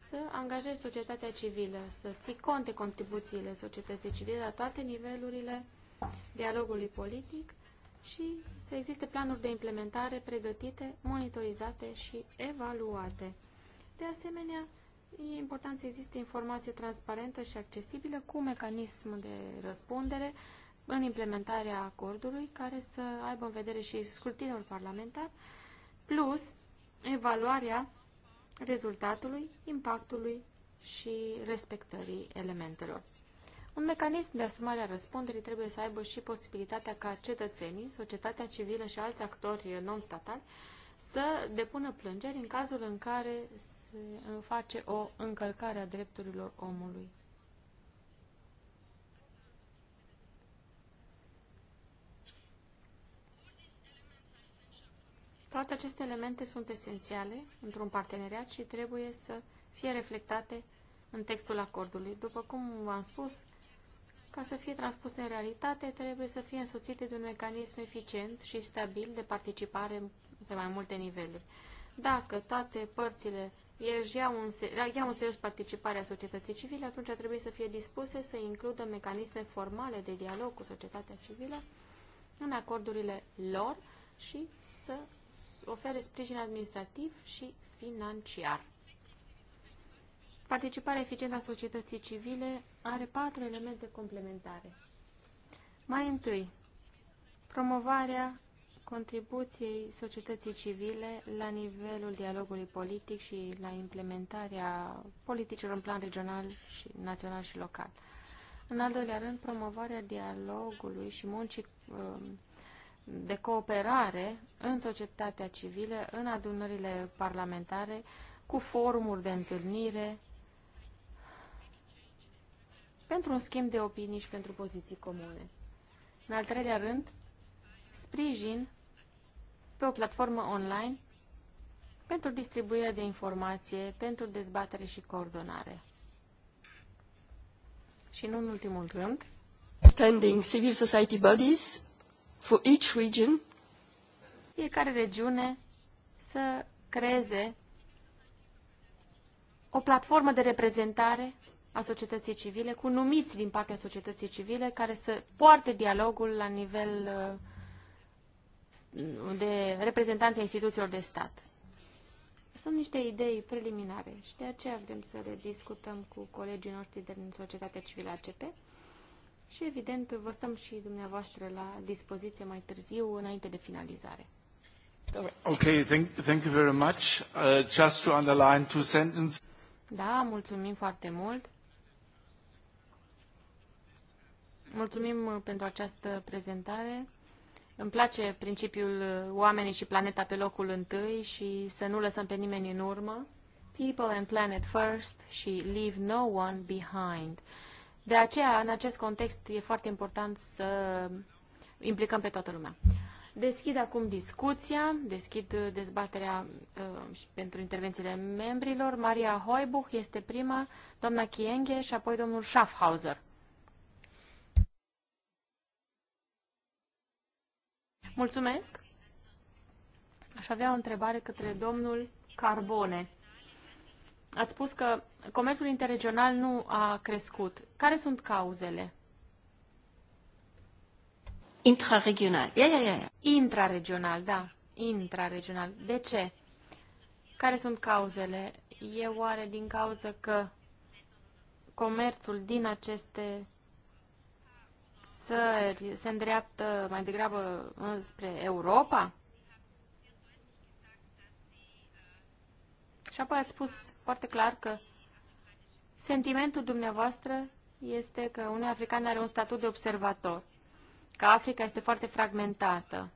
să angajezi societatea civilă, să ții conte contribuțiile societății civile la toate nivelurile dialogului politic și să existe planuri de implementare pregătite, monitorizate și evaluate. De asemenea, e important să existe informație transparentă și accesibilă cu mecanism de răspundere în implementarea acordului, care să aibă în vedere și scrutinul parlamentar, plus evaluarea rezultatului, impactului și respectării elementelor. Un mecanism de asumare a răspunderii trebuie să aibă și posibilitatea ca cetățenii, societatea civilă și alți actori non-statali să depună plângeri în cazul în care se face o încălcare a drepturilor omului. Toate aceste elemente sunt esențiale într-un parteneriat și trebuie să fie reflectate în textul acordului. După cum v-am spus, ca să fie transpuse în realitate, trebuie să fie însoțite de un mecanism eficient și stabil de participare pe mai multe niveluri. Dacă toate părțile își iau în, serios participarea societății civile, atunci trebuie să fie dispuse să includă mecanisme formale de dialog cu societatea civilă în acordurile lor și să ofere sprijin administrativ și financiar. Participarea eficientă a societății civile are patru elemente complementare. Mai întâi, promovarea contribuției societății civile la nivelul dialogului politic și la implementarea politicilor în plan regional și național și local. În al doilea rând, promovarea dialogului și muncii um, de cooperare în societatea civilă, în adunările parlamentare, cu forumuri de întâlnire, pentru un schimb de opinii și pentru poziții comune. În al treilea rând, sprijin pe o platformă online pentru distribuirea de informație, pentru dezbatere și coordonare. Și nu în ultimul rând, standing civil society bodies for each region. Fiecare regiune să creeze o platformă de reprezentare a societății civile, cu numiți din partea societății civile care să poarte dialogul la nivel uh, de reprezentanța instituțiilor de stat. Sunt niște idei preliminare și de aceea vrem să le discutăm cu colegii noștri din societatea civilă ACP și, evident, vă stăm și dumneavoastră la dispoziție mai târziu, înainte de finalizare. Okay, thank, thank you very much. Uh, just to underline two sentences. Da, mulțumim foarte mult. Mulțumim uh, pentru această prezentare. Îmi place principiul uh, oamenii și planeta pe locul întâi și să nu lăsăm pe nimeni în urmă. People and planet first și leave no one behind. De aceea, în acest context, e foarte important să implicăm pe toată lumea. Deschid acum discuția, deschid uh, dezbaterea uh, pentru intervențiile membrilor. Maria Hoibuch este prima, doamna Chienghe și apoi domnul Schaffhauser. Mulțumesc! Aș avea o întrebare către domnul Carbone. Ați spus că comerțul interregional nu a crescut. Care sunt cauzele? Intraregional. Ia, ia, ia. Intraregional, da. Intraregional. De ce? Care sunt cauzele? E oare din cauza că comerțul din aceste țări se îndreaptă mai degrabă spre Europa? Și apoi ați spus foarte clar că sentimentul dumneavoastră este că Uniunea Africană are un statut de observator, că Africa este foarte fragmentată.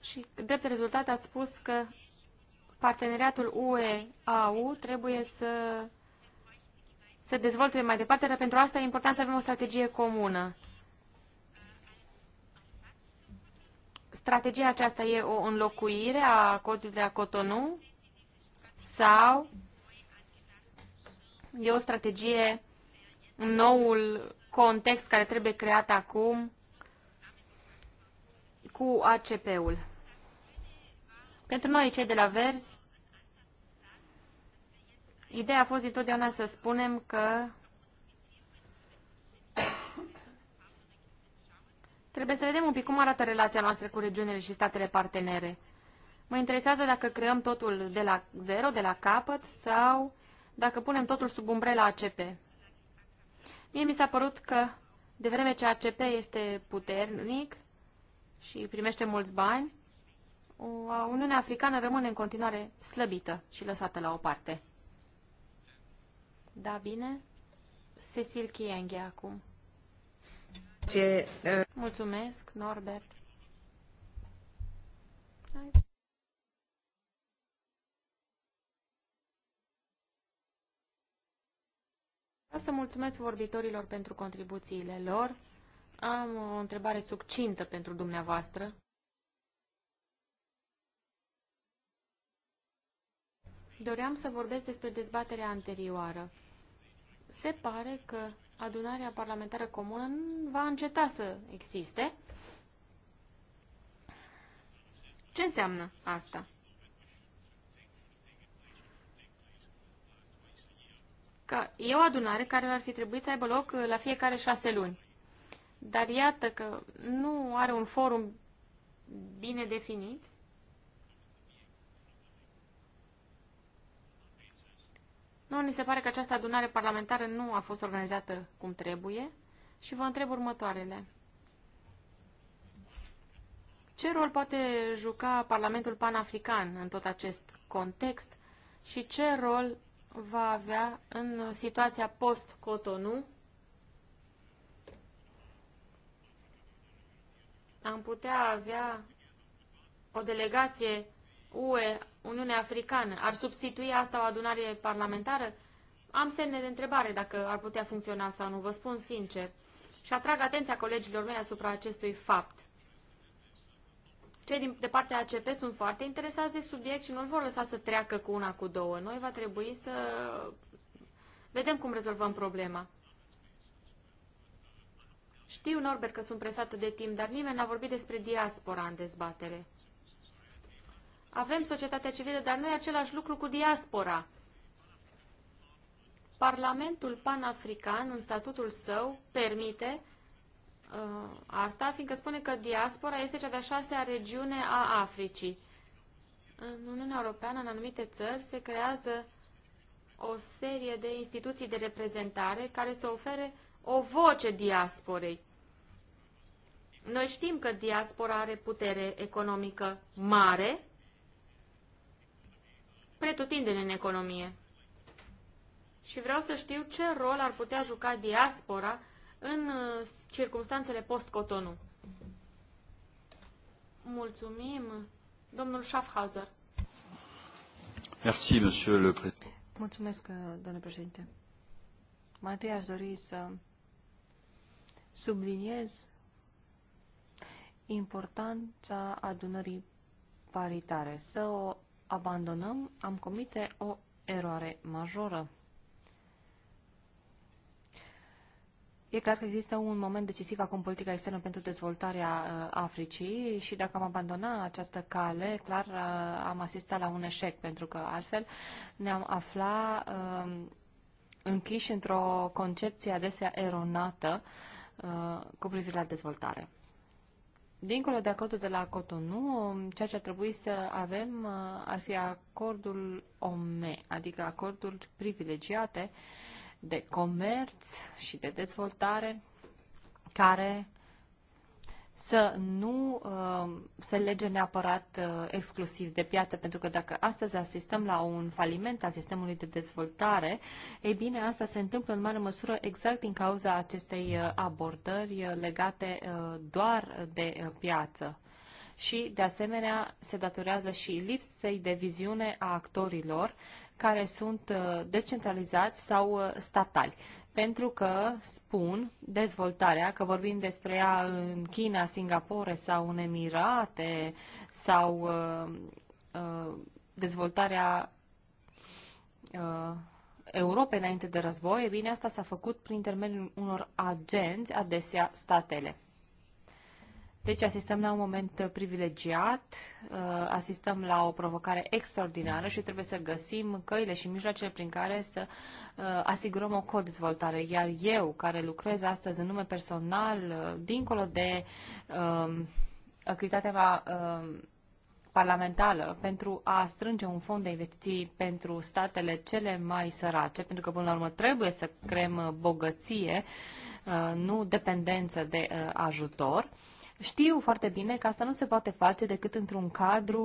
Și drept rezultat ați spus că parteneriatul UE-AU trebuie să să dezvolte mai departe, dar pentru asta e important să avem o strategie comună. Strategia aceasta e o înlocuire a codului de la Cotonou sau e o strategie în noul context care trebuie creat acum cu ACP-ul. Pentru noi, cei de la Verzi, Ideea a fost întotdeauna să spunem că trebuie să vedem un pic cum arată relația noastră cu regiunile și statele partenere. Mă interesează dacă creăm totul de la zero, de la capăt, sau dacă punem totul sub umbrela ACP. Mie mi s-a părut că, de vreme ce ACP este puternic și primește mulți bani, Uniunea Africană rămâne în continuare slăbită și lăsată la o parte. Da, bine. Cecil Chienghe acum. Mulțumesc, Norbert. Hai. Vreau să mulțumesc vorbitorilor pentru contribuțiile lor. Am o întrebare succintă pentru dumneavoastră. Doream să vorbesc despre dezbaterea anterioară se pare că adunarea parlamentară comună va înceta să existe. Ce înseamnă asta? Că e o adunare care ar fi trebuit să aibă loc uh, la fiecare șase luni. Dar iată că nu are un forum bine definit Nu, ni se pare că această adunare parlamentară nu a fost organizată cum trebuie și vă întreb următoarele. Ce rol poate juca Parlamentul Panafrican în tot acest context și ce rol va avea în situația post-Cotonou? Am putea avea o delegație UE, Uniunea Africană, ar substitui asta o adunare parlamentară? Am semne de întrebare dacă ar putea funcționa sau nu, vă spun sincer. Și atrag atenția colegilor mei asupra acestui fapt. Cei din, de partea ACP sunt foarte interesați de subiect și nu-l vor lăsa să treacă cu una, cu două. Noi va trebui să vedem cum rezolvăm problema. Știu, Norbert, că sunt presată de timp, dar nimeni n-a vorbit despre diaspora în dezbatere. Avem societatea civilă, dar nu e același lucru cu diaspora. Parlamentul panafrican, în statutul său, permite uh, asta, fiindcă spune că diaspora este cea de-a șasea regiune a Africii. În Uniunea Europeană, în anumite țări, se creează o serie de instituții de reprezentare care să ofere o voce diasporei. Noi știm că diaspora are putere economică mare pretutindeni în economie. Și vreau să știu ce rol ar putea juca diaspora în uh, circumstanțele post cotonu Mulțumim, domnul Schaffhauser. Merci, monsieur le président. Mulțumesc, uh, domnule președinte. Mai întâi aș dori să subliniez importanța adunării paritare, să o abandonăm, am comite o eroare majoră. E clar că există un moment decisiv acum politica externă pentru dezvoltarea uh, Africii și dacă am abandona această cale, clar uh, am asistat la un eșec, pentru că altfel ne-am afla uh, închiși într-o concepție adesea eronată uh, cu privire la dezvoltare. Dincolo de acordul de la Cotonou, ceea ce ar trebui să avem uh, ar fi acordul OME, adică acorduri privilegiate de comerț și de dezvoltare care să nu uh, se lege neapărat uh, exclusiv de piață, pentru că dacă astăzi asistăm la un faliment al sistemului de dezvoltare, ei bine, asta se întâmplă în mare măsură exact din cauza acestei uh, abordări uh, legate uh, doar de uh, piață. Și, de asemenea, se datorează și lipsei de viziune a actorilor care sunt descentralizați sau statali pentru că spun dezvoltarea, că vorbim despre ea în China, Singapore sau în Emirate sau uh, uh, dezvoltarea uh, Europei înainte de război, e bine, asta s-a făcut prin intermediul unor agenți, adesea statele. Deci asistăm la un moment privilegiat, uh, asistăm la o provocare extraordinară și trebuie să găsim căile și mijloacele prin care să uh, asigurăm o co dezvoltare. Iar eu, care lucrez astăzi în nume personal, uh, dincolo de um, activitatea mea um, parlamentară pentru a strânge un fond de investiții pentru statele cele mai sărace, pentru că până la urmă trebuie să creăm bogăție, nu dependență de ajutor. Știu foarte bine că asta nu se poate face decât într-un cadru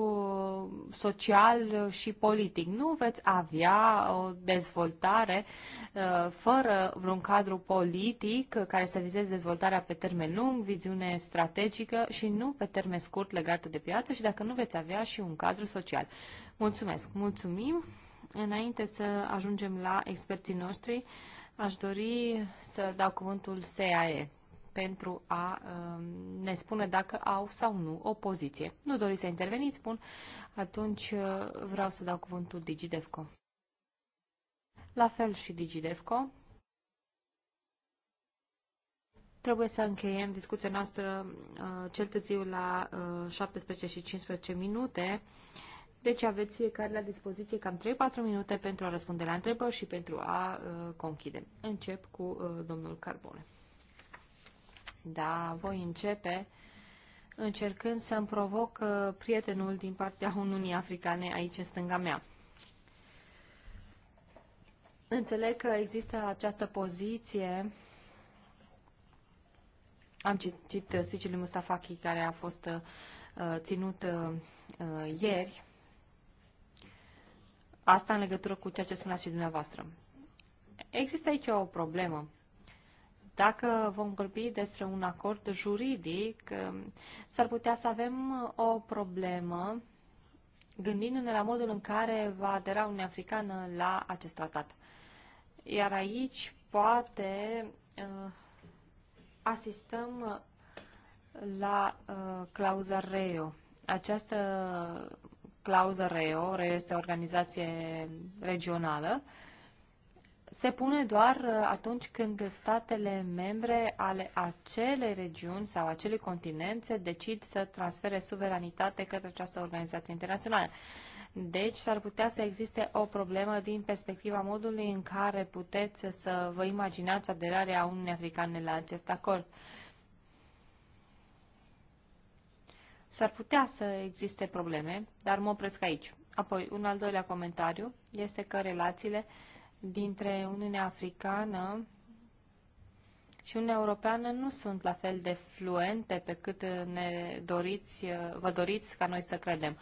social și politic. Nu veți avea o dezvoltare uh, fără vreun cadru politic care să vizeze dezvoltarea pe termen lung, viziune strategică și nu pe termen scurt legată de piață și dacă nu veți avea și un cadru social. Mulțumesc! Mulțumim! Înainte să ajungem la experții noștri, aș dori să dau cuvântul SAE pentru a um, ne spune dacă au sau nu o poziție. Nu doriți să interveniți, spun, atunci uh, vreau să dau cuvântul DigiDevco. La fel și DigiDevco. Trebuie să încheiem discuția noastră uh, cel târziu la 17 uh, și 15 minute. Deci aveți fiecare la dispoziție cam 3-4 minute pentru a răspunde la întrebări și pentru a uh, conchide. Încep cu uh, domnul Carbone. Da, voi începe încercând să-mi provoc uh, prietenul din partea Uniunii Africane aici în stânga mea. Înțeleg că există această poziție. Am citit speech lui Mustafaki care a fost uh, ținut uh, ieri. Asta în legătură cu ceea ce spuneați și dumneavoastră. Există aici o problemă. Dacă vom vorbi despre un acord juridic, um, s-ar putea să avem o problemă gândindu-ne la modul în care va adera Uniunea Africană la acest tratat. Iar aici poate uh, asistăm la uh, clauza REO. Această clauză REO, REO este o organizație regională, uh, se pune doar uh, atunci când statele membre ale acelei regiuni sau acelei continențe decid să transfere suveranitate către această organizație internațională. Deci s-ar putea să existe o problemă din perspectiva modului în care puteți să vă imaginați aderarea Uniunii Africane la acest acord. S-ar putea să existe probleme, dar mă opresc aici. Apoi, un al doilea comentariu este că relațiile uh, dintre Uniunea Africană și Uniunea Europeană nu sunt la fel de fluente pe cât ne doriți, vă doriți ca noi să credem.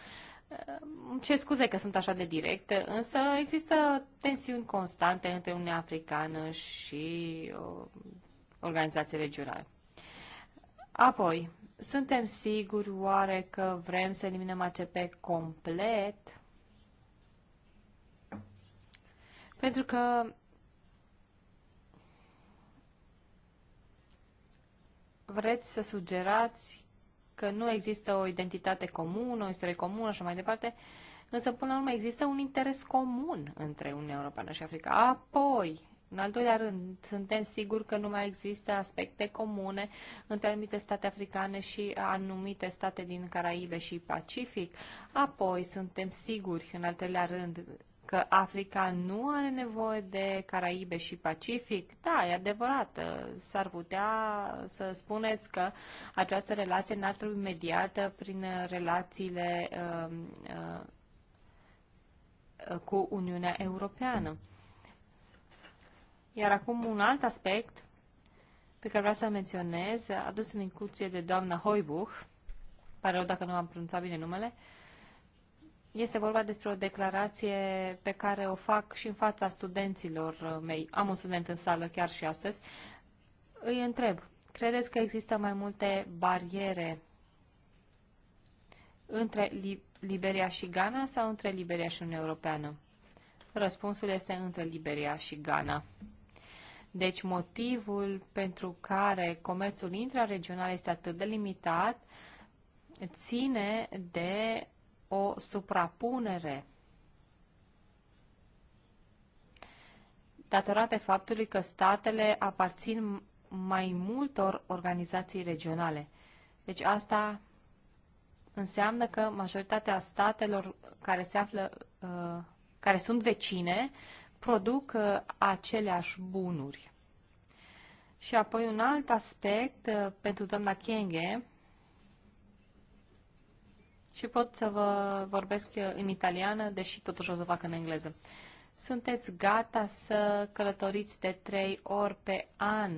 Ce scuze că sunt așa de direct, însă există tensiuni constante între Uniunea Africană și organizații regionale. Apoi, suntem siguri oare că vrem să eliminăm ACP complet? Pentru că vreți să sugerați că nu există o identitate comună, o istorie comună și mai departe, însă până la urmă există un interes comun între Uniunea Europeană și Africa. Apoi, în al doilea rând, suntem siguri că nu mai există aspecte comune între anumite state africane și anumite state din Caraibe și Pacific. Apoi, suntem siguri, în al treilea rând, că Africa nu are nevoie de Caraibe și Pacific? Da, e adevărat. S-ar putea să spuneți că această relație n-ar trebui mediată prin relațiile um, uh, cu Uniunea Europeană. Iar acum un alt aspect pe care vreau să-l menționez, adus în incuție de doamna Hoibuch, pare rău dacă nu am pronunțat bine numele, uh, este vorba despre o declarație pe care o fac și în fața studenților mei. Am un student în sală chiar și astăzi. Îi întreb, credeți că există mai multe bariere între Liberia și Ghana sau între Liberia și Uniunea Europeană? Răspunsul este între Liberia și Ghana. Deci motivul pentru care comerțul intraregional este atât de limitat ține de o suprapunere datorate faptului că statele aparțin mai multor organizații regionale. Deci asta înseamnă că majoritatea statelor care se află, uh, care sunt vecine, produc uh, aceleași bunuri. Și apoi un alt aspect uh, pentru doamna Kenge și pot să vă vorbesc în italiană, deși totuși o să fac în engleză. Sunteți gata să călătoriți de trei ori pe an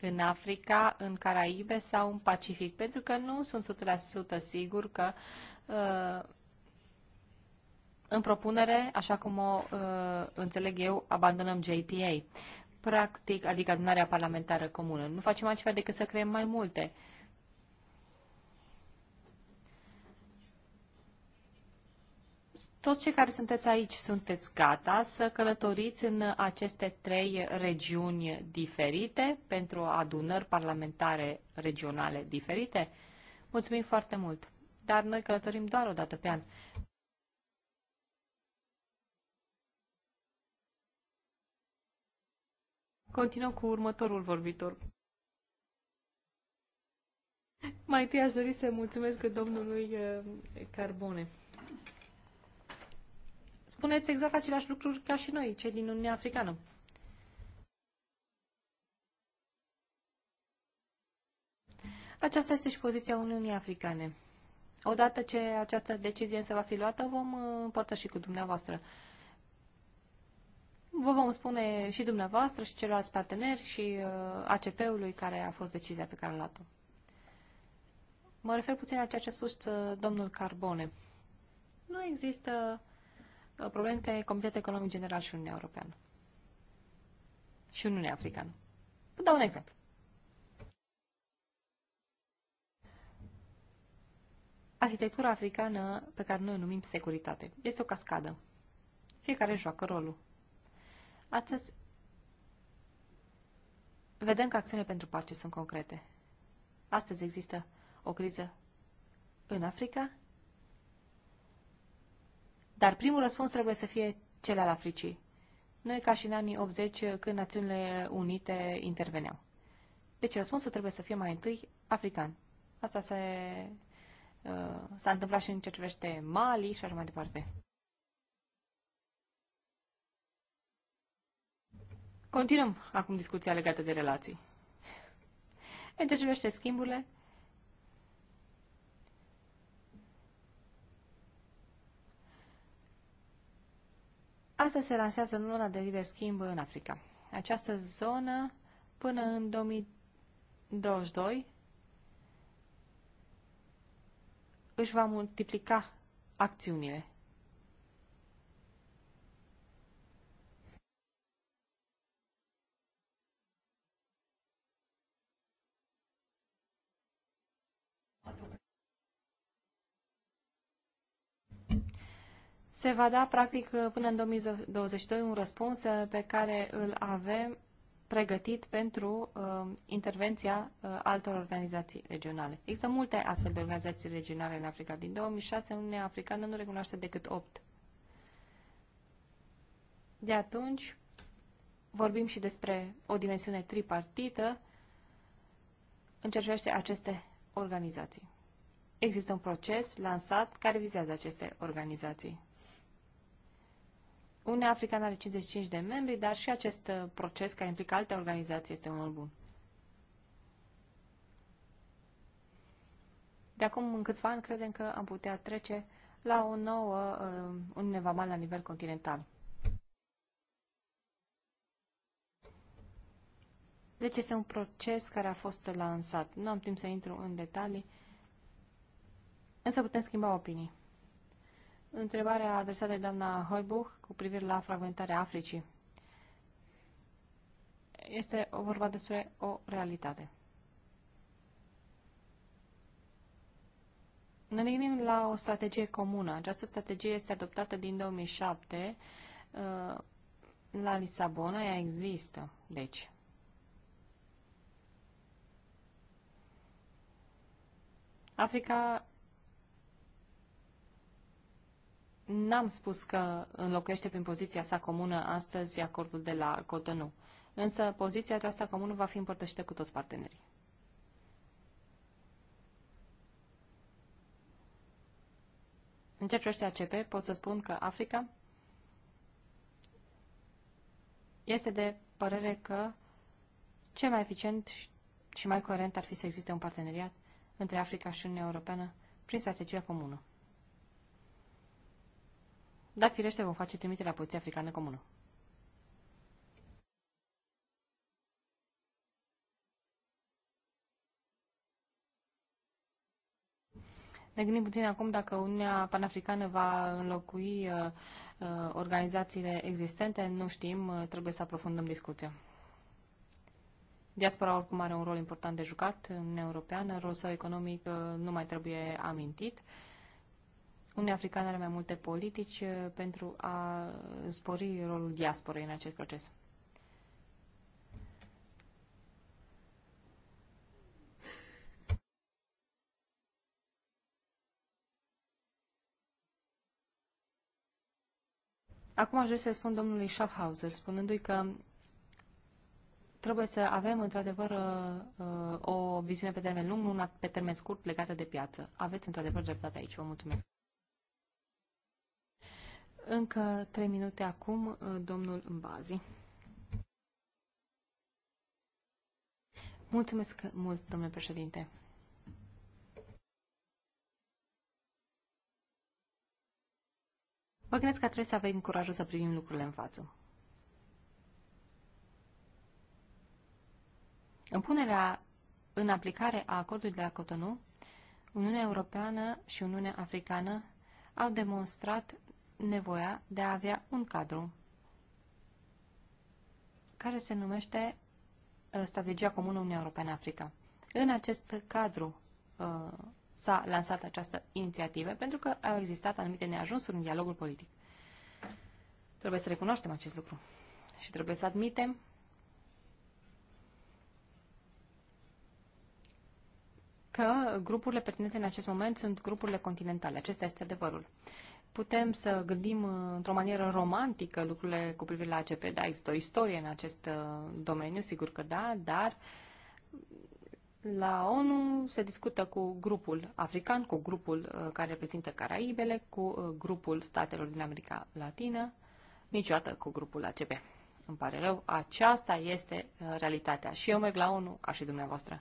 în Africa, în Caraibe sau în Pacific? Pentru că nu sunt 100% sigur că uh, în propunere, așa cum o uh, înțeleg eu, abandonăm JPA. Practic, adică adunarea parlamentară comună. Nu facem altceva decât să creăm mai multe. Uh, toți cei care sunteți aici, sunteți gata să călătoriți în aceste trei regiuni diferite pentru adunări parlamentare regionale diferite? Mulțumim foarte mult! Dar noi călătorim doar o dată pe an. Continuăm cu următorul vorbitor. Mai întâi aș dori să mulțumesc domnului eh, Carbone spuneți exact aceleași lucruri ca și noi, cei din Uniunea Africană. Aceasta este și poziția Uniunii Africane. Odată ce această decizie se va fi luată, vom uh, împărtăși cu dumneavoastră. Vă vom spune și dumneavoastră și celorlalți parteneri și uh, ACP-ului care a fost decizia pe care a luat-o. Mă refer puțin la ceea ce a spus uh, domnul Carbone. Nu există Uh, probleme între Comitetul Economic General și Uniunea Europeană. Și Uniunea Africană. Vă dau un exemplu. Arhitectura africană pe care noi o numim securitate este o cascadă. Fiecare joacă rolul. Astăzi vedem că acțiunile pentru pace sunt concrete. Astăzi există o criză în Africa dar primul răspuns trebuie să fie cel al Africii. Nu e ca și în anii 80 când Națiunile Unite interveneau. Deci răspunsul trebuie să fie mai întâi african. Asta se, uh, s-a întâmplat și în ce privește Mali și așa mai departe. Continuăm acum discuția legată de relații. În ce privește schimburile, Astăzi se lansează luna de liber schimb în Africa. Această zonă, până în 2022, își va multiplica acțiunile. se va da, practic, până în 2022 un răspuns uh, pe care îl avem pregătit pentru uh, intervenția uh, altor organizații regionale. Există multe astfel de organizații regionale în Africa. Din 2006, Uniunea Africană nu recunoaște decât 8. De atunci, vorbim și despre o dimensiune tripartită în ce privește aceste organizații. Există un proces lansat care vizează aceste organizații. Uniunea Africană are 55 de membri, dar și acest uh, proces care implică alte organizații este unul bun. De acum în câțiva ani credem că am putea trece la o nouă uh, Uniune Vamală la nivel continental. Deci este un proces care a fost lansat. Nu am timp să intru în detalii, însă putem schimba opinii. Întrebarea adresată de doamna Hoibuch cu privire la fragmentarea Africii. Este o vorba despre o realitate. Ne gândim la o strategie comună. Această strategie este adoptată din 2007 uh, la Lisabona, ea există, deci. Africa N-am spus că înlocuiește prin poziția sa comună astăzi acordul de la Cotonou, însă poziția aceasta comună va fi împărtășită cu toți partenerii. În ceea ce privește ACP, pot să spun că Africa este de părere că cel mai eficient și mai coerent ar fi să existe un parteneriat între Africa și Uniunea Europeană prin strategia comună. Da, firește vom face trimite la Poliția Africană Comună. Ne gândim puțin acum dacă Uniunea Panafricană va înlocui uh, uh, organizațiile existente, nu știm, uh, trebuie să aprofundăm discuția. Diaspora oricum are un rol important de jucat în Uniunea Europeană, Rolul său economic uh, nu mai trebuie amintit. Uh, Uniunea Africană are mai multe politici uh, pentru a spori rolul diasporei în acest proces. Acum aș vrea să spun domnului Schaffhauser, spunându-i că trebuie să avem, într-adevăr, uh, o viziune pe termen lung, una pe termen scurt legată de piață. Aveți, într-adevăr, dreptate aici. Vă mulțumesc. Încă trei minute acum, uh, domnul Îmbazi. Mulțumesc mult, domnule președinte. Vă gândesc că trebuie să avem curajul să privim lucrurile în față. În punerea în aplicare a acordului de la Cotonou, Uniunea Europeană și Uniunea Africană au demonstrat nevoia de a avea un cadru care se numește uh, Strategia Comună Uniunea Europeană-Africa. În acest cadru uh, s-a lansat această inițiativă pentru că au existat anumite neajunsuri în dialogul politic. Trebuie să recunoaștem acest lucru și trebuie să admitem că grupurile pertinente în acest moment sunt grupurile continentale. Acesta este adevărul putem să gândim uh, într-o manieră romantică lucrurile cu privire la ACP, da, există o istorie în acest uh, domeniu, sigur că da, dar la ONU se discută cu grupul african, cu grupul uh, care reprezintă Caraibele, cu grupul statelor din America Latină, niciodată cu grupul ACP. Îmi pare rău, aceasta este realitatea. Și eu merg la ONU, ca și dumneavoastră.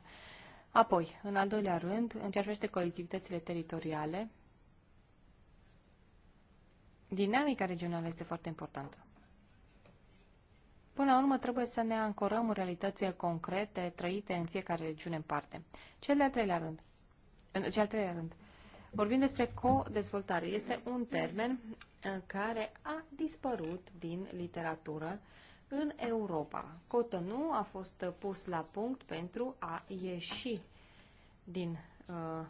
Apoi, în al doilea rând, în colectivitățile teritoriale, Dinamica regională este foarte importantă. Până la urmă, trebuie să ne ancorăm în realitățile concrete trăite în fiecare regiune în parte. Cel de-al treilea rând. În cel treilea rând. Vorbim despre co-dezvoltare. Este un termen uh, care a dispărut din literatură în Europa. Cotonou a fost pus la punct pentru a ieși din uh,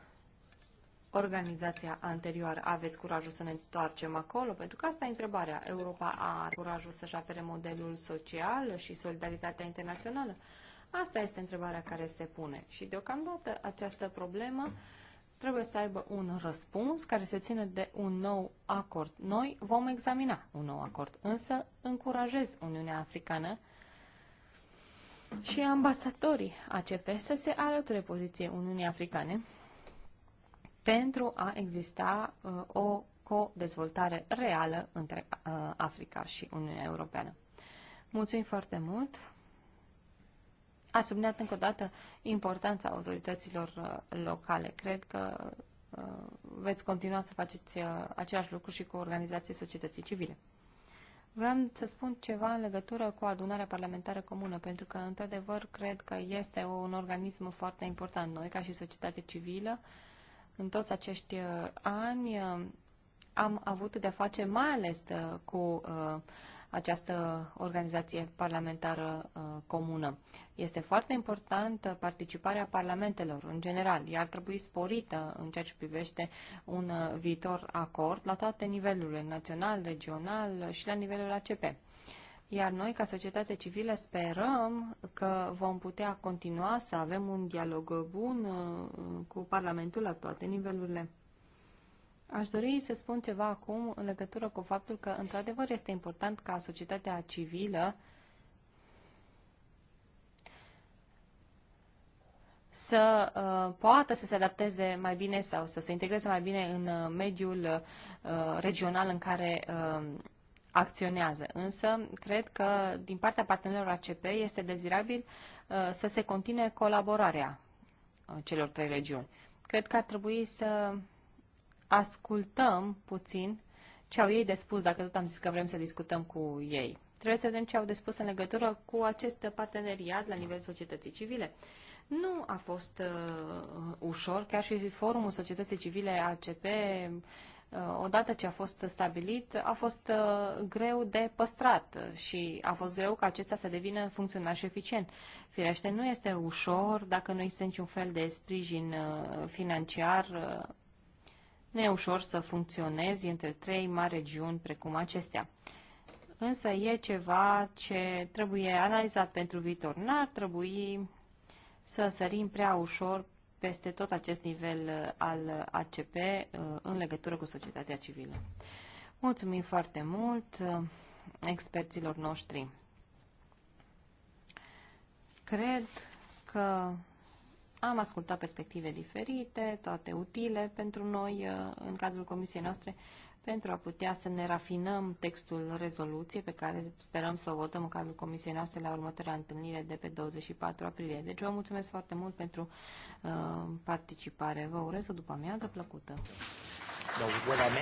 organizația anterioară. Aveți curajul să ne întoarcem acolo? Pentru că asta e întrebarea. Europa are curajul să-și apere modelul social și solidaritatea internațională? Asta este întrebarea care se pune. Și deocamdată această problemă trebuie să aibă un răspuns care se ține de un nou acord. Noi vom examina un nou acord, însă încurajez Uniunea Africană și ambasadorii ACP să se alăture poziției Uniunii Africane pentru a exista uh, o co-dezvoltare reală între uh, Africa și Uniunea Europeană. Mulțumim foarte mult! A subliniat încă o dată importanța autorităților uh, locale. Cred că veți continua să faceți același lucru și cu organizații societății civile. Vreau să spun ceva în legătură cu adunarea parlamentară comună, pentru că, într-adevăr, cred că este un organism foarte important. Noi, ca și societate civilă, uh, în toți acești uh, ani uh, am avut de-a face mai ales uh, cu această organizație parlamentară comună. Este foarte importantă participarea parlamentelor în general. Ea ar trebui sporită în ceea ce privește un viitor acord la toate nivelurile, național, regional și la nivelul ACP. Iar noi, ca societate civilă, sperăm că vom putea continua să avem un dialog bun uh, cu Parlamentul la toate nivelurile. Aș dori să spun ceva acum în legătură cu faptul că, într-adevăr, este important ca societatea civilă să uh, poată să se adapteze mai bine sau să se integreze mai bine în uh, mediul uh, regional în care uh, acționează. Însă, cred că din partea partenerilor ACP este dezirabil uh, să se continue colaborarea uh, celor trei regiuni. Cred că ar trebui să ascultăm puțin ce au ei de spus, dacă tot am zis că vrem să discutăm cu ei. Trebuie să vedem ce au de spus în legătură cu acest parteneriat la nivel societății civile. Nu a fost uh, ușor, chiar și forumul societății civile ACP Uh, odată ce a fost stabilit, a fost uh, greu de păstrat și a fost greu ca acesta să devină funcțional și eficient. Firește, nu este ușor dacă nu există niciun fel de sprijin uh, financiar. Nu e ușor să funcționezi între trei mari regiuni precum acestea însă e ceva ce trebuie analizat pentru viitor. N-ar trebui să sărim prea ușor peste tot acest nivel uh, al uh, ACP uh, în legătură cu societatea civilă. Mulțumim foarte mult experților noștri. Cred că am ascultat perspective diferite, toate utile pentru noi în cadrul comisiei noastre pentru a putea să ne rafinăm textul rezoluției pe care sperăm să o votăm în cadrul comisiei noastre la următoarea întâlnire de pe 24 aprilie. Deci vă mulțumesc foarte mult pentru uh, participare. Vă urez o după amiază plăcută. Da,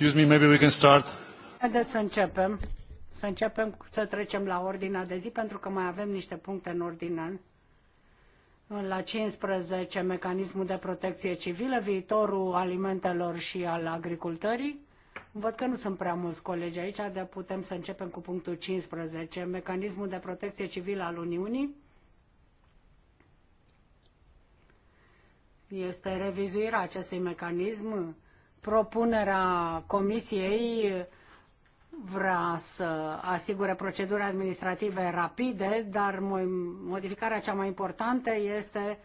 Excuse Haideți să începem. Să începem să trecem la ordinea de zi, pentru că mai avem niște puncte în ordine. La 15, mecanismul de protecție civilă, viitorul alimentelor și al agricultării. Văd că nu sunt prea mulți colegi aici, dar putem să începem cu punctul 15, mecanismul de protecție civilă al Uniunii. Este revizuirea acestui mecanism Propunerea comisiei vrea să asigure proceduri administrative rapide, dar modificarea cea mai importantă este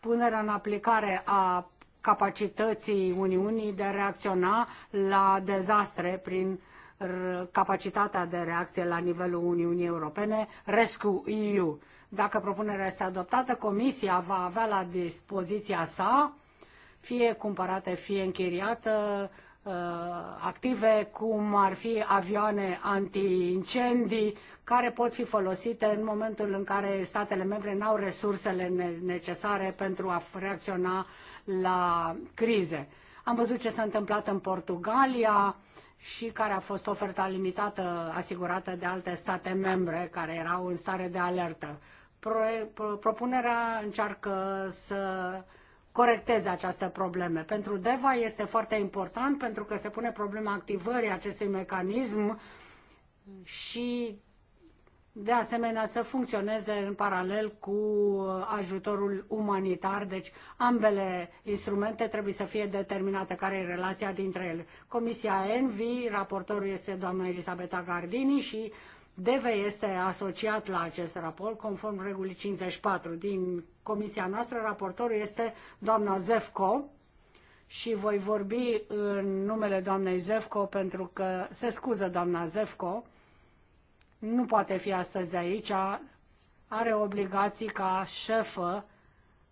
punerea în aplicare a capacității Uniunii de a reacționa la dezastre prin capacitatea de reacție la nivelul Uniunii Europene, Rescue EU. Dacă propunerea este adoptată, Comisia va avea la dispoziția sa fie cumpărate, fie închiriată, uh, active cum ar fi avioane antiincendii, care pot fi folosite în momentul în care statele membre nu au resursele necesare pentru a reacționa la crize. Am văzut ce s-a întâmplat în Portugalia și care a fost oferta limitată asigurată de alte state membre care erau în stare de alertă. Pro, propunerea încearcă să corecteze această probleme. Pentru DEVA este foarte important pentru că se pune problema activării acestui mecanism și de asemenea să funcționeze în paralel cu ajutorul umanitar, deci ambele instrumente trebuie să fie determinate care e relația dintre ele. Comisia ENVI, raportorul este doamna Elisabeta Gardini și DEVE este asociat la acest raport conform regulii 54. Din comisia noastră, raportorul este doamna Zefco și voi vorbi în numele doamnei Zefco pentru că se scuză doamna Zefco. Nu poate fi astăzi aici, are obligații ca șefă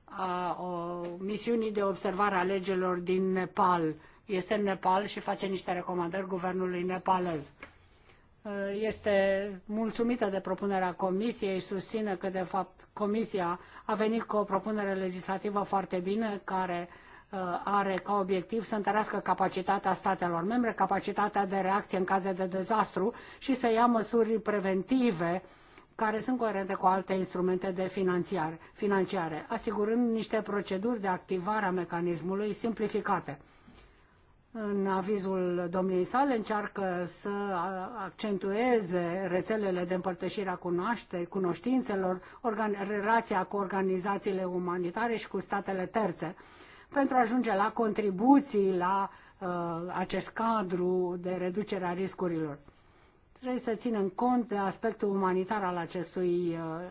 a o, misiunii de observare a legilor din Nepal. Este în Nepal și face niște recomandări guvernului nepalez. Uh, este mulțumită de propunerea Comisiei, susține că, de fapt, Comisia a venit cu o propunere legislativă foarte bine, care uh, are ca obiectiv să întărească capacitatea statelor membre, capacitatea de reacție în caz de dezastru și să ia măsuri preventive care sunt coerente cu alte instrumente de financiare, financiare asigurând niște proceduri de activare a mecanismului simplificate. În avizul domniei sale încearcă să accentueze rețelele de împărtășire a cunoștințelor, relația cu organizațiile umanitare și cu statele terțe, pentru a ajunge la contribuții la uh, acest cadru de reducere a riscurilor. Trebuie să ținem cont de aspectul umanitar al acestui uh,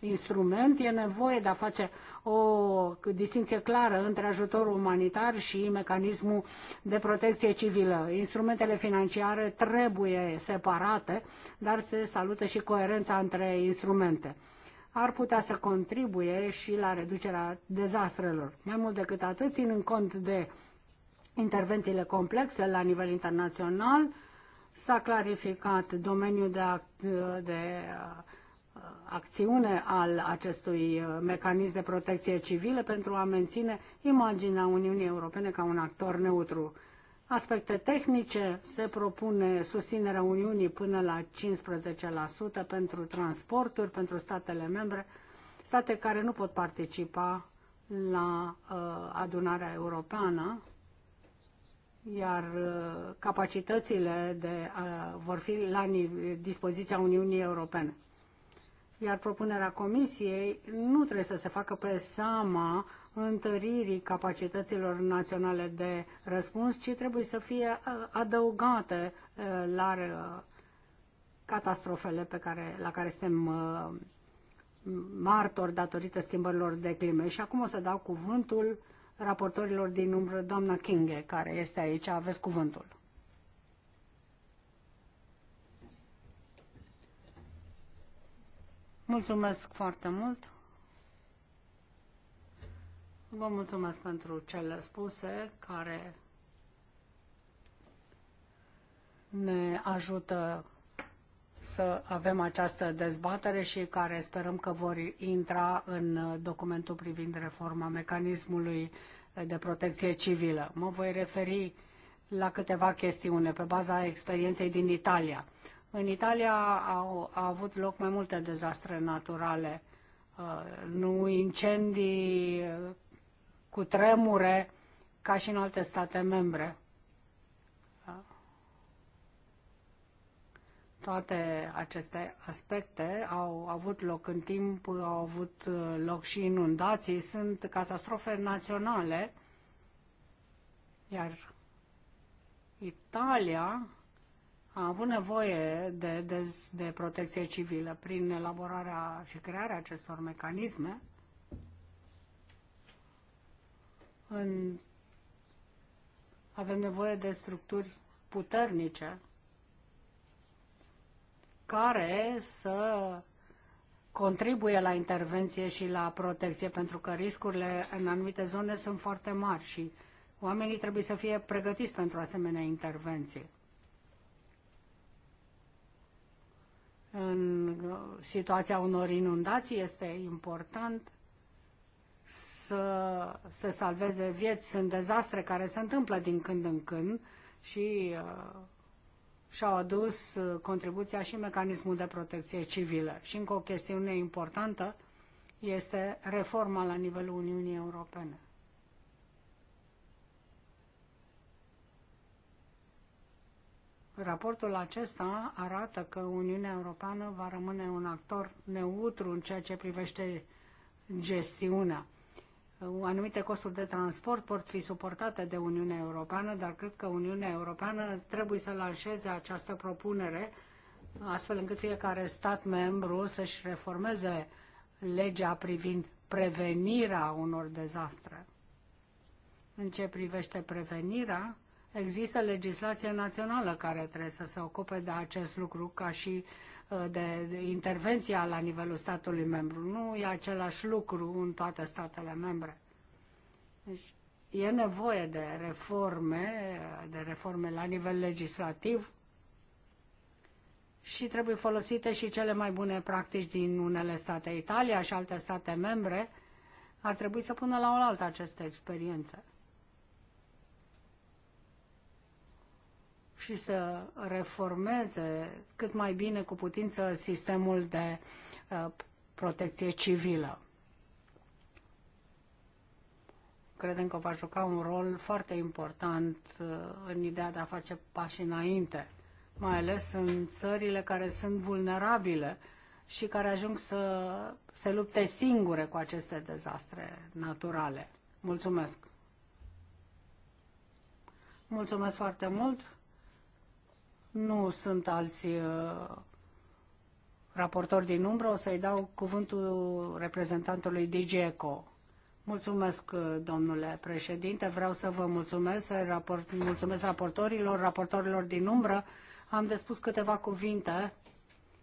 instrument, e nevoie de a face o distinție clară între ajutorul umanitar și mecanismul de protecție civilă. Instrumentele financiare trebuie separate, dar se salută și coerența între instrumente. Ar putea să contribuie și la reducerea dezastrelor. Mai mult decât atât, ținând cont de intervențiile complexe la nivel internațional, s-a clarificat domeniul de, act, de acțiune al acestui uh, mecanism de protecție civilă pentru a menține imaginea Uniunii Europene ca un actor neutru. Aspecte tehnice, se propune susținerea Uniunii până la 15% pentru transporturi, pentru statele membre, state care nu pot participa la uh, adunarea europeană, iar uh, capacitățile de, uh, vor fi la dispoziția Uniunii Europene iar propunerea Comisiei nu trebuie să se facă pe seama întăririi capacităților naționale de răspuns, ci trebuie să fie uh, adăugate uh, la uh, catastrofele pe care, la care suntem martori datorită schimbărilor de clime. Și acum o să dau cuvântul raportorilor din umbră, doamna Kinge, care este aici, aveți cuvântul. Mulțumesc foarte mult. Vă mulțumesc pentru cele spuse care ne ajută să avem această dezbatere și care sperăm că vor intra în documentul privind reforma mecanismului de protecție civilă. Mă voi referi la câteva chestiuni pe baza experienței din Italia. În Italia au, au avut loc mai multe dezastre naturale, uh, nu incendii uh, cu tremure, ca și în alte state membre. Uh, toate aceste aspecte au avut loc în timp, au avut loc și inundații, sunt catastrofe naționale, iar Italia a avut nevoie de, de, de protecție civilă prin elaborarea și crearea acestor mecanisme. În, avem nevoie de structuri puternice care să contribuie la intervenție și la protecție, pentru că riscurile în anumite zone sunt foarte mari și oamenii trebuie să fie pregătiți pentru asemenea intervenție. în uh, situația unor inundații. Este important să se salveze vieți. Sunt dezastre care se întâmplă din când în când și uh, și-au adus uh, contribuția și mecanismul de protecție civilă. Și încă o chestiune importantă este reforma la nivelul Uniunii Europene. Raportul acesta arată că Uniunea Europeană va rămâne un actor neutru în ceea ce privește gestiunea. Anumite costuri de transport pot fi suportate de Uniunea Europeană, dar cred că Uniunea Europeană trebuie să lanseze această propunere astfel încât fiecare stat membru să-și reformeze legea privind prevenirea unor dezastre. În ce privește prevenirea, Există legislație națională care trebuie să se ocupe de acest lucru ca și uh, de intervenția la nivelul statului membru. Nu e același lucru în toate statele membre. Deci e nevoie de reforme, de reforme la nivel legislativ și trebuie folosite și cele mai bune practici din unele state. Italia și alte state membre ar trebui să pună la oaltă aceste experiențe. și să reformeze cât mai bine cu putință sistemul de uh, protecție civilă. Credem că va juca un rol foarte important uh, în ideea de a face pași înainte, mai ales în țările care sunt vulnerabile și care ajung să se lupte singure cu aceste dezastre naturale. Mulțumesc! Mulțumesc foarte mult! Nu sunt alți uh, raportori din umbră, o să-i dau cuvântul reprezentantului DGECO. Mulțumesc, uh, domnule președinte. Vreau să vă mulțumesc, raport, mulțumesc raportorilor, raportorilor din umbră. Am de spus câteva cuvinte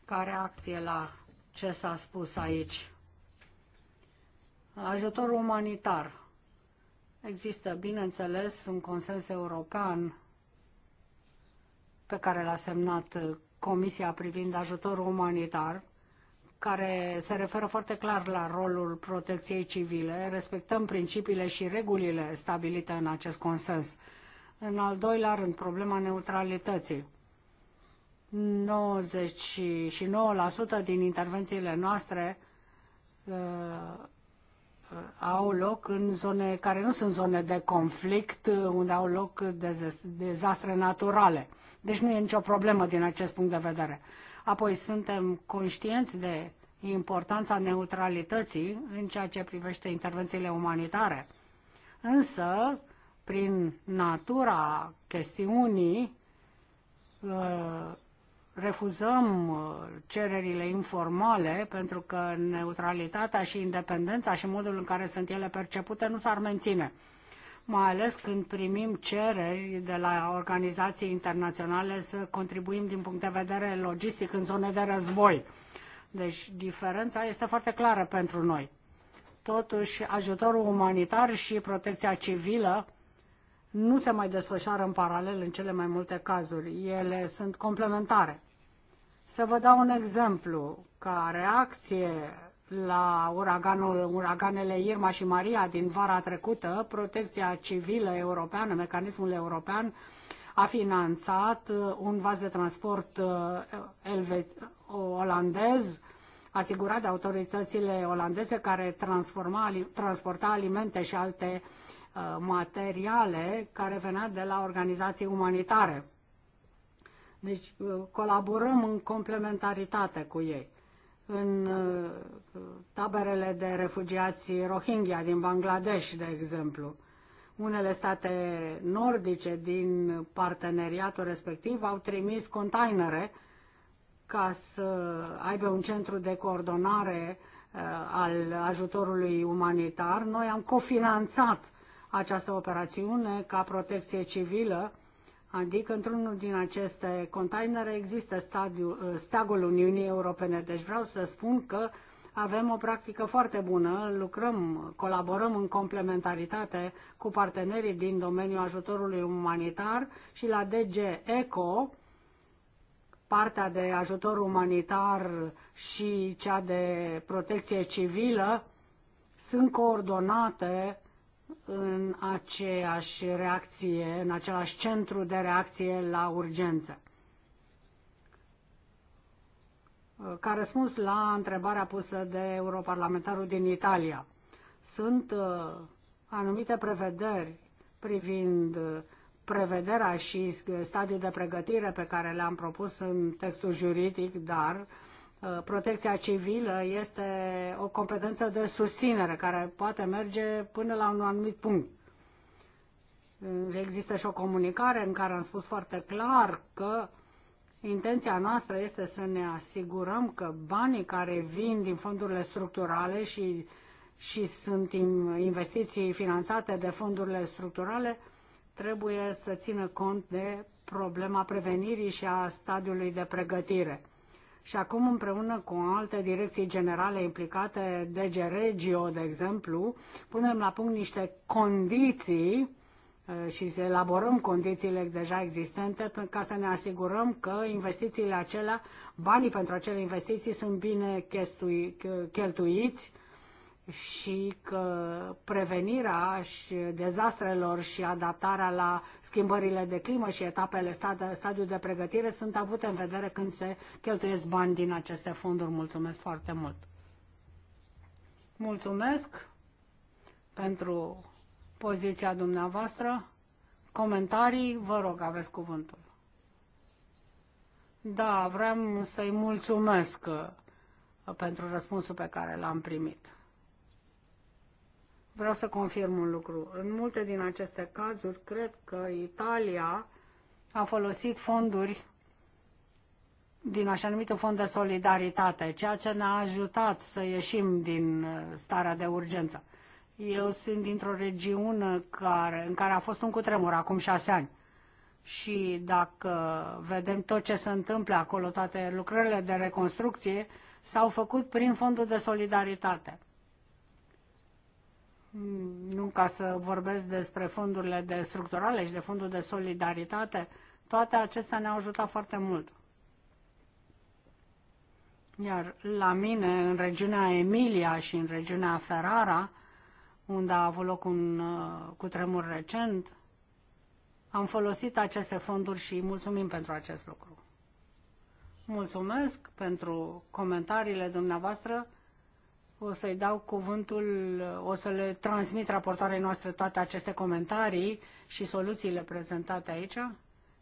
ca reacție la ce s-a spus aici. Ajutorul umanitar. Există, bineînțeles, un consens european pe care l-a semnat uh, Comisia privind ajutorul umanitar, care se referă foarte clar la rolul protecției civile. Respectăm principiile și regulile stabilite în acest consens. În al doilea rând, problema neutralității. 99% din intervențiile noastre uh, au loc în zone care nu sunt zone de conflict, uh, unde au loc dezastre naturale. Deci nu e nicio problemă din acest punct de vedere. Apoi suntem conștienți de importanța neutralității în ceea ce privește intervențiile umanitare. Însă, prin natura chestiunii, uh, refuzăm uh, cererile informale pentru că neutralitatea și independența și modul în care sunt ele percepute nu s-ar menține mai ales când primim cereri de la organizații internaționale să contribuim din punct de vedere logistic în zone de război. Deci diferența este foarte clară pentru noi. Totuși, ajutorul umanitar și protecția civilă nu se mai desfășoară în paralel în cele mai multe cazuri. Ele sunt complementare. Să vă dau un exemplu. Ca reacție la uraganul, uraganele Irma și Maria din vara trecută, protecția civilă europeană, mecanismul european, a finanțat uh, un vas de transport uh, uh, olandez asigurat de autoritățile olandeze care transforma, transporta alimente și alte materiale care venea de la organizații umanitare. Deci colaborăm în complementaritate cu ei în uh, taberele de refugiați Rohingya din Bangladesh, de exemplu. Unele state nordice din parteneriatul respectiv au trimis containere ca să aibă un centru de coordonare uh, al ajutorului umanitar. Noi am cofinanțat această operațiune ca protecție civilă Adică într-unul din aceste containere există stadiu, uh, stagul Uniunii Europene. Deci vreau să spun că avem o practică foarte bună, lucrăm, colaborăm în complementaritate cu partenerii din domeniul ajutorului umanitar și la DG ECO, partea de ajutor umanitar și cea de protecție civilă sunt coordonate în aceeași reacție, în același centru de reacție la urgență. Ca răspuns la întrebarea pusă de europarlamentarul din Italia, sunt uh, anumite prevederi privind uh, prevederea și stadiul de pregătire pe care le-am propus în textul juridic, dar Uh, protecția civilă este o competență de susținere care poate merge până la un anumit punct. Uh, există și o comunicare în care am spus foarte clar că intenția noastră este să ne asigurăm că banii care vin din fondurile structurale și, și sunt investiții finanțate de fondurile structurale trebuie să țină cont de problema prevenirii și a stadiului de pregătire și acum împreună cu alte direcții generale implicate, DG Regio, de exemplu, punem la punct niște condiții uh, și să elaborăm condițiile deja existente ca să ne asigurăm că investițiile acelea, banii pentru acele investiții sunt bine cheltuiți și că prevenirea și dezastrelor și adaptarea la schimbările de climă și etapele stad- stadiul de pregătire sunt avute în vedere când se cheltuiesc bani din aceste fonduri. Mulțumesc foarte mult! Mulțumesc pentru poziția dumneavoastră. Comentarii, vă rog, aveți cuvântul. Da, vreau să-i mulțumesc uh, pentru răspunsul pe care l-am primit. Vreau să confirm un lucru. În multe din aceste cazuri, cred că Italia a folosit fonduri din așa numitul fond de solidaritate, ceea ce ne-a ajutat să ieșim din uh, starea de urgență. Eu sunt dintr-o regiune care, în care a fost un cutremur acum șase ani. Și dacă vedem tot ce se întâmplă acolo, toate lucrările de reconstrucție s-au făcut prin fondul de solidaritate nu ca să vorbesc despre fondurile de structurale și de fondul de solidaritate, toate acestea ne-au ajutat foarte mult. Iar la mine, în regiunea Emilia și în regiunea Ferrara, unde a avut loc un uh, cutremur recent, am folosit aceste fonduri și mulțumim pentru acest lucru. Mulțumesc pentru comentariile dumneavoastră o să-i dau cuvântul, o să le transmit raportoarei noastre toate aceste comentarii și soluțiile prezentate aici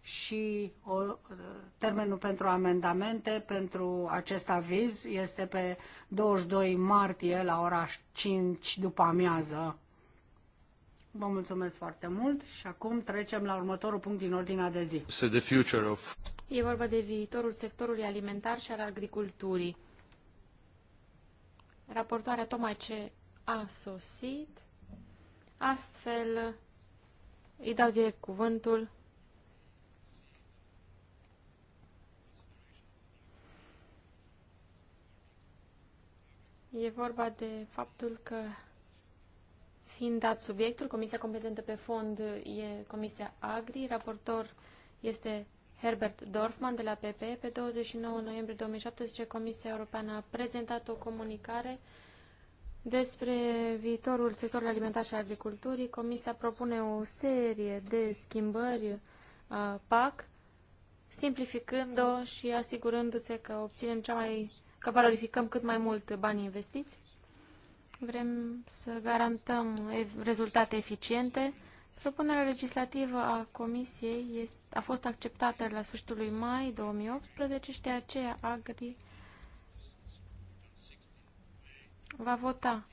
și o, termenul pentru amendamente pentru acest aviz este pe 22 martie la ora 5 după amiază. Vă mulțumesc foarte mult și acum trecem la următorul punct din ordinea de zi. E vorba de viitorul sectorului alimentar și al agriculturii. Raportoarea tocmai ce a sosit. Astfel, îi dau direct cuvântul. E vorba de faptul că, fiind dat subiectul, Comisia competentă pe fond e Comisia Agri, raportor este Herbert Dorfman de la PPE. Pe 29 noiembrie 2017, Comisia Europeană a prezentat o comunicare despre viitorul sectorului alimentar și agriculturii. Comisia propune o serie de schimbări a PAC, simplificând-o și asigurându-se că obținem cea mai că valorificăm cât mai mult banii investiți. Vrem să garantăm rezultate eficiente Propunerea legislativă a Comisiei a fost acceptată la sfârșitul lui mai 2018 și de aceea Agri va vota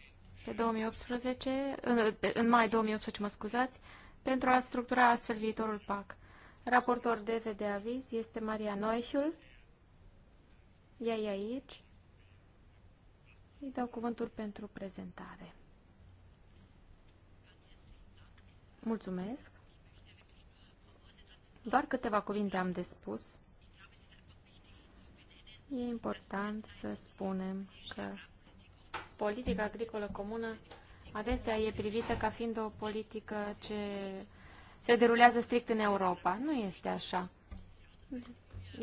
pe 2018, în, în mai 2018, mă scuzați, pentru a structura astfel viitorul PAC. Raportor DVD de aviz este Maria Noișul. Ea e aici. Îi dau cuvântul pentru prezentare. Mulțumesc. Doar câteva cuvinte am de spus. E important să spunem că politica agricolă comună adesea e privită ca fiind o politică ce se derulează strict în Europa. Nu este așa.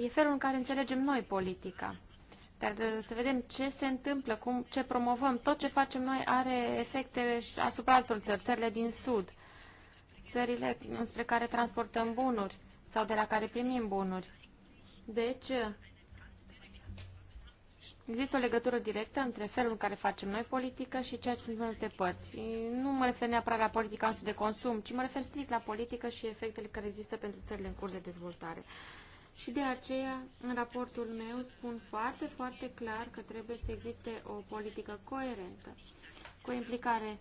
E felul în care înțelegem noi politica. Dar să vedem ce se întâmplă, cum, ce promovăm. Tot ce facem noi are efecte asupra altor țări, țările din Sud țările înspre care transportăm bunuri sau de la care primim bunuri. Deci, există o legătură directă între felul în care facem noi politică și ceea ce sunt în alte părți. Nu mă refer neapărat la politica însă de consum, ci mă refer strict la politică și efectele care există pentru țările în curs de dezvoltare. Și de aceea, în raportul meu, spun foarte, foarte clar că trebuie să existe o politică coerentă, cu implicare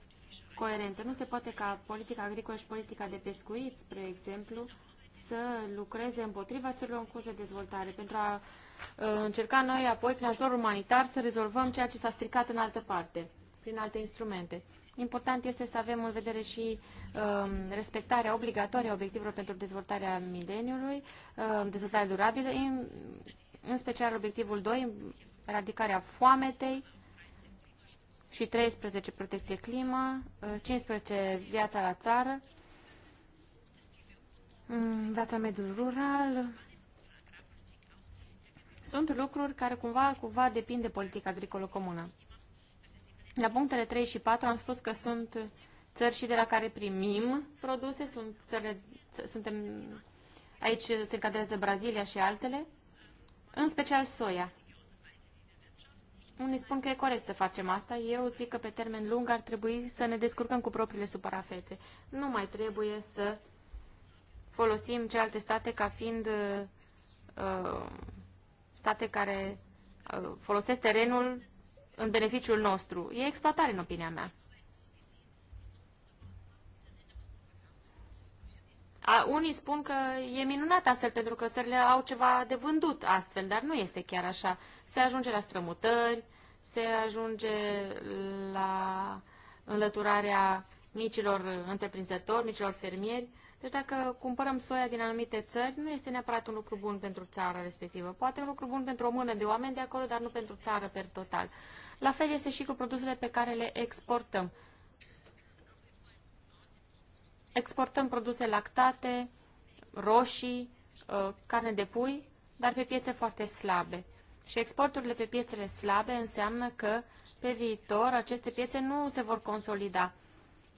coerente. Nu se poate ca politica agricolă și politica de pescuit, spre exemplu, să lucreze împotriva țărilor în curs de dezvoltare, pentru a uh, încerca noi apoi, prin ajutor umanitar, să rezolvăm ceea ce s-a stricat în altă parte, prin alte instrumente. Important este să avem în vedere și um, respectarea obligatorie a obiectivelor pentru dezvoltarea mileniului, um, dezvoltarea durabilă, în, în special obiectivul 2, eradicarea foametei, și 13 protecție climă, 15 uh, viața la țară, mm, viața mediul rural. Sunt lucruri care cumva, cumva depind de politica agricolă comună. La punctele 3 și 4 am spus că sunt țări și de la care primim produse, sunt țările, suntem, aici se încadrează Brazilia și altele, în special soia. Unii spun că e corect să facem asta. Eu zic că pe termen lung ar trebui să ne descurcăm cu propriile suprafețe. Nu mai trebuie să folosim celelalte state ca fiind uh, state care uh, folosesc terenul în beneficiul nostru. E exploatare, în opinia mea. A, unii spun că e minunat astfel pentru că țările au ceva de vândut astfel, dar nu este chiar așa. Se ajunge la strămutări, se ajunge la înlăturarea micilor întreprinzători, micilor fermieri. Deci dacă cumpărăm soia din anumite țări, nu este neapărat un lucru bun pentru țara respectivă. Poate un lucru bun pentru o mână de oameni de acolo, dar nu pentru țară per total. La fel este și cu produsele pe care le exportăm. Exportăm produse lactate, roșii, uh, carne de pui, dar pe piețe foarte slabe. Și exporturile pe piețele slabe înseamnă că pe viitor aceste piețe nu se vor consolida.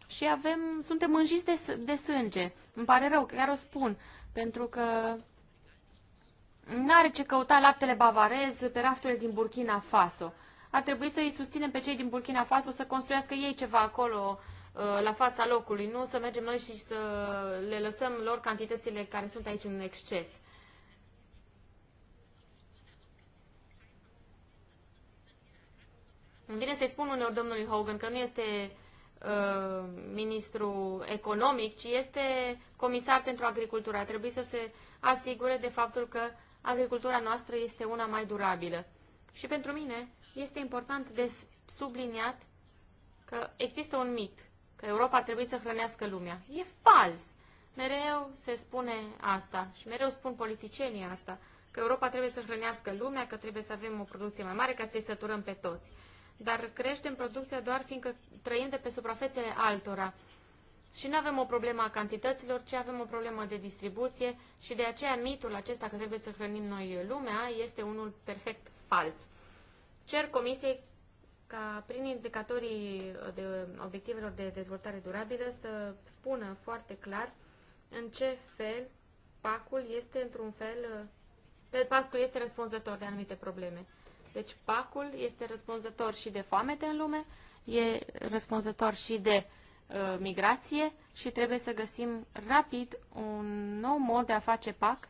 Și avem, suntem înjiți de, de sânge. Îmi pare rău, chiar o spun, pentru că nu are ce căuta laptele bavarez pe rafturile din Burkina Faso. Ar trebui să îi susținem pe cei din Burkina Faso să construiască ei ceva acolo Uh, la fața locului, nu să mergem noi și să le lăsăm lor cantitățile care sunt aici în exces. Îmi vine să-i spun uneori domnului Hogan că nu este uh, ministru economic, ci este comisar pentru agricultura. Trebuie să se asigure de faptul că agricultura noastră este una mai durabilă. Și pentru mine este important de subliniat că există un mit că Europa ar trebui să hrănească lumea. E fals! Mereu se spune asta și mereu spun politicienii asta, că Europa trebuie să hrănească lumea, că trebuie să avem o producție mai mare ca să-i săturăm pe toți. Dar creștem producția doar fiindcă trăim de pe suprafețele altora. Și nu avem o problemă a cantităților, ci avem o problemă de distribuție și de aceea mitul acesta că trebuie să hrănim noi lumea este unul perfect fals. Cer comisiei ca prin indicatorii uh, de uh, obiectivelor de dezvoltare durabilă să spună foarte clar în ce fel pacul este într-un fel uh, pacul este răspunzător de anumite probleme. Deci pacul este răspunzător și de foamete în lume, e răspunzător și de uh, migrație și trebuie să găsim rapid un nou mod de a face pac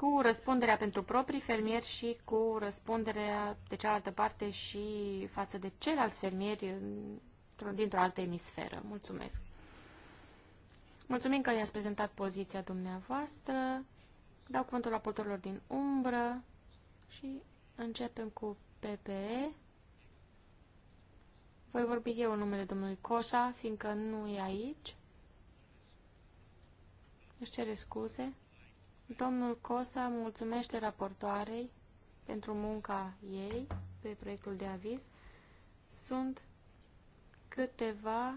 cu răspunderea pentru proprii fermieri și cu răspunderea de cealaltă parte și față de ceilalți fermieri dintr-o altă emisferă. Mulțumesc! Mulțumim că i-ați prezentat poziția dumneavoastră. Dau cuvântul raportorilor din umbră și începem cu PPE. Voi vorbi eu în numele domnului Coșa, fiindcă nu e aici. Își cere scuze. Domnul Cosa mulțumește raportoarei pentru munca ei pe proiectul de aviz. Sunt câteva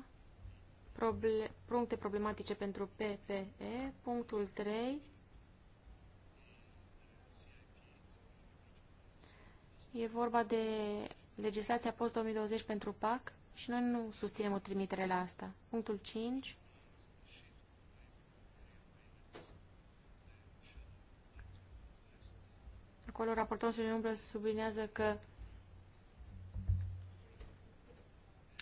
proble puncte problematice pentru PPE. Punctul 3 e vorba de legislația post-2020 pentru PAC și noi nu susținem o trimitere la asta. Punctul 5 Acolo raportorul și umbră sublinează că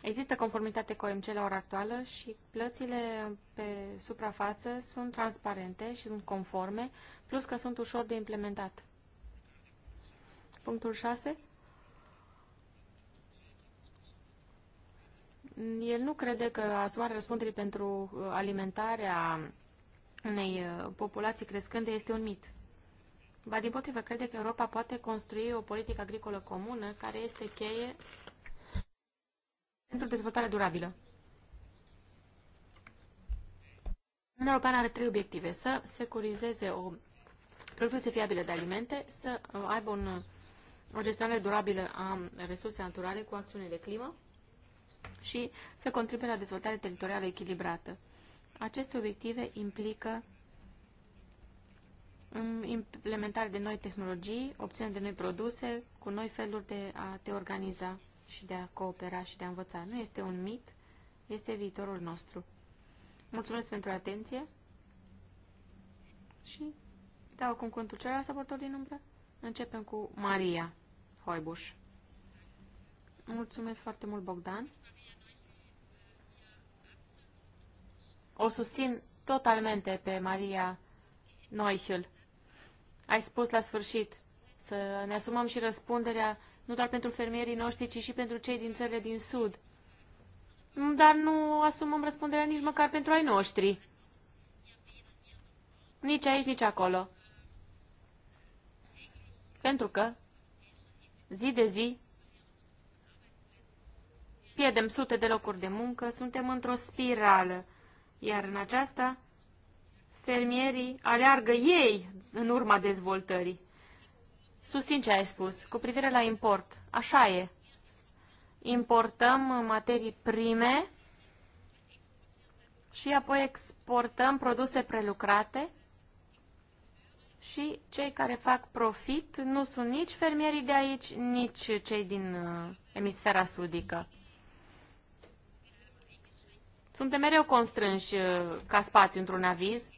există conformitate cu OMC la ora actuală și plățile pe suprafață sunt transparente și sunt conforme, plus că sunt ușor de implementat. Punctul 6. El nu crede că asumarea răspunderii pentru alimentarea unei populații crescânde este un mit. Ba, din potrivă, crede că Europa poate construi o politică agricolă comună care este cheie pentru dezvoltare durabilă. Uniunea Europeană are trei obiective. Să securizeze o producție fiabilă de alimente, să uh, aibă un, o gestionare durabilă a resurselor naturale cu acțiune de climă și să contribuie la dezvoltare teritorială echilibrată. Aceste obiective implică în implementare de noi tehnologii, obținere de noi produse, cu noi feluri de a te organiza și de a coopera și de a învăța. Nu este un mit, este viitorul nostru. Mulțumesc pentru atenție și dau acum contul celălalt raportor din umbră. Începem cu Maria Hoibuș. Mulțumesc foarte mult, Bogdan. O susțin totalmente pe Maria Noișul ai spus la sfârșit, să ne asumăm și răspunderea nu doar pentru fermierii noștri, ci și pentru cei din țările din Sud. Dar nu asumăm răspunderea nici măcar pentru ai noștri. Nici aici, nici acolo. Pentru că, zi de zi, pierdem sute de locuri de muncă, suntem într-o spirală, iar în aceasta fermierii aleargă ei în urma dezvoltării. Susțin ce ai spus. Cu privire la import, așa e. Importăm materii prime și apoi exportăm produse prelucrate și cei care fac profit nu sunt nici fermierii de aici, nici cei din uh, emisfera sudică. Suntem mereu constrânși uh, ca spațiu într-un aviz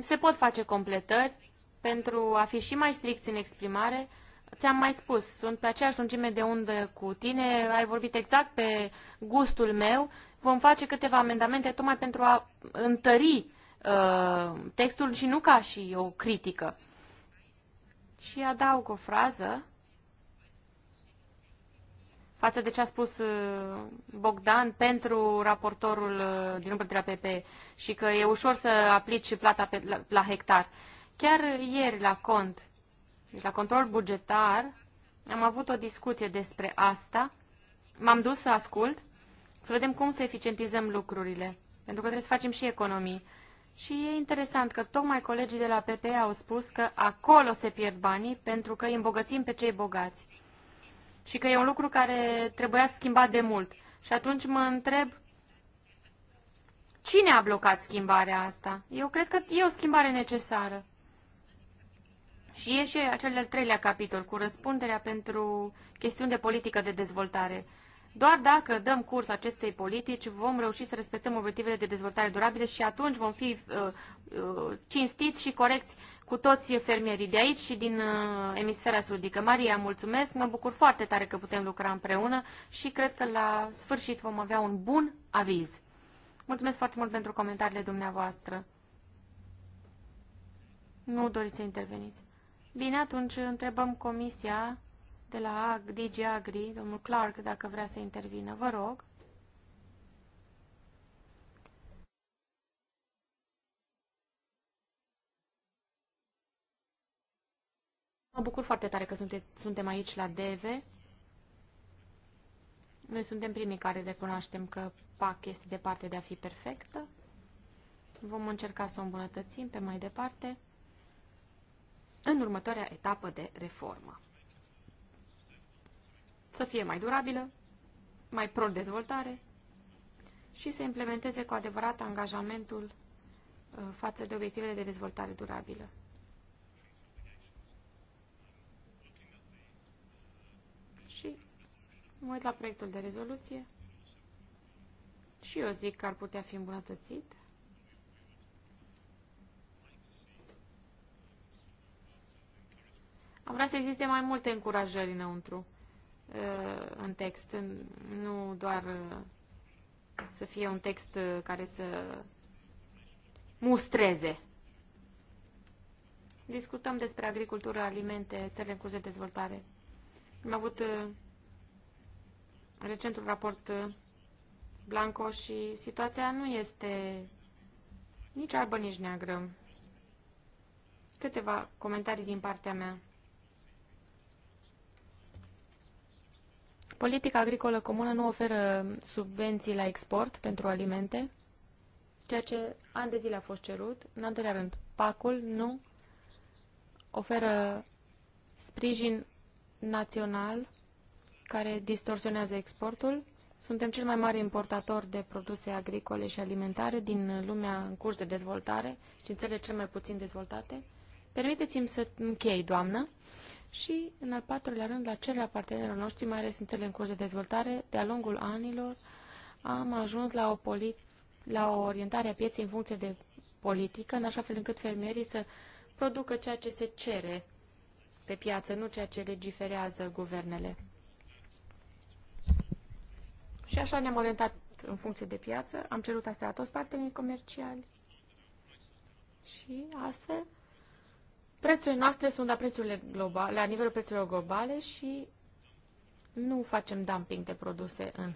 se pot face completări pentru a fi și mai stricți în exprimare. Ți-am mai spus, sunt pe aceeași lungime de undă cu tine, ai vorbit exact pe gustul meu. Vom face câteva amendamente tocmai pentru a întări uh, textul și nu ca și o critică. Și adaug o frază față de ce a spus uh, Bogdan pentru raportorul uh, din umbră de la PP și că e ușor să aplici plata pe, la, la hectar. Chiar ieri la cont, la control bugetar, am avut o discuție despre asta. M-am dus să ascult, să vedem cum să eficientizăm lucrurile, pentru că trebuie să facem și economii. Și e interesant că tocmai colegii de la PP au spus că acolo se pierd banii pentru că îi îmbogățim pe cei bogați și că e un lucru care trebuia schimbat de mult. Și atunci mă întreb, cine a blocat schimbarea asta? Eu cred că e o schimbare necesară. Și e și acel de-al treilea capitol, cu răspunderea pentru chestiuni de politică de dezvoltare. Doar dacă dăm curs acestei politici, vom reuși să respectăm obiectivele de dezvoltare durabile și atunci vom fi uh, uh, cinstiți și corecți cu toți fermierii de aici și din uh, emisfera sudică. Maria, mulțumesc, mă bucur foarte tare că putem lucra împreună și cred că la sfârșit vom avea un bun aviz. Mulțumesc foarte mult pentru comentariile dumneavoastră. Nu doriți să interveniți. Bine, atunci întrebăm comisia de la DG Agri, domnul Clark, dacă vrea să intervină. Vă rog. Mă bucur foarte tare că sunte, suntem aici la DEVE. Noi suntem primii care recunoaștem că PAC este departe de a fi perfectă. Vom încerca să o îmbunătățim pe mai departe în următoarea etapă de reformă. Să fie mai durabilă, mai pro-dezvoltare și să implementeze cu adevărat angajamentul uh, față de obiectivele de dezvoltare durabilă. mă uit la proiectul de rezoluție și eu zic că ar putea fi îmbunătățit. Am vrea să existe mai multe încurajări înăuntru, uh, în text, nu doar uh, să fie un text uh, care să mustreze. Discutăm despre agricultură, alimente, țările în curs de dezvoltare. Am avut recentul raport uh, Blanco și situația nu este nici albă, nici neagră. Câteva comentarii din partea mea. Politica agricolă comună nu oferă subvenții la export pentru alimente, ceea ce ani de zile a fost cerut. În al doilea rând, PAC-ul nu oferă sprijin național care distorsionează exportul. Suntem cel mai mare importator de produse agricole și alimentare din lumea în curs de dezvoltare și în țările cel mai puțin dezvoltate. Permiteți-mi să închei, doamnă, și, în al patrulea rând, la cererea partenerilor noștri, mai ales în țările în curs de dezvoltare, de-a lungul anilor am ajuns la o, polit la o orientare a pieței în funcție de politică, în așa fel încât fermierii să producă ceea ce se cere pe piață, nu ceea ce legiferează guvernele. Și așa ne-am orientat în funcție de piață, am cerut asta la toți partenerii comerciali și astfel prețurile noastre sunt la, prețurile globale, la nivelul prețurilor globale și nu facem dumping de produse în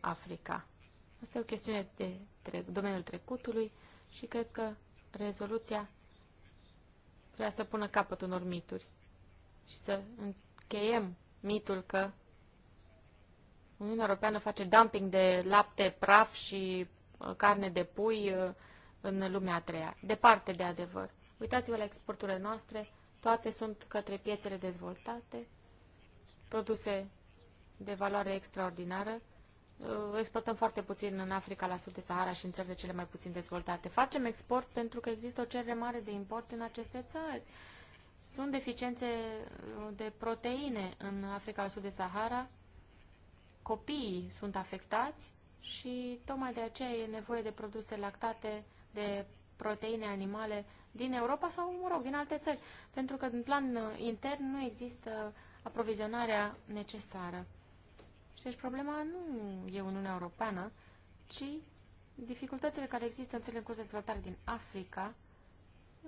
Africa. Asta e o chestiune de tre- domeniul trecutului și cred că rezoluția vrea să pună capăt unor mituri și să încheiem mitul că Uniunea Europeană face dumping de lapte praf și uh, carne de pui uh, în lumea a treia. Departe de adevăr. Uitați-vă la exporturile noastre, toate sunt către piețele dezvoltate, produse de valoare extraordinară. Uh, exportăm foarte puțin în Africa, la sud de Sahara și în țările cele mai puțin dezvoltate. Facem export pentru că există o cerere mare de import în aceste țări. Sunt deficiențe de proteine în Africa, la sud de Sahara, copiii sunt afectați și tocmai de aceea e nevoie de produse lactate, de proteine animale din Europa sau, mă rog, din alte țări, pentru că în plan uh, intern nu există aprovizionarea necesară. Și deci problema nu e Uniunea Europeană, ci dificultățile care există în țările în curs de dezvoltare din Africa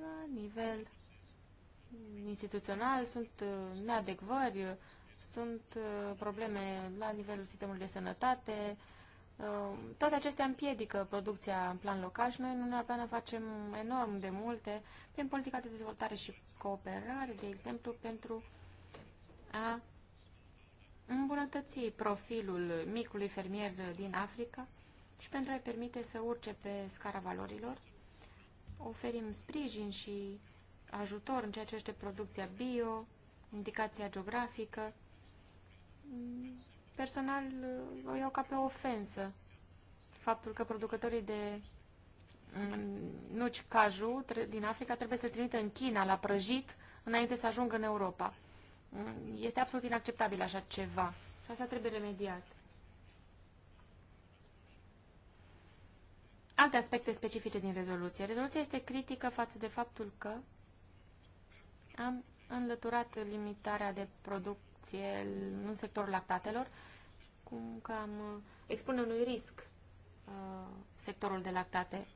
la nivel instituțional, sunt uh, neadecvări, sunt uh, probleme la nivelul sistemului de sănătate. Uh, toate acestea împiedică producția în plan local și noi în Uniunea Europeană facem enorm de multe prin politica de dezvoltare și cooperare, de exemplu, pentru a îmbunătăți profilul micului fermier din Africa și pentru a-i permite să urce pe scara valorilor. Oferim sprijin și ajutor în ceea ce este producția bio, indicația geografică, Personal o iau ca pe o ofensă. Faptul că producătorii de mm, nuci caju din Africa trebuie să-l trimită în China la prăjit înainte să ajungă în Europa. Mm, este absolut inacceptabil așa ceva. Și asta trebuie remediat. Alte aspecte specifice din rezoluție. Rezoluția este critică față de faptul că am înlăturat limitarea de produc producție în sectorul lactatelor, cum că am uh, expune unui risc uh, sectorul de lactate.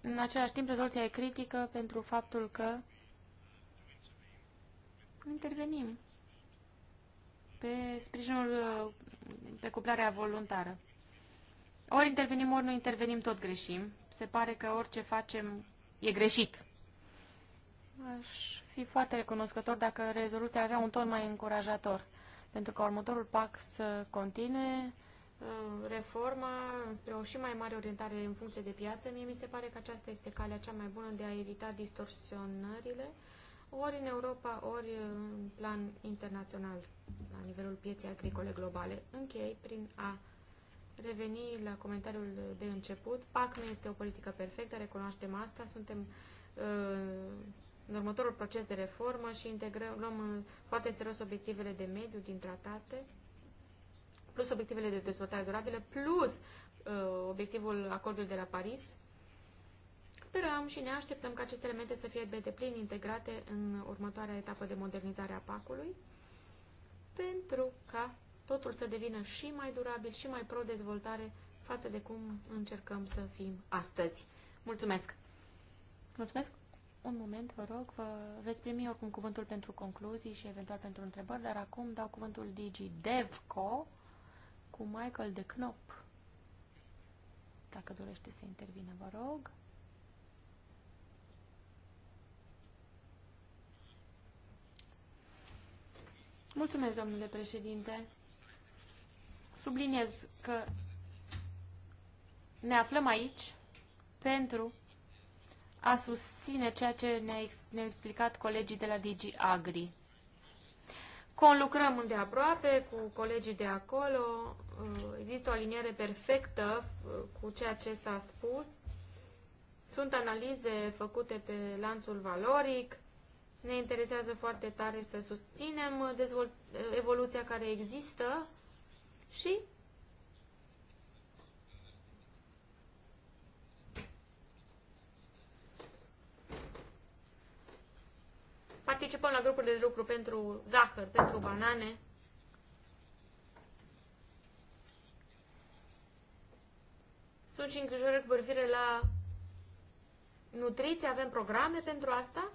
În același timp, rezoluția e critică pentru faptul că intervenim pe sprijinul, uh, pe cuplarea voluntară. Ori intervenim, ori nu intervenim, tot greșim. Se pare că orice facem e greșit. Aș fi foarte recunoscător dacă rezoluția avea un ton mai încurajator, pentru că următorul PAC să continue uh, reforma spre o și mai mare orientare în funcție de piață. Mie mi se pare că aceasta este calea cea mai bună de a evita distorsionările ori în Europa, ori în plan internațional, la nivelul pieței agricole globale. Închei prin a reveni la comentariul de început. PAC nu este o politică perfectă, recunoaștem asta, suntem uh, în următorul proces de reformă și integrăm foarte serios obiectivele de mediu din tratate, plus obiectivele de dezvoltare durabilă, plus uh, obiectivul acordului de la Paris. Sperăm și ne așteptăm ca aceste elemente să fie de deplin integrate în următoarea etapă de modernizare a PAC-ului, pentru ca totul să devină și mai durabil și mai pro-dezvoltare față de cum încercăm să fim astăzi. Mulțumesc! Mulțumesc! un moment, vă rog, vă veți primi oricum cuvântul pentru concluzii și eventual pentru întrebări, dar acum dau cuvântul Digi DevCo cu Michael de Knop. Dacă dorește să intervină, vă rog. Mulțumesc, domnule președinte. Subliniez că ne aflăm aici pentru a susține ceea ce ne-au ne explicat colegii de la Digi Agri. Conlucrăm îndeaproape cu colegii de acolo, uh, există o aliniere perfectă uh, cu ceea ce s-a spus, sunt analize făcute pe lanțul valoric, ne interesează foarte tare să susținem evoluția care există și Participăm la grupuri de lucru pentru zahăr, pentru banane. Sunt și îngrijorări cu privire la nutriție. Avem programe pentru asta?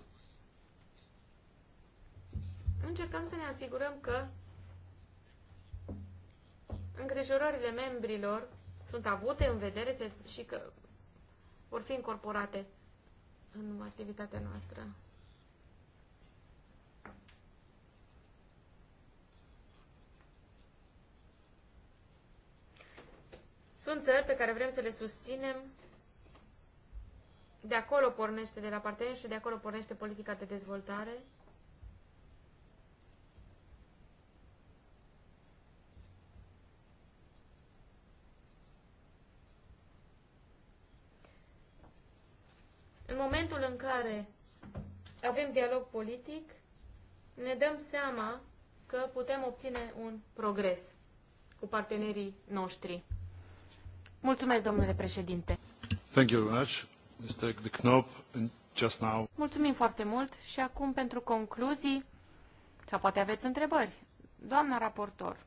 Încercăm să ne asigurăm că îngrijorările membrilor sunt avute în vedere și că vor fi incorporate în activitatea noastră. Sunt țări pe care vrem să le susținem. De acolo pornește de la parteneri și de acolo pornește politica de dezvoltare. În momentul în care avem dialog politic, ne dăm seama că putem obține un progres cu partenerii noștri. Mulțumesc, domnule președinte. Thank you very much, Mr. just now. Mulțumim foarte mult și acum pentru concluzii, sau poate aveți întrebări. Doamna raportor.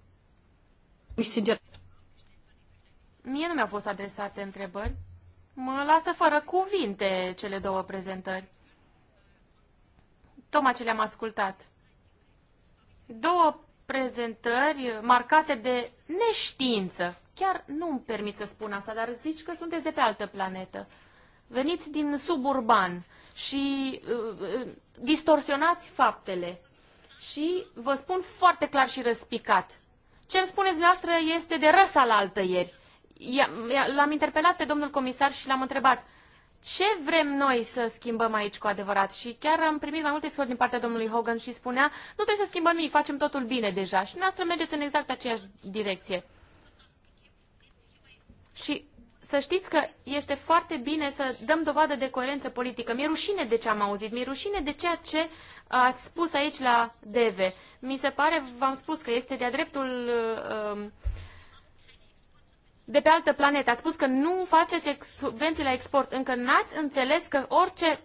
Mie nu mi-au fost adresate întrebări. Mă lasă fără cuvinte cele două prezentări. Tocmai ce le-am ascultat. Două prezentări marcate de neștiință. Chiar nu îmi permit să spun asta, dar zici că sunteți de pe altă planetă. Veniți din suburban și uh, uh distorsionați faptele. Și vă spun foarte clar și răspicat. Ce îmi spuneți noastră este de răsa la altă ieri. L-am interpelat pe domnul comisar și l-am întrebat ce vrem noi să schimbăm aici cu adevărat? Și chiar am primit mai multe scori din partea domnului Hogan și spunea, nu trebuie să schimbăm nimic, facem totul bine deja. Și noastră mergeți în exact aceeași direcție. Și să știți că este foarte bine să dăm dovadă de coerență politică. Mi-e rușine de ce am auzit, mi-e rușine de ceea ce ați spus aici la DV. Mi se pare, v-am spus că este de-a dreptul um, de pe altă planetă. Ați spus că nu faceți subvenții la export, încă n-ați înțeles că orice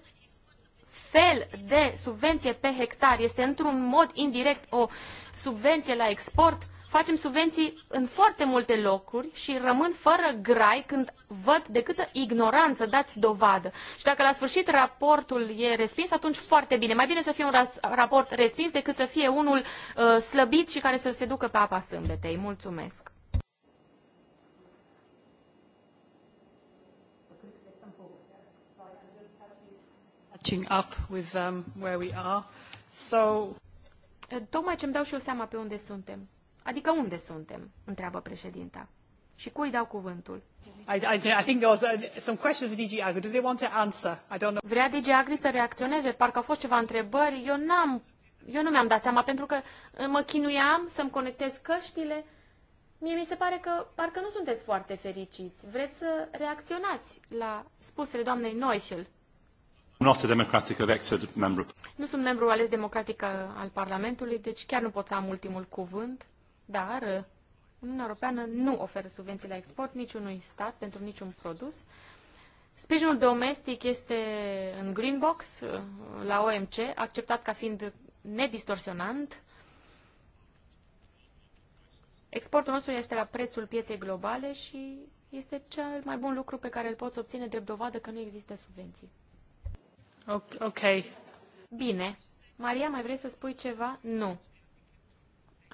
fel de subvenție pe hectar este într-un mod indirect o subvenție la export facem subvenții în foarte multe locuri și rămân fără grai când văd de câtă ignoranță dați dovadă. Și dacă la sfârșit raportul e respins, atunci foarte bine. Mai bine să fie un raport respins decât să fie unul uh, slăbit și care să se ducă pe apa sâmbetei. Mulțumesc! up with um, where we are. So... Tocmai ce-mi dau și eu seama pe unde suntem. Adică unde suntem? Întreabă președinta. Și cui dau cuvântul? I, think there was uh, some questions DG Agri. Do they want to answer? I don't know. Vrea DG Agri să reacționeze? Parcă au fost ceva întrebări. Eu n-am, eu nu mi-am dat seama pentru că uh, mă chinuiam să-mi conectez căștile. Mie mi se pare că parcă nu sunteți foarte fericiți. Vreți să reacționați la spusele doamnei Noișel. Not a democratic elected member. Nu sunt membru ales democratic al Parlamentului, deci chiar nu pot să am ultimul cuvânt dar uh, Uniunea Europeană nu oferă subvenții la export niciunui stat pentru niciun produs. Sprijinul domestic este în green box uh, la OMC, acceptat ca fiind nedistorsionant. Exportul nostru este la prețul pieței globale și este cel mai bun lucru pe care îl poți obține drept dovadă că nu există subvenții. Ok. Bine. Maria, mai vrei să spui ceva? Nu.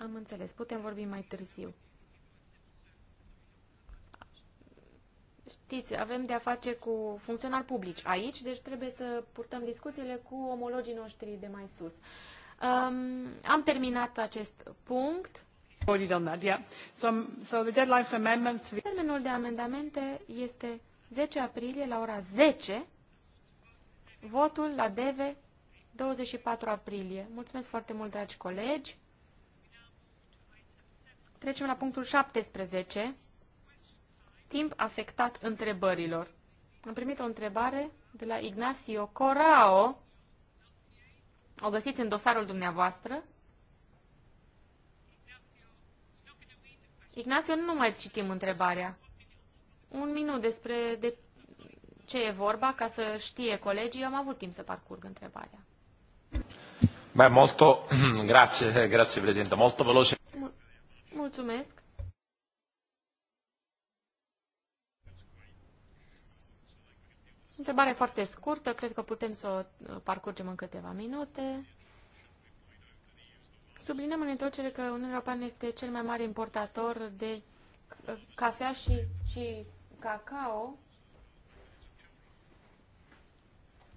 Am înțeles. Putem vorbi mai târziu. Știți, avem de-a face cu funcționari publici aici, deci trebuie să purtăm discuțiile cu omologii noștri de mai sus. Um, am terminat acest punct. Termenul de amendamente este 10 aprilie la ora 10, votul la DEVE 24 aprilie. Mulțumesc foarte mult, dragi colegi! Trecem la punctul 17. Timp afectat întrebărilor. Am primit o întrebare de la Ignacio Corao. O găsiți în dosarul dumneavoastră. Ignacio, nu mai citim întrebarea. Un minut despre de ce e vorba, ca să știe colegii. Eu am avut timp să parcurg întrebarea. Beh, molto, grazie, grazie Presidente, molto veloce. Mulțumesc. Întrebare foarte scurtă, cred că putem să o parcurgem în câteva minute. Sublinăm în introducere că Uniunea Europeană este cel mai mare importator de cafea și, și cacao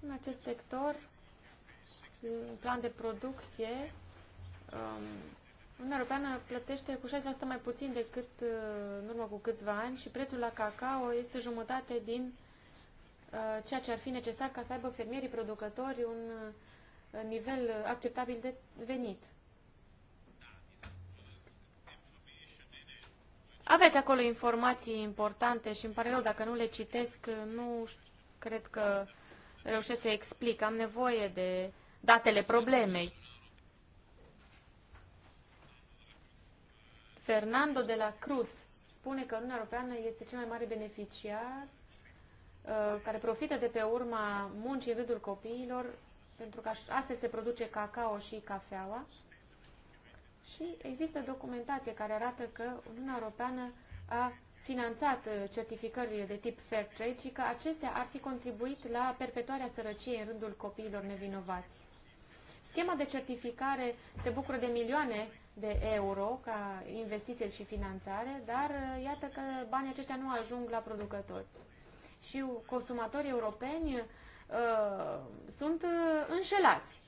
în acest sector, în plan de producție, um, Uniunea Europeană plătește cu 6% mai puțin decât uh, în urmă cu câțiva ani și prețul la cacao este jumătate din uh, ceea ce ar fi necesar ca să aibă fermierii producători un uh, nivel acceptabil de venit. Aveți acolo informații importante și îmi pare rău dacă nu le citesc, nu cred că reușesc să explic. Am nevoie de datele problemei. Fernando de la Cruz spune că Uniunea Europeană este cel mai mare beneficiar uh, care profită de pe urma muncii în rândul copiilor, pentru că astfel se produce cacao și cafeaua. Și există documentație care arată că Uniunea Europeană a finanțat uh, certificările de tip fair trade și că acestea ar fi contribuit la perpetuarea sărăciei în rândul copiilor nevinovați. Schema de certificare se bucură de milioane de euro ca investiție și finanțare, dar uh, iată că banii aceștia nu ajung la producători. Și consumatorii europeni uh, sunt uh, înșelați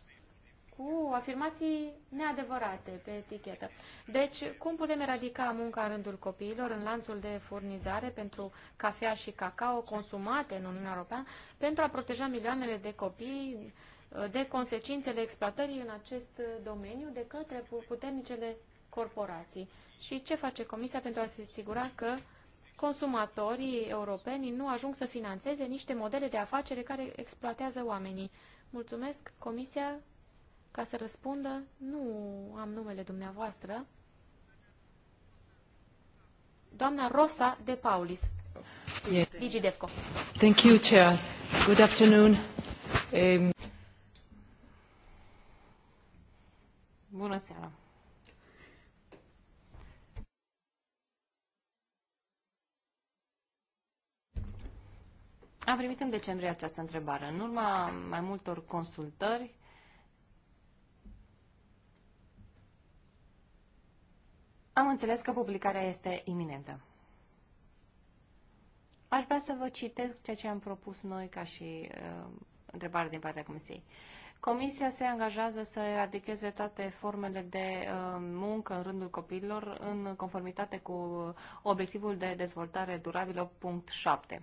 cu afirmații neadevărate pe etichetă. Deci, cum putem eradica munca în rândul copiilor în lanțul de furnizare pentru cafea și cacao consumate în Uniunea Europeană pentru a proteja milioanele de copii de consecințele exploatării în acest domeniu de către puternicele corporații. Și ce face Comisia pentru a se asigura că consumatorii europeni nu ajung să financeze niște modele de afacere care exploatează oamenii? Mulțumesc, Comisia, ca să răspundă. Nu am numele dumneavoastră. Doamna Rosa de Paulis. Yeah. Digi Defco. Thank you, Chair. Good afternoon. Um, Bună seara! Am primit în decembrie această întrebare. În urma mai multor consultări, am înțeles că publicarea este iminentă. Aș vrea să vă citesc ceea ce am propus noi ca și uh, întrebare din partea Comisiei. Comisia se angajează să eradicheze toate formele de uh, muncă în rândul copiilor în conformitate cu obiectivul de dezvoltare durabilă punct 7.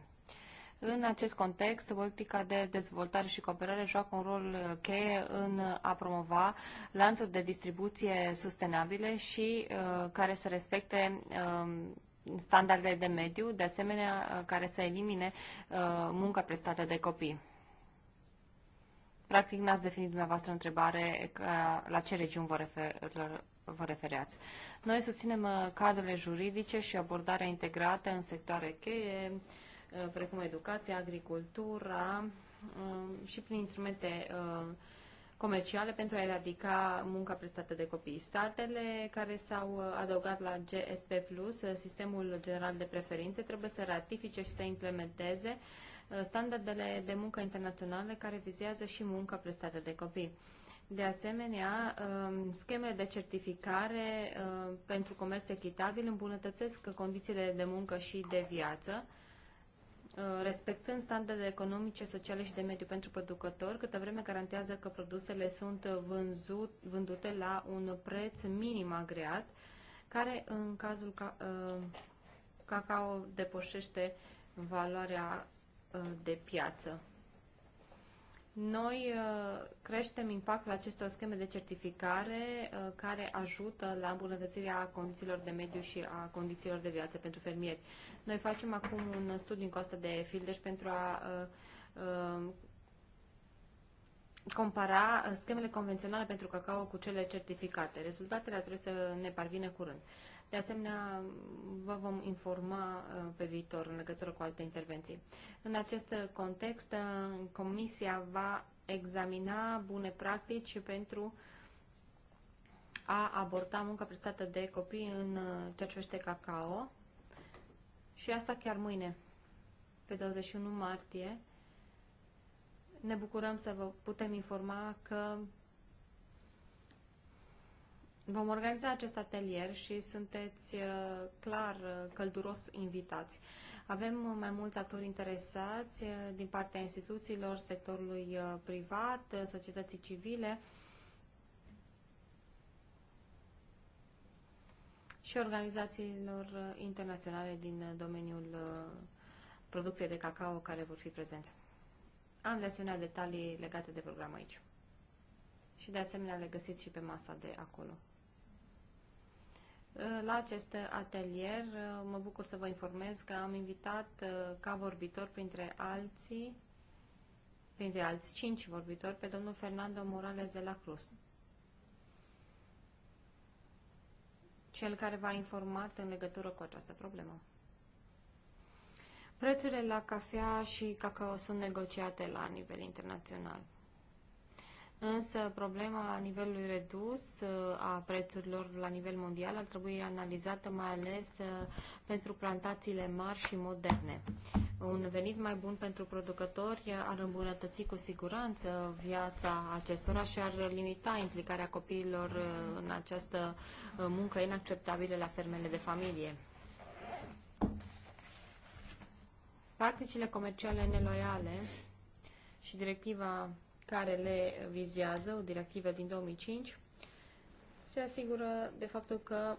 În acest context, politica de dezvoltare și cooperare joacă un rol uh, cheie în a promova lanțuri de distribuție sustenabile și uh, care să respecte uh, um, standardele de mediu, de asemenea uh, care să elimine uh, munca prestată de copii. Practic, n-ați definit dumneavoastră întrebare la ce regiuni vă, refer, vă refereați. Noi susținem uh, cadrele juridice și abordarea integrată în sectoare cheie, uh, precum educația, agricultura um, și prin instrumente uh, comerciale pentru a eradica munca prestată de copii. Statele care s-au adăugat la GSP+, sistemul general de preferințe, trebuie să ratifice și să implementeze uh, standardele de muncă internaționale care vizează și munca prestată de copii. De asemenea, um, schemele de certificare um, pentru comerț echitabil îmbunătățesc condițiile de muncă și de viață, uh, respectând standardele economice, sociale și de mediu pentru producători, câtă vreme garantează că produsele sunt vânzut, vândute la un preț minim agreat, care în cazul ca, uh, cacao depășește valoarea Uh, de piață. Noi uh, creștem impactul acestor scheme de certificare uh, care ajută la îmbunătățirea condițiilor de mediu și a condițiilor de viață pentru fermieri. Noi facem acum un studiu în costă de fildeș pentru a compara schemele convenționale pentru cacao cu cele certificate. Rezultatele trebuie să ne parvină curând. De asemenea, vă vom informa uh, pe viitor în legătură cu alte intervenții. În acest context, uh, Comisia va examina bune practici pentru a aborda munca prestată de copii în uh, ceea ce privește cacao și asta chiar mâine, pe 21 martie. Ne bucurăm să vă putem informa că Vom organiza acest atelier și sunteți uh, clar uh, călduros invitați. Avem uh, mai mulți actori interesați din partea instituțiilor, sectorului privat, societății civile și organizațiilor internaționale din domeniul producției de cacao care vor fi prezenți. Am de asemenea detalii legate de program aici. Și de asemenea le găsiți și pe masa de acolo. Eh, la acest atelier. Eh, mă bucur să vă informez că am invitat eh, ca vorbitor printre alții, printre alți cinci vorbitori, pe domnul Fernando Morales de la Cruz. Cel care v-a informat în legătură cu această problemă. Prețurile la cafea și cacao sunt negociate la nivel internațional. Însă problema nivelului redus uh, a prețurilor la nivel mondial ar trebui analizată mai ales uh, pentru plantațiile mari și moderne. Un venit mai bun pentru producători uh, ar îmbunătăți cu siguranță viața acestora și ar limita implicarea copiilor în această muncă inacceptabilă la fermele de familie. Practicile comerciale neloiale și directiva care le vizează, o directivă din 2005, se asigură de faptul că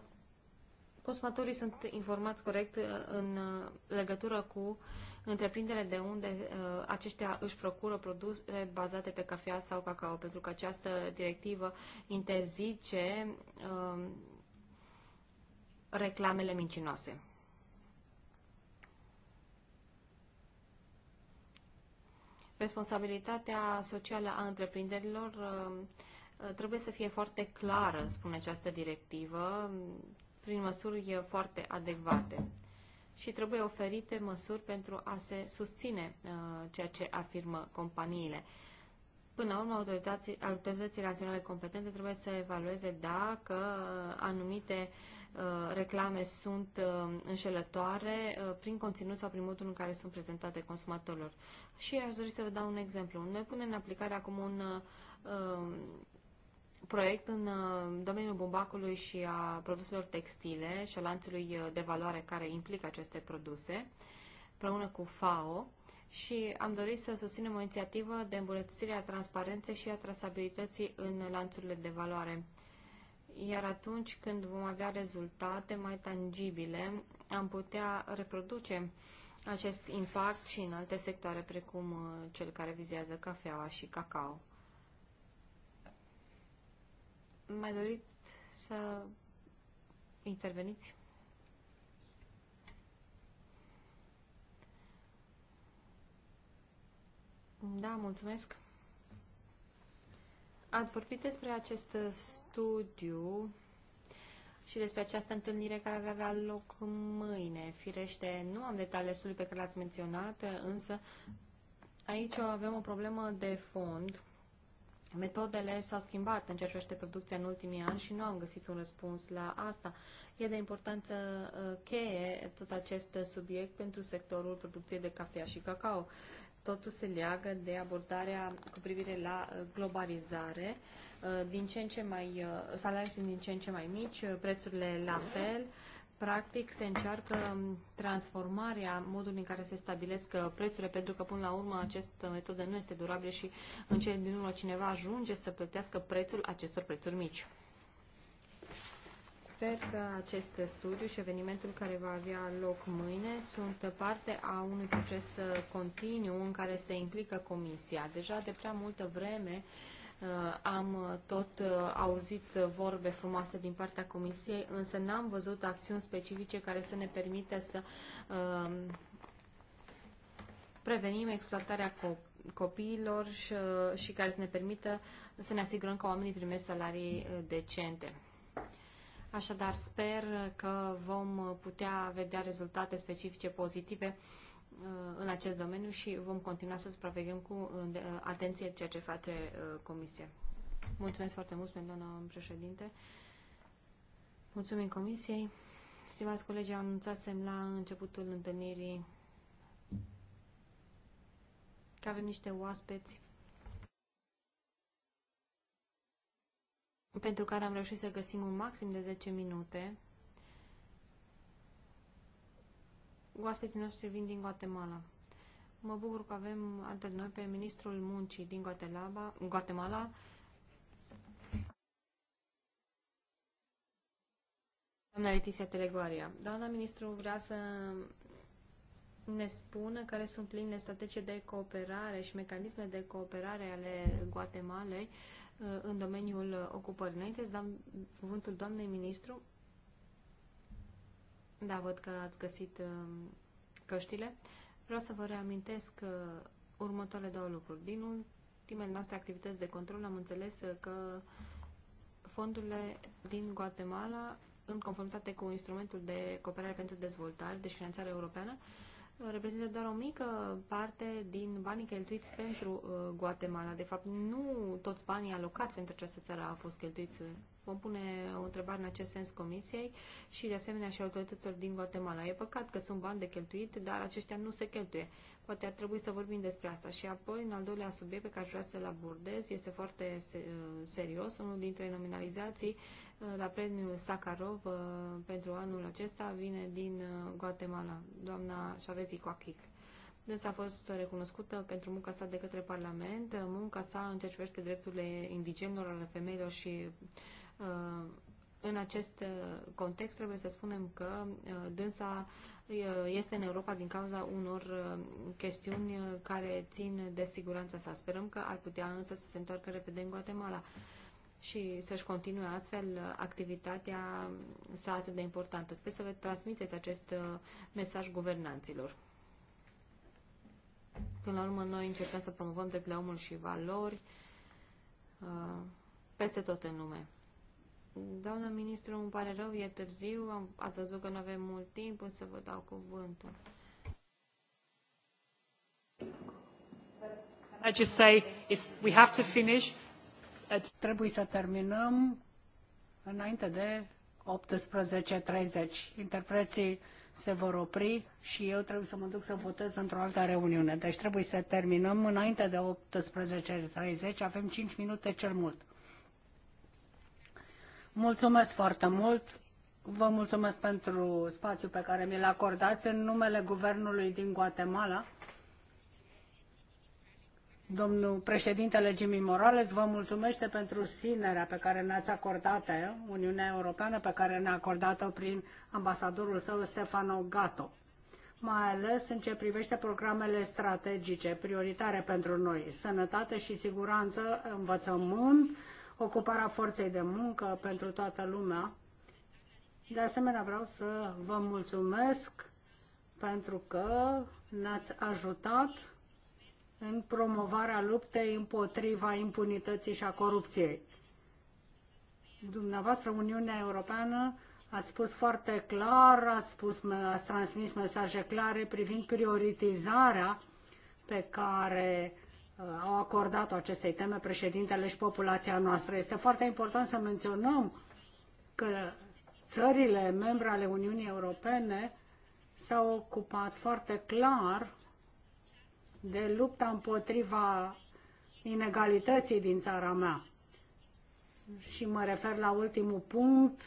consumatorii sunt informați corect uh, în uh, legătură cu întreprinderile de unde uh, aceștia își procură produse bazate pe cafea sau cacao, pentru că această directivă interzice reclamele mincinoase. Responsabilitatea socială a întreprinderilor uh, uh, trebuie să fie foarte clară, spune această directivă, prin măsuri foarte adecvate. Și trebuie oferite măsuri pentru a se susține uh, ceea ce afirmă companiile. Până la urmă, autoritățile naționale competente trebuie să evalueze dacă anumite uh, Uh, reclame sunt uh, înșelătoare uh, prin conținut sau prin modul în care sunt prezentate consumatorilor. Și aș dori să vă dau un exemplu. Noi punem în aplicare acum un um, proiect în domeniul bumbacului și a produselor textile și a lanțului de valoare care implică aceste produse, împreună cu FAO, și am dorit să susținem o inițiativă de îmbunătățire a transparenței și a trasabilității în lanțurile de valoare iar atunci când vom avea rezultate mai tangibile, am putea reproduce acest impact și în alte sectoare, precum uh, cel care vizează cafeaua și cacao. Mai doriți să interveniți? Da, mulțumesc. Ați vorbit despre acest studiu și despre această întâlnire care va avea loc mâine. Firește, nu am detaliile studiului pe care l-ați menționat, însă aici avem o problemă de fond. Metodele s-au schimbat în ceea ce privește producția în ultimii ani și nu am găsit un răspuns la asta. E de importanță uh, cheie tot acest subiect pentru sectorul producției de cafea și cacao totul se leagă de abordarea cu privire la uh, globalizare. Uh, din ce în ce mai, uh, salariile sunt din ce în ce mai mici, prețurile la fel. Practic se încearcă um, transformarea modului în care se stabilesc prețurile, pentru că până la urmă această metodă nu este durabilă și în cele din urmă cineva ajunge să plătească prețul acestor prețuri mici. Sper că acest studiu și evenimentul care va avea loc mâine sunt parte a unui proces uh, continuu în care se implică Comisia. Deja de prea multă vreme uh, am uh, tot auzit vorbe frumoase din partea Comisiei, însă n-am văzut acțiuni specifice care să ne permită să prevenim exploatarea copiilor și, și care să ne permită să ne asigurăm că oamenii primesc salarii decente. Așadar, sper că vom putea vedea rezultate specifice pozitive uh, în acest domeniu și vom continua să supraveghem cu uh, uh, atenție ceea ce face Comisia. Mulțumesc foarte mult, doamna președinte. Mulțumim Comisiei. Stimați colegi, anunțasem la începutul întâlnirii că avem niște oaspeți pentru care am reușit să găsim un maxim de 10 minute. Oaspeții noștri vin din Guatemala. Mă bucur că avem între noi pe ministrul muncii din Guatemala, Guatemala doamna Letizia Telegoaria. Doamna ministru vrea să ne spună care sunt linile strategice de cooperare și mecanisme de cooperare ale Guatemalei uh, Uh, în domeniul ocupării. Înainte să dăm cuvântul doamnei ministru, da, văd că ați găsit um, căștile, vreau să vă reamintesc uh, următoarele două lucruri. Din ultimele noastre activități de control am înțeles uh, că fondurile din Guatemala, în conformitate cu instrumentul de cooperare pentru dezvoltare, deci finanțare europeană, reprezintă doar o mică parte din banii cheltuiți pentru uh, Guatemala. De fapt, nu toți banii alocați pentru această țară au fost cheltuiți Vom pune o întrebare în acest sens comisiei și de asemenea și autorităților din Guatemala. E păcat că sunt bani de cheltuit, dar aceștia nu se cheltuie. Poate ar trebui să vorbim despre asta. Și apoi, în al doilea subiect pe care aș vrea să-l abordez, este foarte serios, unul dintre nominalizații uh, la premiul Sakharov uh, pentru anul acesta vine din uh, Guatemala, doamna Chavez Icoachic. Însă a fost recunoscută pentru munca sa de către Parlament, munca sa în ce privește drepturile indigenilor, ale femeilor și uh, în acest uh, context trebuie să spunem că uh, dânsa uh, este în Europa din cauza unor chestiuni care țin de siguranța sa. Sperăm că ar putea însă să se întoarcă repede în Guatemala și să-și continue astfel activitatea sa atât de importantă. Sper să vă transmiteți acest mesaj guvernanților. Până la urmă, noi încercăm să promovăm drepturile omului și valori peste tot în lume. Doamna ministru, îmi pare rău, e târziu, ați văzut că nu avem mult timp, însă vă dau cuvântul. I just say, if we have to finish... Trebuie să terminăm înainte de 18.30. Interpreții se vor opri și eu trebuie să mă duc să votez într-o altă reuniune. Deci trebuie să terminăm înainte de 18.30. Avem 5 minute cel mult. Mulțumesc foarte mult. Vă mulțumesc pentru spațiul pe care mi l acordați în numele guvernului din Guatemala. Domnul președintele Jimmy Morales vă mulțumește pentru sinerea pe care ne-ați acordat-o, eh, Uniunea Europeană, pe care ne-a acordat-o prin ambasadorul său Stefano Gato, mai ales în ce privește programele strategice prioritare pentru noi, sănătate și siguranță, învățământ, ocuparea forței de muncă pentru toată lumea. De asemenea, vreau să vă mulțumesc pentru că ne-ați ajutat în promovarea luptei împotriva impunității și a corupției. Dumneavoastră, Uniunea Europeană, ați spus foarte clar, ați, spus, ați transmis mesaje clare privind prioritizarea pe care Uh, au acordat-o acestei teme președintele și populația noastră. Este foarte important să menționăm că țările membre ale Uniunii Europene s-au ocupat foarte clar de lupta împotriva inegalității din țara mea. Și mă refer la ultimul punct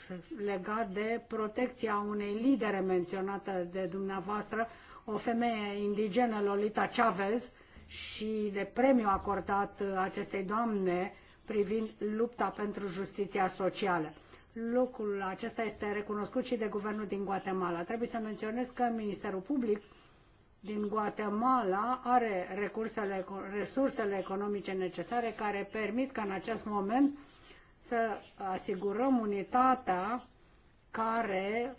legat de protecția unei lidere menționată de dumneavoastră, o femeie indigenă, Lolita Chavez, și de premiu acordat acestei doamne privind lupta pentru justiția socială. Locul acesta este recunoscut și de guvernul din Guatemala. Trebuie să menționez că Ministerul Public din Guatemala are recursele, resursele economice necesare care permit ca în acest moment să asigurăm unitatea care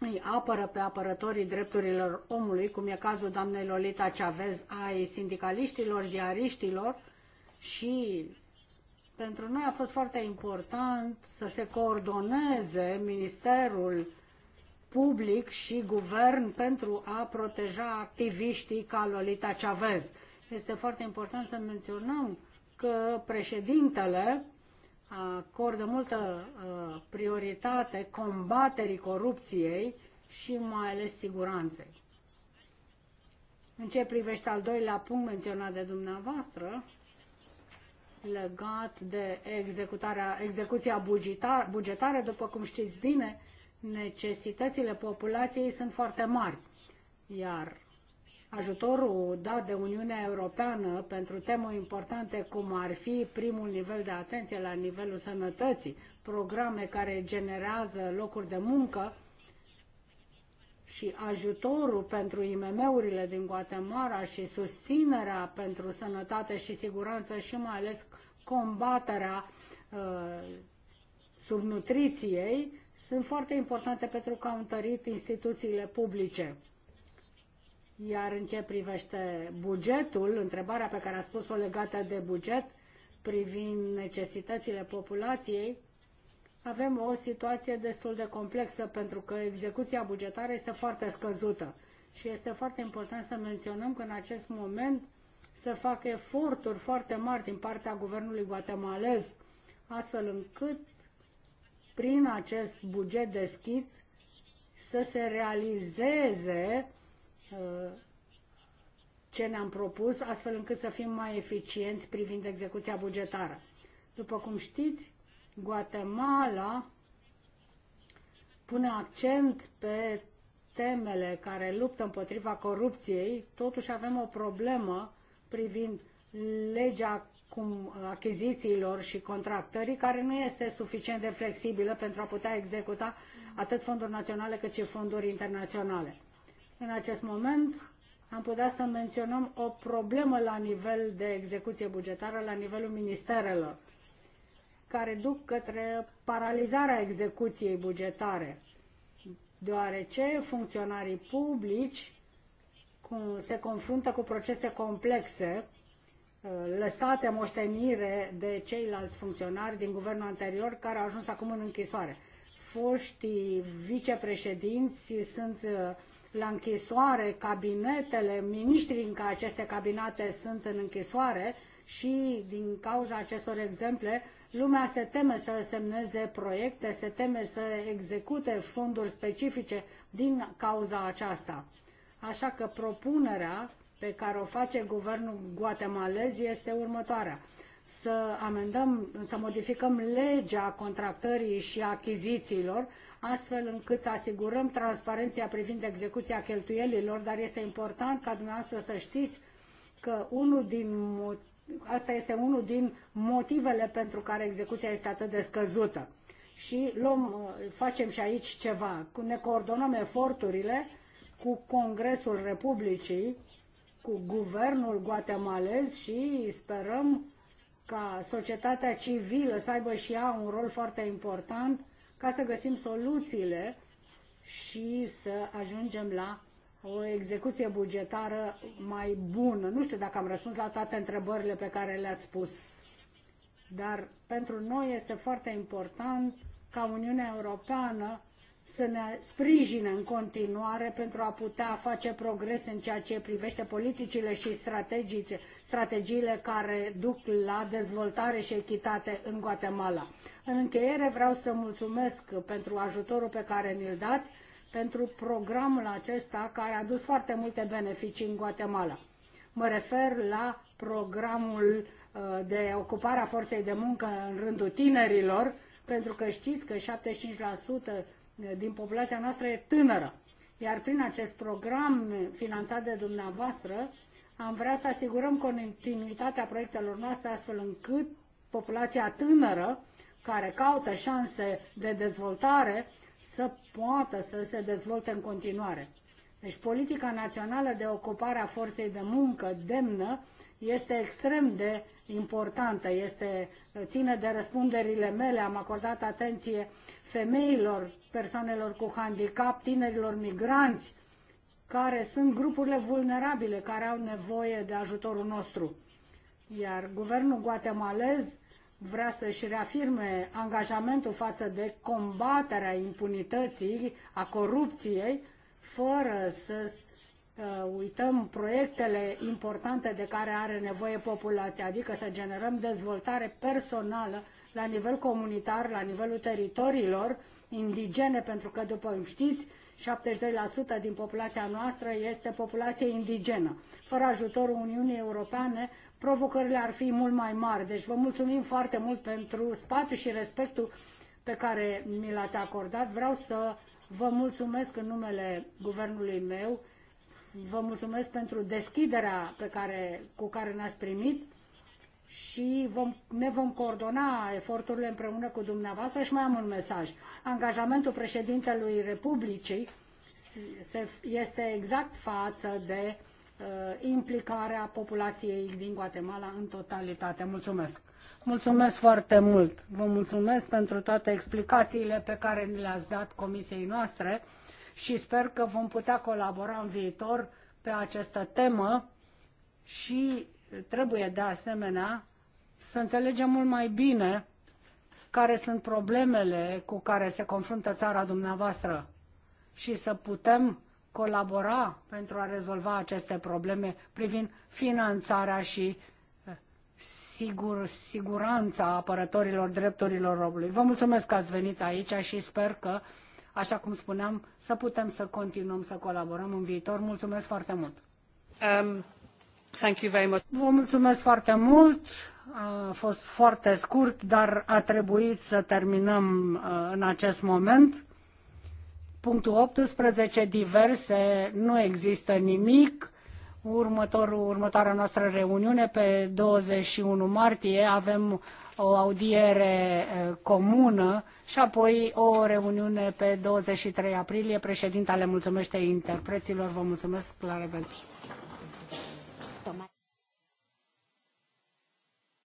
îi apără pe apărătorii drepturilor omului, cum e cazul doamnei Lolita Chavez, ai sindicaliștilor, ziariștilor și pentru noi a fost foarte important să se coordoneze Ministerul Public și Guvern pentru a proteja activiștii ca Lolita Chavez. Este foarte important să menționăm că președintele acordă multă uh, prioritate combaterii corupției și mai ales siguranței. În ce privește al doilea punct menționat de dumneavoastră, legat de executarea, execuția bugetar, bugetară, după cum știți bine, necesitățile populației sunt foarte mari, iar Ajutorul dat de Uniunea Europeană pentru teme importante, cum ar fi primul nivel de atenție la nivelul sănătății, programe care generează locuri de muncă și ajutorul pentru IMM-urile din Guatemala și susținerea pentru sănătate și siguranță și mai ales combaterea uh, subnutriției sunt foarte importante pentru că au întărit instituțiile publice. Iar în ce privește bugetul, întrebarea pe care a spus-o legată de buget, privind necesitățile populației, avem o situație destul de complexă pentru că execuția bugetară este foarte scăzută și este foarte important să menționăm că în acest moment se fac eforturi foarte mari din partea guvernului guatemalez, astfel încât prin acest buget deschis să se realizeze Uh, ce ne-am propus, astfel încât să fim mai eficienți privind execuția bugetară. După cum știți, Guatemala pune accent pe temele care luptă împotriva corupției, totuși avem o problemă privind legea cum achizițiilor și contractării, care nu este suficient de flexibilă pentru a putea executa atât fonduri naționale cât și fonduri internaționale. În acest moment am putea să menționăm o problemă la nivel de execuție bugetară, la nivelul ministerelor, care duc către paralizarea execuției bugetare, deoarece funcționarii publici se confruntă cu procese complexe uh, lăsate moștenire de ceilalți funcționari din guvernul anterior care au ajuns acum în închisoare. Foștii vicepreședinți sunt uh, la închisoare, cabinetele, miniștrii în aceste cabinete sunt în închisoare și din cauza acestor exemple, lumea se teme să semneze proiecte, se teme să execute fonduri specifice din cauza aceasta. Așa că propunerea pe care o face guvernul guatemalez este următoarea. Să amendăm, să modificăm legea contractării și achizițiilor astfel încât să asigurăm transparenția privind execuția cheltuielilor, dar este important ca dumneavoastră să știți că unul din asta este unul din motivele pentru care execuția este atât de scăzută. Și luăm, facem și aici ceva. Ne coordonăm eforturile cu Congresul Republicii, cu guvernul guatemalez și sperăm ca societatea civilă să aibă și ea un rol foarte important ca să găsim soluțiile și să ajungem la o execuție bugetară mai bună. Nu știu dacă am răspuns la toate întrebările pe care le-ați pus, dar pentru noi este foarte important ca Uniunea Europeană să ne sprijine în continuare pentru a putea face progrese în ceea ce privește politicile și strategice, strategiile care duc la dezvoltare și echitate în Guatemala. În încheiere vreau să mulțumesc pentru ajutorul pe care mi l dați, pentru programul acesta care a dus foarte multe beneficii în Guatemala. Mă refer la programul uh, de ocupare a forței de muncă în rândul tinerilor, pentru că știți că 75% din populația noastră e tânără. Iar prin acest program finanțat de dumneavoastră, am vrea să asigurăm continuitatea proiectelor noastre astfel încât populația tânără care caută șanse de dezvoltare să poată să se dezvolte în continuare. Deci politica națională de ocupare a forței de muncă demnă este extrem de importantă, este, ține de răspunderile mele, am acordat atenție femeilor persoanelor cu handicap, tinerilor migranți, care sunt grupurile vulnerabile, care au nevoie de ajutorul nostru. Iar guvernul guatemalez vrea să-și reafirme angajamentul față de combaterea impunității, a corupției, fără să uh, uităm proiectele importante de care are nevoie populația, adică să generăm dezvoltare personală la nivel comunitar, la nivelul teritoriilor, indigene, pentru că, după cum știți, 72% din populația noastră este populație indigenă. Fără ajutorul Uniunii Europene, provocările ar fi mult mai mari. Deci vă mulțumim foarte mult pentru spațiu și respectul pe care mi l-ați acordat. Vreau să vă mulțumesc în numele guvernului meu, vă mulțumesc pentru deschiderea pe care, cu care ne-ați primit și vom, ne vom coordona eforturile împreună cu dumneavoastră și mai am un mesaj. Angajamentul președintelui Republicii se, este exact față de uh, implicarea populației din Guatemala în totalitate. Mulțumesc! Mulțumesc foarte mult! Vă mulțumesc pentru toate explicațiile pe care ni le-ați dat comisiei noastre și sper că vom putea colabora în viitor pe această temă și Trebuie de asemenea să înțelegem mult mai bine care sunt problemele cu care se confruntă țara dumneavoastră și să putem colabora pentru a rezolva aceste probleme privind finanțarea și eh, sigur, siguranța apărătorilor drepturilor robului. Vă mulțumesc că ați venit aici și sper că, așa cum spuneam, să putem să continuăm să colaborăm în viitor. Mulțumesc foarte mult! Um. Vă mulțumesc foarte mult. A fost foarte scurt, dar a trebuit să terminăm în acest moment. Punctul optsprezece diverse, nu există nimic. Următorul, următoarea noastră reuniune pe și unu martie avem o audiere comună și apoi o reuniune pe și trei aprilie. Președintele mulțumește interpreților. Vă mulțumesc la revedere.